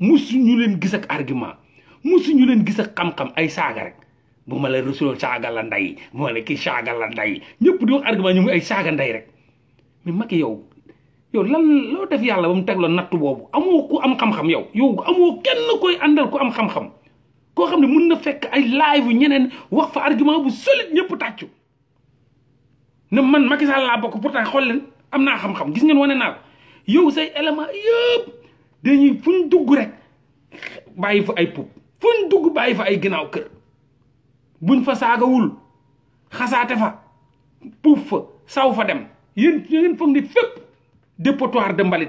musuñu leen gis ak argument musuñu leen gis ak xam-xam ay saga rek buma la rësuloo saga la nday mo la ki saga la nday ñepp di wax argument ñu ay saga nday rek mais Macky yow yow lan loo def yàlla ba mu teg nattu boobu amoo ku am xam-xam yow yow amoo kenn koy àndal ku am xam-xam koo xam ne mun na fekk ay laay live ñeneen wax fa argument bu solide ñëpp tàccu ne man Macky Sall laa bokk pourtant xool leen am naa xam-xam gis ngeen wane naa ko yow say élément yëpp dañuy fu ñu dugg rek bàyyi fa ay puub fu dugg bàyyi fa ay ginnaaw kër buñ fa saagawul xasaate fa puub fa saw fa dem yéen yéen foog ni fépp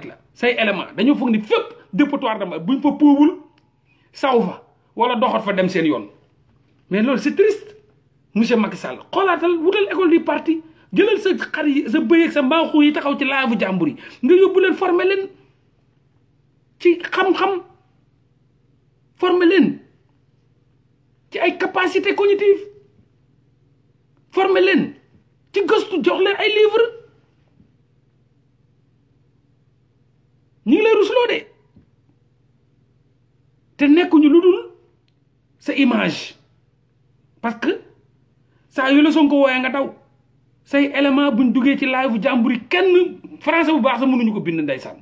la say élément dañoo foog ni dépotoir de mbalit buñ fa puubul saw fa wala dem seen yoon mais loolu monsieur Macky Sall xoolaatal wutal école du parti jëlal yi sa bëy sa mbaaxu yi taxaw ci laavu jàmbur yi nga yóbbu leen former leen ci xam-xam former leen ci ay capacité cognitive former leen ci gëstu jox leen ay livre ñu ngi lay rusloo de te nekkuñu lu dul sa image parce que saa yu la ko wooyee nga daw say bu buñ duggee ci live bu jàmbur yi kenn français bu baax sax mënuñu ko bind ndeysaan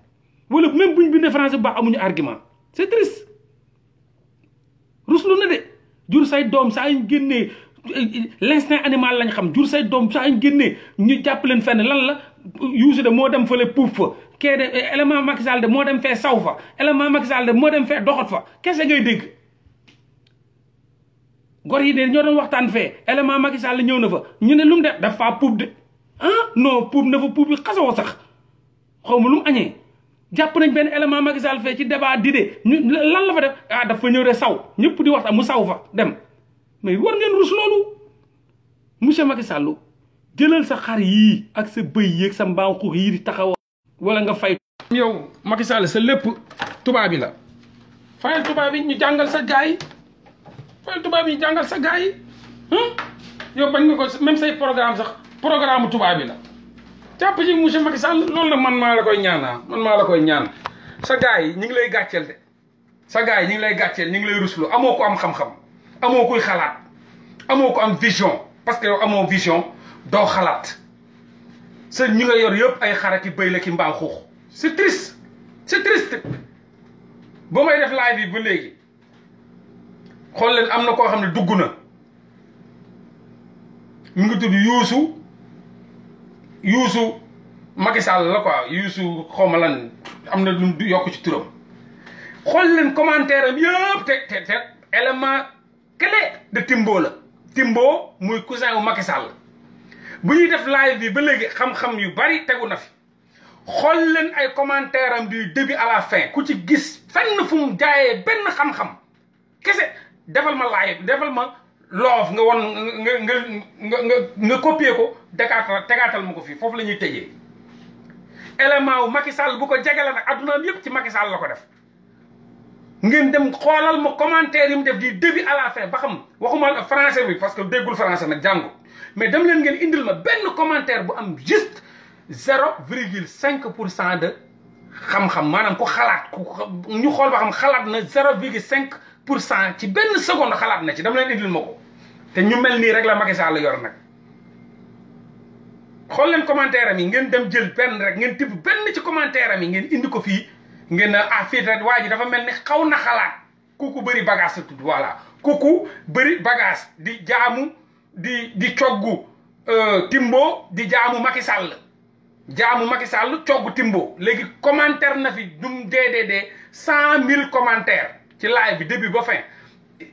wala même buñ bindee français bu baax amuñu argument c'est triste ruslu na de jur say doom saa yuñ génnee l'instinct animal lañ xam jur say doom saa yuñ génnee ñu jàpp leen fenn lan la yuusu de moo dem fële puuf fa kee de eh, élément Macky Sall de mo dem fee saw fa élément Macky Sall de mo dem fee doxot fa kese ngay dégg gor yi de ñoo doon waxtaan fee élément Macky Sall ñëw na fa ñu ne lum mu def daf faa puub de ah non puub na fa puub bi xasoo sax xawmu lum lu japp nañ ben élément Macky Sall fee ci débat di ñu lan la fa def ah fa ñëw de saw ñëpp di waxtaan mu saw fa dem mais war ngeen rus lolu monsieur Macky Sall jëlal sa xar yii ak sa bëy yeeg sa mbaam xuux yii di taxaw wala nga fay. yow Macky Sall sa lépp tubaab bi la fayal tubaab yi ñu jàngal sa gars yi tubaab yi jàngal sa gars yow bañ nga ko même say programme sax programme tubaab bi la. jàpp ci mu Macky Sall loolu la man maa la koy ñaan man maa la koy ñaan sa gars yi ñu ngi lay gàcceel de sa gars yi ngi lay gàcceel ñu ngi lay ruslu amoo ko am xam-xam amoo koy xalaat amoo ko am vision parce que yow amoo vision doo xalaat. sa ñu nga yor yëpp ay xaraki bëy la ki mbaaw xuux c'est triste c'est triste ba may def live bi ba léegi xool leen am na koo xam ne dugg na mu ngi tudd yuusu yuusu Macky Sall la ko yuusu xawma lan am na lu yokk ci turam xool leen commentaire am yëpp te te te élément clé de timboo la Timbo muy cousin wu bu ñuy def live bi ba léegi xam-xam yu bari tegu na fi xool leen ay commentaire am du début à la fin ku ci gis fenn fu mu jaayee benn xam-xam kese defal ma live defal ma loof nga won nga nga nga nga copier ko degaatal tegaatal ma ko fii foofu la ñuy tëjee élément wu Macky Sall bu ko jegele nag addunaam yëpp ci Macky Sall la ko def ngeen dem xoolal ma commentaire yi mu def di début à la fin ba xam waxuma français bi parce que déggul français nag jàngu mais dem leen ngeen indil ma benn commentaire bu am juste zéro virgule cinq pour cent de xam-xam maanaam ku xalaat ku ñu xool ba xam xalaat na zéro virgule cinq pour cent ci benn seconde xalaat na ci dama leen indil ma ko te ñu mel nii rek la Macky Sall yor nag xool leen commentaire am yi ngeen dem jël benn rek ngeen tibb benn ci commentaire am ngeen indi ko fii ngeen ne ah fii rek waa ji dafa mel ni xaw na xalaat kooku bëri bagage la tudd voilà kooku bëri bagaas di jaamu di di coggu euh, Timbo di jaamu Macky Sall jaamu Macky Sall coggu Timbo léegi commentaire na fi dum deedeedee cent mille commentaires ci live bi début ba fin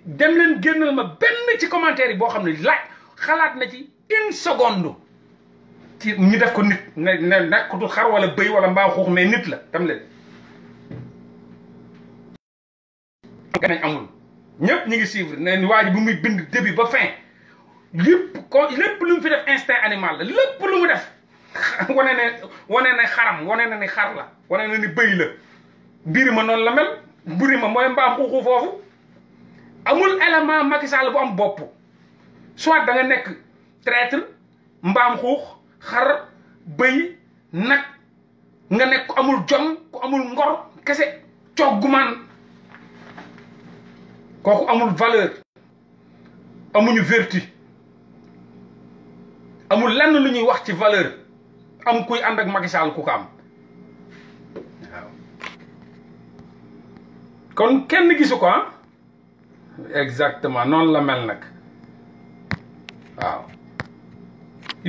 dem leen génnal ma benn ci commentaire yi boo xam ne laaj xalaat na ci une seconde ci ñu def ko nit ne du xar wala bëy wala mbaa xuux mais nit la tam leen ganañ amul ñëpp ñu ngi suivre ne waa ji bu muy bind début ba fin lépp ko lépp lu mu fi def instinct animal la lépp lu mu def wane ne wane xaram wane na ni xar la wane na ni bëy la mbir ma noonu la mel mbir ma mooy mbaam xuuxu foofu amul élément Macky Sall bu am bopp soit danga nga nekk traître mbaam xuux xar bëy nag nga nekk ku amul jom ku amul ngor kese coggumaan kooku amul valeur amuñu vertu amul lenn lu ñuy wax ci valeur am kuy ànd ak Macky ku ko am waaw kon kenn gisu ko ah exactement noonu la mel nag waaw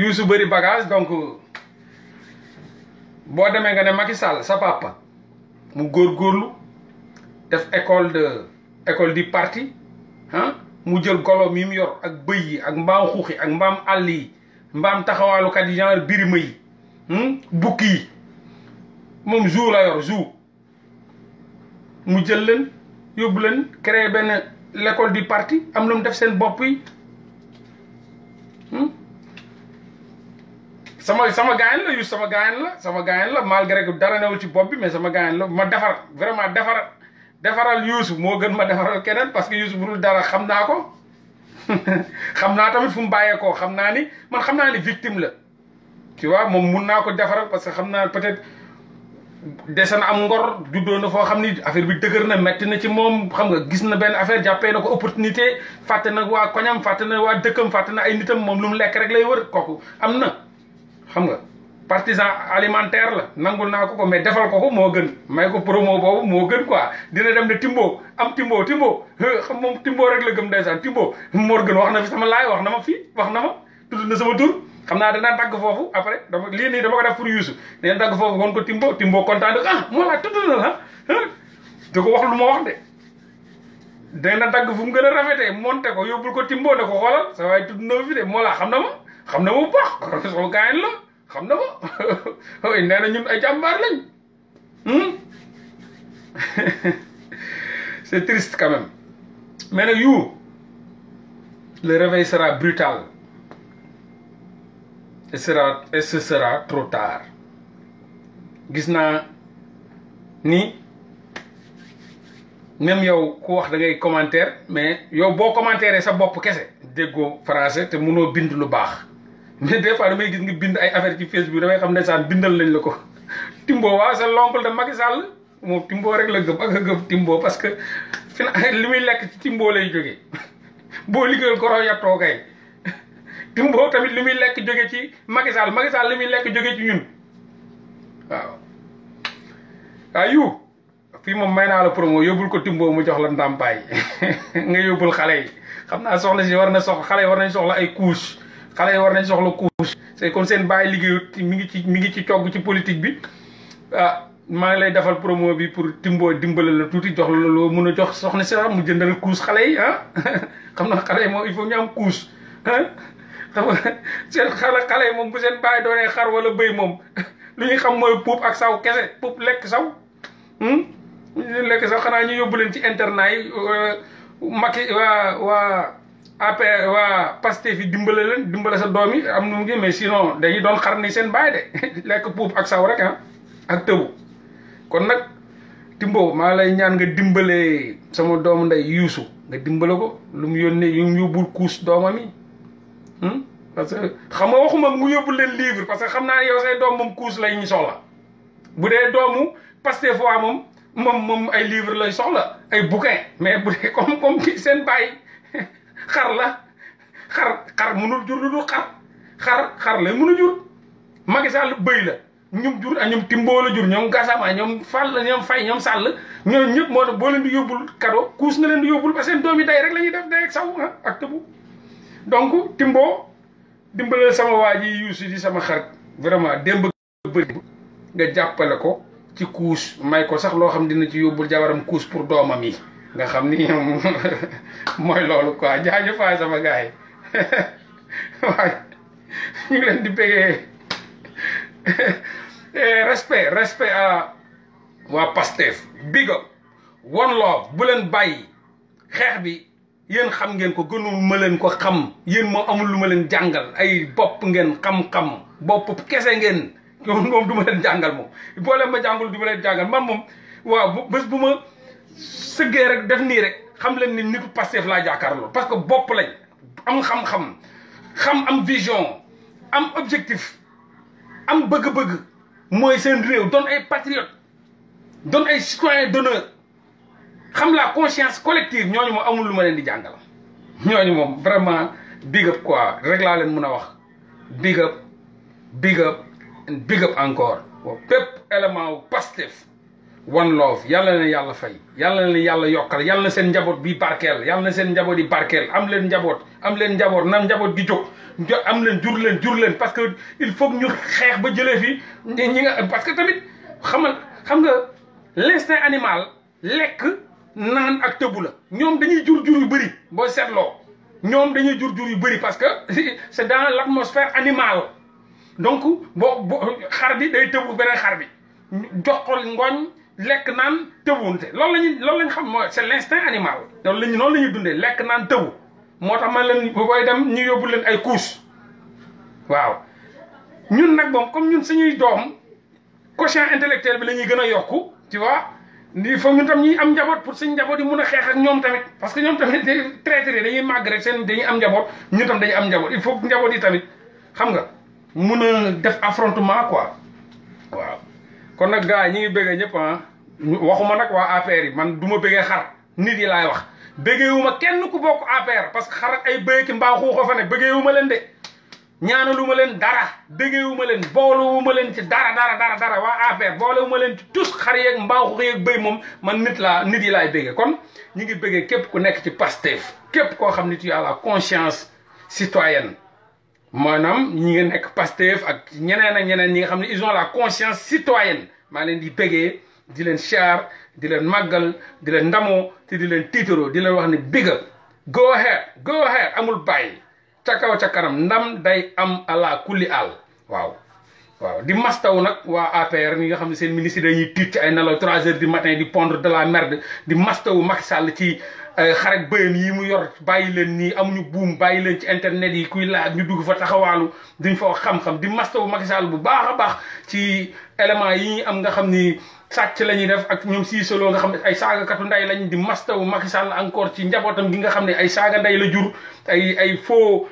yuusu bari bagage donc boo demee nga ne Macky sa papa mu góor góorlu def école de école du parti ah, mu jël golo yi mu yor ak bëy yi ak mbaam xuuxi ak mbaam àll yi mbaam taxawaalukat yi genre birima yi hmm, bukki yi moom zoo la yor zoo mu jël leen yóbbu leen créer benn lekkool du parti am lu mu def seen bopp yi hmm? sama sama gaayen la yu sama gaayen la sama gaayen la malgré que dara newul ci bopp bi mais sama gaayen la ma defar vraiment defar defaral yuusu moo gën ma defaral keneen parce que yuusu bu dul dara xam naa ko xam naa tamit fu mu bàyyeekoo xam naa ni man xam naa ni victime la tu vois moom mun naa ko defaral parce que xam naa peut-être dese na am ngor juddoo na foo xam ni affaire bi dëgër na metti na ci moom xam nga gis na benn affaire jàppee na ko opportunité fàtte na waa koñam fàtte na waa dëkkam fàtte na ay nitam moom lu mu lekk rek lay wër kooku am na xam nga partisan alimentaire la nangul naa ko ko mais defal ko ko moo gën may ko promo boobu moo gën ko dina dem ne Timbo am Timbo Timbo xam moom Timbo rek la gëm ndeysaan Timbo Mor gën wax na fi sama laay wax na ma fi wax na ma tudd na sama tur xam naa danaa dagg foofu après dama lii nii dama ko def pour Youssou dina dagg foofu woon ko Timbo Timbo kontaan ah moo laa na la ah. da ko wax lu ma wax de dana dagg fu mu gën a rafetee moonte ko yóbbul ko Timbo ne ko xoolal sa waay tudd na xam na ma xam na ma la xam na ma nee ñun ay jàmbaar lañ hmm? c'est triste quand même mais nag yu le réveil sera brutal et sera et sera trop tard gis naa ni même yow ku wax dangay ngay commentaire mais yow boo commentaire sa bopp kese déggoo français te mënoo bind lu baax mais des fois damay gis nga bind ay affaire ci Facebook damay xam ne saan bindal nañ la ko timboo waaw c'est l'oncle de Macky moom Timbo rek la gëm ak a timboo parce que fina li muy lekk ci Timbo lay jógee boo liggéeyal ko yattoo kay Timbo tamit li muy lekk jóge ci Macky Sall Macky Sall li muy lekk jóge ci ñun waaw waaw yu fii moom may naa la promo yóbbul ko timboo mu jox la ndàmpaay nga yóbbul xale yi xam naa soxla si war na sox xale yi war nañ soxla ay couche xale yi war nañ soxla couche c'est comme seen bàyyi liggéeyut mi ngi ci mi ngi ci cogg ci politique bi ah maa ngi lay defal promo bi pour timboo dimbale la tuuti jox la loo mun a jox soxna si sax ah, mu jëndal couche xale yi ah xam na xale yi moom il faut ñu am couche ah xale yi moom bu seen bàyyi doonee xar wala bëy moom lu ñuy xam mooy puub ak saw kese puub lekk saw hmm? lekk saw xanaa ñu yóbbu leen ci internat yi euh, maki waa waa APR waa Pastef yi dimbale leen dimbale sa doom yi am nu mu ngi mais sinon dañuy doon xar ni seen baay de lekk poup ak saw rek ah, ak tëbu kon nag Timbo maa lay ñaan nga dimbale sama doomu ndey yuusu nga dimbale ko lu mu yónnee yu mu yóbbul kuus doomam yi hmm? parce que xam nga waxuma mu yóbbu leen livre parce que xam naa yow say doom moom kuus lay ñu soxla bu dee doomu Pastef waa moom moom moom ay livre lay soxla ay bouquin mais bu dee comme comme seen baay xar la xar xar mënul jur lu dul xar xar xar la mën a jur Macky Sall bëy la ñum jur a ñoom timboo la jur ñoom Gassama ñoom Fall ñoom fay ñoom sàll ñoom ñëpp moo tax boo leen di yóbbul cadeau kuus nga leen di yóbbul parce que seen doom yi day rek la ñuy def day saw saw ah, ak tëbu donc timboo dimbalal sama waa ji yuusi di sama xarit vraiment démb bëri nga jàppale ko ci kuus may ko sax loo xam dina ci yóbbul jabaram kuus pour doomam yi nga xam ni ñoom mooy loolu quoi jaajëfaay sama gay, yi ñu leen di eh, respect respect à ah. waa Pastef big up one love bu leen bàyyi xeex bi yéen xam ngeen ko gënul ma leen ko xam yéen moo amul lu ma leen jàngal ay bopp ngeen xam-xam bopp kese ngeen moom du ma leen jàngal moom boo leen ma jàngul du ma leen jàngal man moom waaw bés bu sëggee rek def nii rek xam leen ni nitu Pastef laa jàkkaarloo parce que bopp lañ am xam-xam xam am vision am objectif am bëgg-bëgg mooy seen réew doon ay patriote doon ay citoyen d'honneur xam la conscience collective ñooñu moom amul lu ma leen di jàngal ñooñu moom vraiment big up quoi rek laa leen mën a wax big up big up and big up encore waaw bépp élément wu Pastef one love yalla na yalla fay yalla na yalla yokal yalla na sen njabot bi parkel yalla na sen njabot di parkel am len njabot am len njabot nan njabot gi jóg am len jur len jur len parce que il faut ñu xex ba jëlee fi ñi nga parce que tamit xamal xam nga l'instinct animal lek nan ak tëbu la ñoom dañuy jur jur yu bari bo setlo ñom dañuy jur jur yu bari parce que c'est dans l'atmosphère animale donc bo xar bi day tëbu benen xar bi jox lek nan tewunte lolou lañu lolou lañ xam moy c'est l'instinct animal lolou lañu non lañu dundé lek nan tewu motax man leen bu koy dem ñu yobul leen ay couche waaw ñun nak bon comme ñun suñuy dom cochon intellectuel bi lañuy gëna yokku tu vois ni fo ñun tam ñi am njaboot pour suñu njaboot yi mëna xex ak ñom tamit parce que ñom tamit traiter dañuy màgg rek seen dañuy am njaboot ñu tam dañuy am njaboot il faut njaboot yi tamit xam nga mëna def affrontement quoi waaw kon nag gars yi ñu ngi bëggee ñëpp ah waxuma nag waa APR yi man du ma bëggee xar nit yi laay wax bëggeewuma kenn ku bokk APR parce que xar ay bëy ki mbaa xuuxa fa ne bëggeewuma leen de ñaanaluma leen dara bëggeewuma leen boolewuma leen ci dara dara dara dara waa APR boolewuma leen ci tus xar yeeg mbaa xuux yeeg moom man nit laa nit yi laay bëggee kon ñu ngi bëggee képp ku nekk ci Pastef képp koo xam ni tu as la conscience citoyenne maanaam ñi nga nekk Pastef ak ñeneen ak ñeneen ñi nga xam ne ils ont la conscience citoyenne maa leen di bégee di leen char di leen màggal di leen ndamoo te di leen tiitaroo di leen wax ne big go ahead go ahead amul bàyyi ca kaw ca kanam ndam day am ala kulli àll waaw waaw di mastaw nag waa APR ñi nga xam ne seen ministre dañuy tiit ci ay nelaw trois heures du matin di pondre de la merde di mastawu Macky Sall ci Euh, xarak bëyam yi mu yor bàyyi leen nii amuñu buum bàyyi leen ci internet yi kuy laaj ñu dugg fa taxawaalu duñ fa wax xam-xam di mastawu Macky Sall bu baax a baax ci éléments yi am nga xam ni sàcc la ñuy def ak ñoom siisaloo nga xam ne ay saagakatu nday lañ di mastaw Macky Sall encore ci njabootam gi nga xam ne ay saaga nday la jur ay ay faux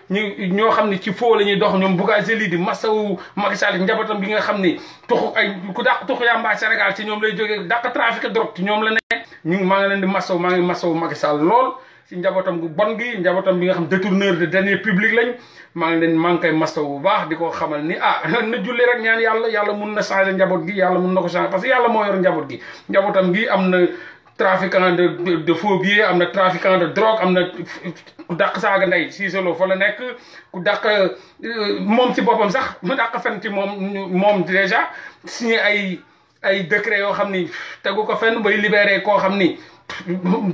ñoo xam ne ci faux la ñuy dox ñoom Bougazelli di mastaw Macky Sall njabootam gi nga xam ne tuxu ay ku dàq tuxu yàmbaa Sénégal ci ñoom lay jógee dàq trafic drogue ñoom la ne ñu maa ngi leen di mastaw maa ngi mastaw Macky Sall lool ci njabotam gu bon gi njabotam bi nga xam détourneur de dernier public lañ ma ngi leen maa ngi bu baax di ko xamal ni ah na julli rek ñaan yalla yalla mun na changer njabot gi yalla mun na ko changer parce que yalla mo yor njabot gi njabotam gi amna na trafiquant de de faux billets amna na trafiquant de drogue amna na ku dàq saaga ndey siiseloo fa la nek ku dàq euh, mom ci bopam sax mu dàq fen ci mom mom déjà signé ay ay décret yo xamni ni ko fenn bay libérer ko xamni ni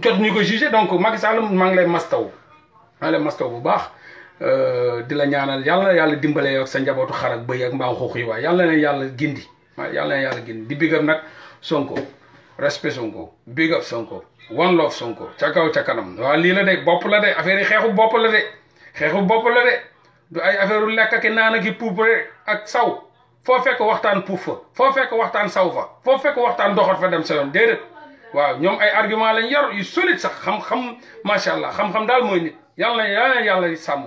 jot ñu ko jugé donc Macky Sall maa ngi lay mastaw maa ngi lay mastaw bu baax euh, di la ñaanal yàlla na yàlla dimbale sa njabootu xar ak bëy ak mbaaw xuux waaye yàlla na yàlla gindi yàlla na yàlla gindi di bigam nag Sonko respect Sonko bigam Sonko one love Sonko ca kaw ca kanam waaw lii la de bopp la de affaire yi xeexu bopp la de xeexu bopp la de du ay affaire u lekk ak naan ak puupare ak saw foo fekk waxtaan puuf fa foo fekk waxtaan saw fa foo fekk waxtaan doxat fa dem sa yoon waaw ñoom ay argument la yor yu solide sax xam-xam macha allah xam-xam daal mooy nit yàlla na yàlla na yàlla sàmm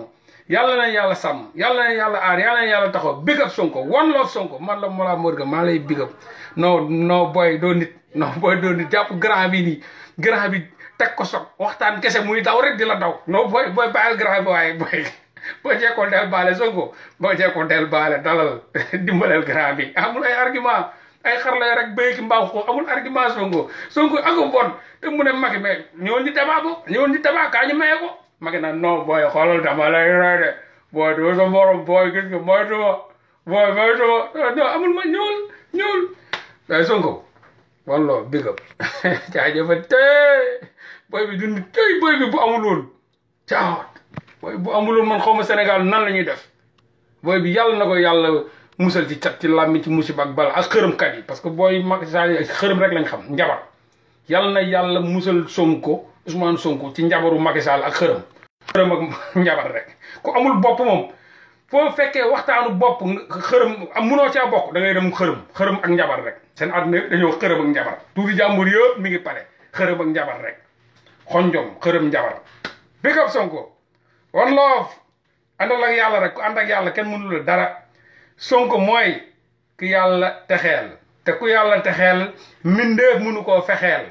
yàlla na yàlla sam yàlla na yàlla aar yàlla na yàlla taxaw big up sonko one love sonko man la Mollah Morgun maa lay big up non non booy doo nit non booy doo nit jàpp grand bi nii grand bi teg ko soog waxtaan kese muy daw rek di la daw non booy booy bàyyil grand bi waaye booy boo jekkoo del baale sonko boo jekkoo del baale dalal dimbalal grand bi amul ay argument ay xar lay rek béy ki mbaaxu ko amul argument Sonko Sonko ak bon te mu ne Macky mais ñëwoon ñu tabax ko ñëwoon ñu tabax kaa ñu maye ko Macky naan non booy xoolal dama lay rey de booy doo sa morom booy gis nga moytu ma booy moytu ma non amul ma bi bi bu amul woon caawat booy man xaw ma Sénégal nan la ñuy def bi yàlla na ko musal ci cat ci làmmiñ ci musiba ak bala ak xërëmkat yi parce que booy mag xërëm rek lañ xam njabar yàlla na yàlla musal Sonko Ousmane Sonko ci njabaru Macky Sall ak xërëm xërëm ak njabar rek ku amul bopp moom foo fekkee waxtaanu bopp xërëm munoo caa bokk da ngay dem xërëm ak njabar rek seen àdduna dañoo xërëm ak njabar tuuti jàmbur yëpp mi ngi pare xërëm ak njabar rek xonjom xërëm njabar big up Sonko one love àndal ak yàlla rek ku ànd ak yàlla kenn mënu la dara Sonko mooy ki yàlla texeel te ku yàlla texeel mbindeef mënu koo fexeel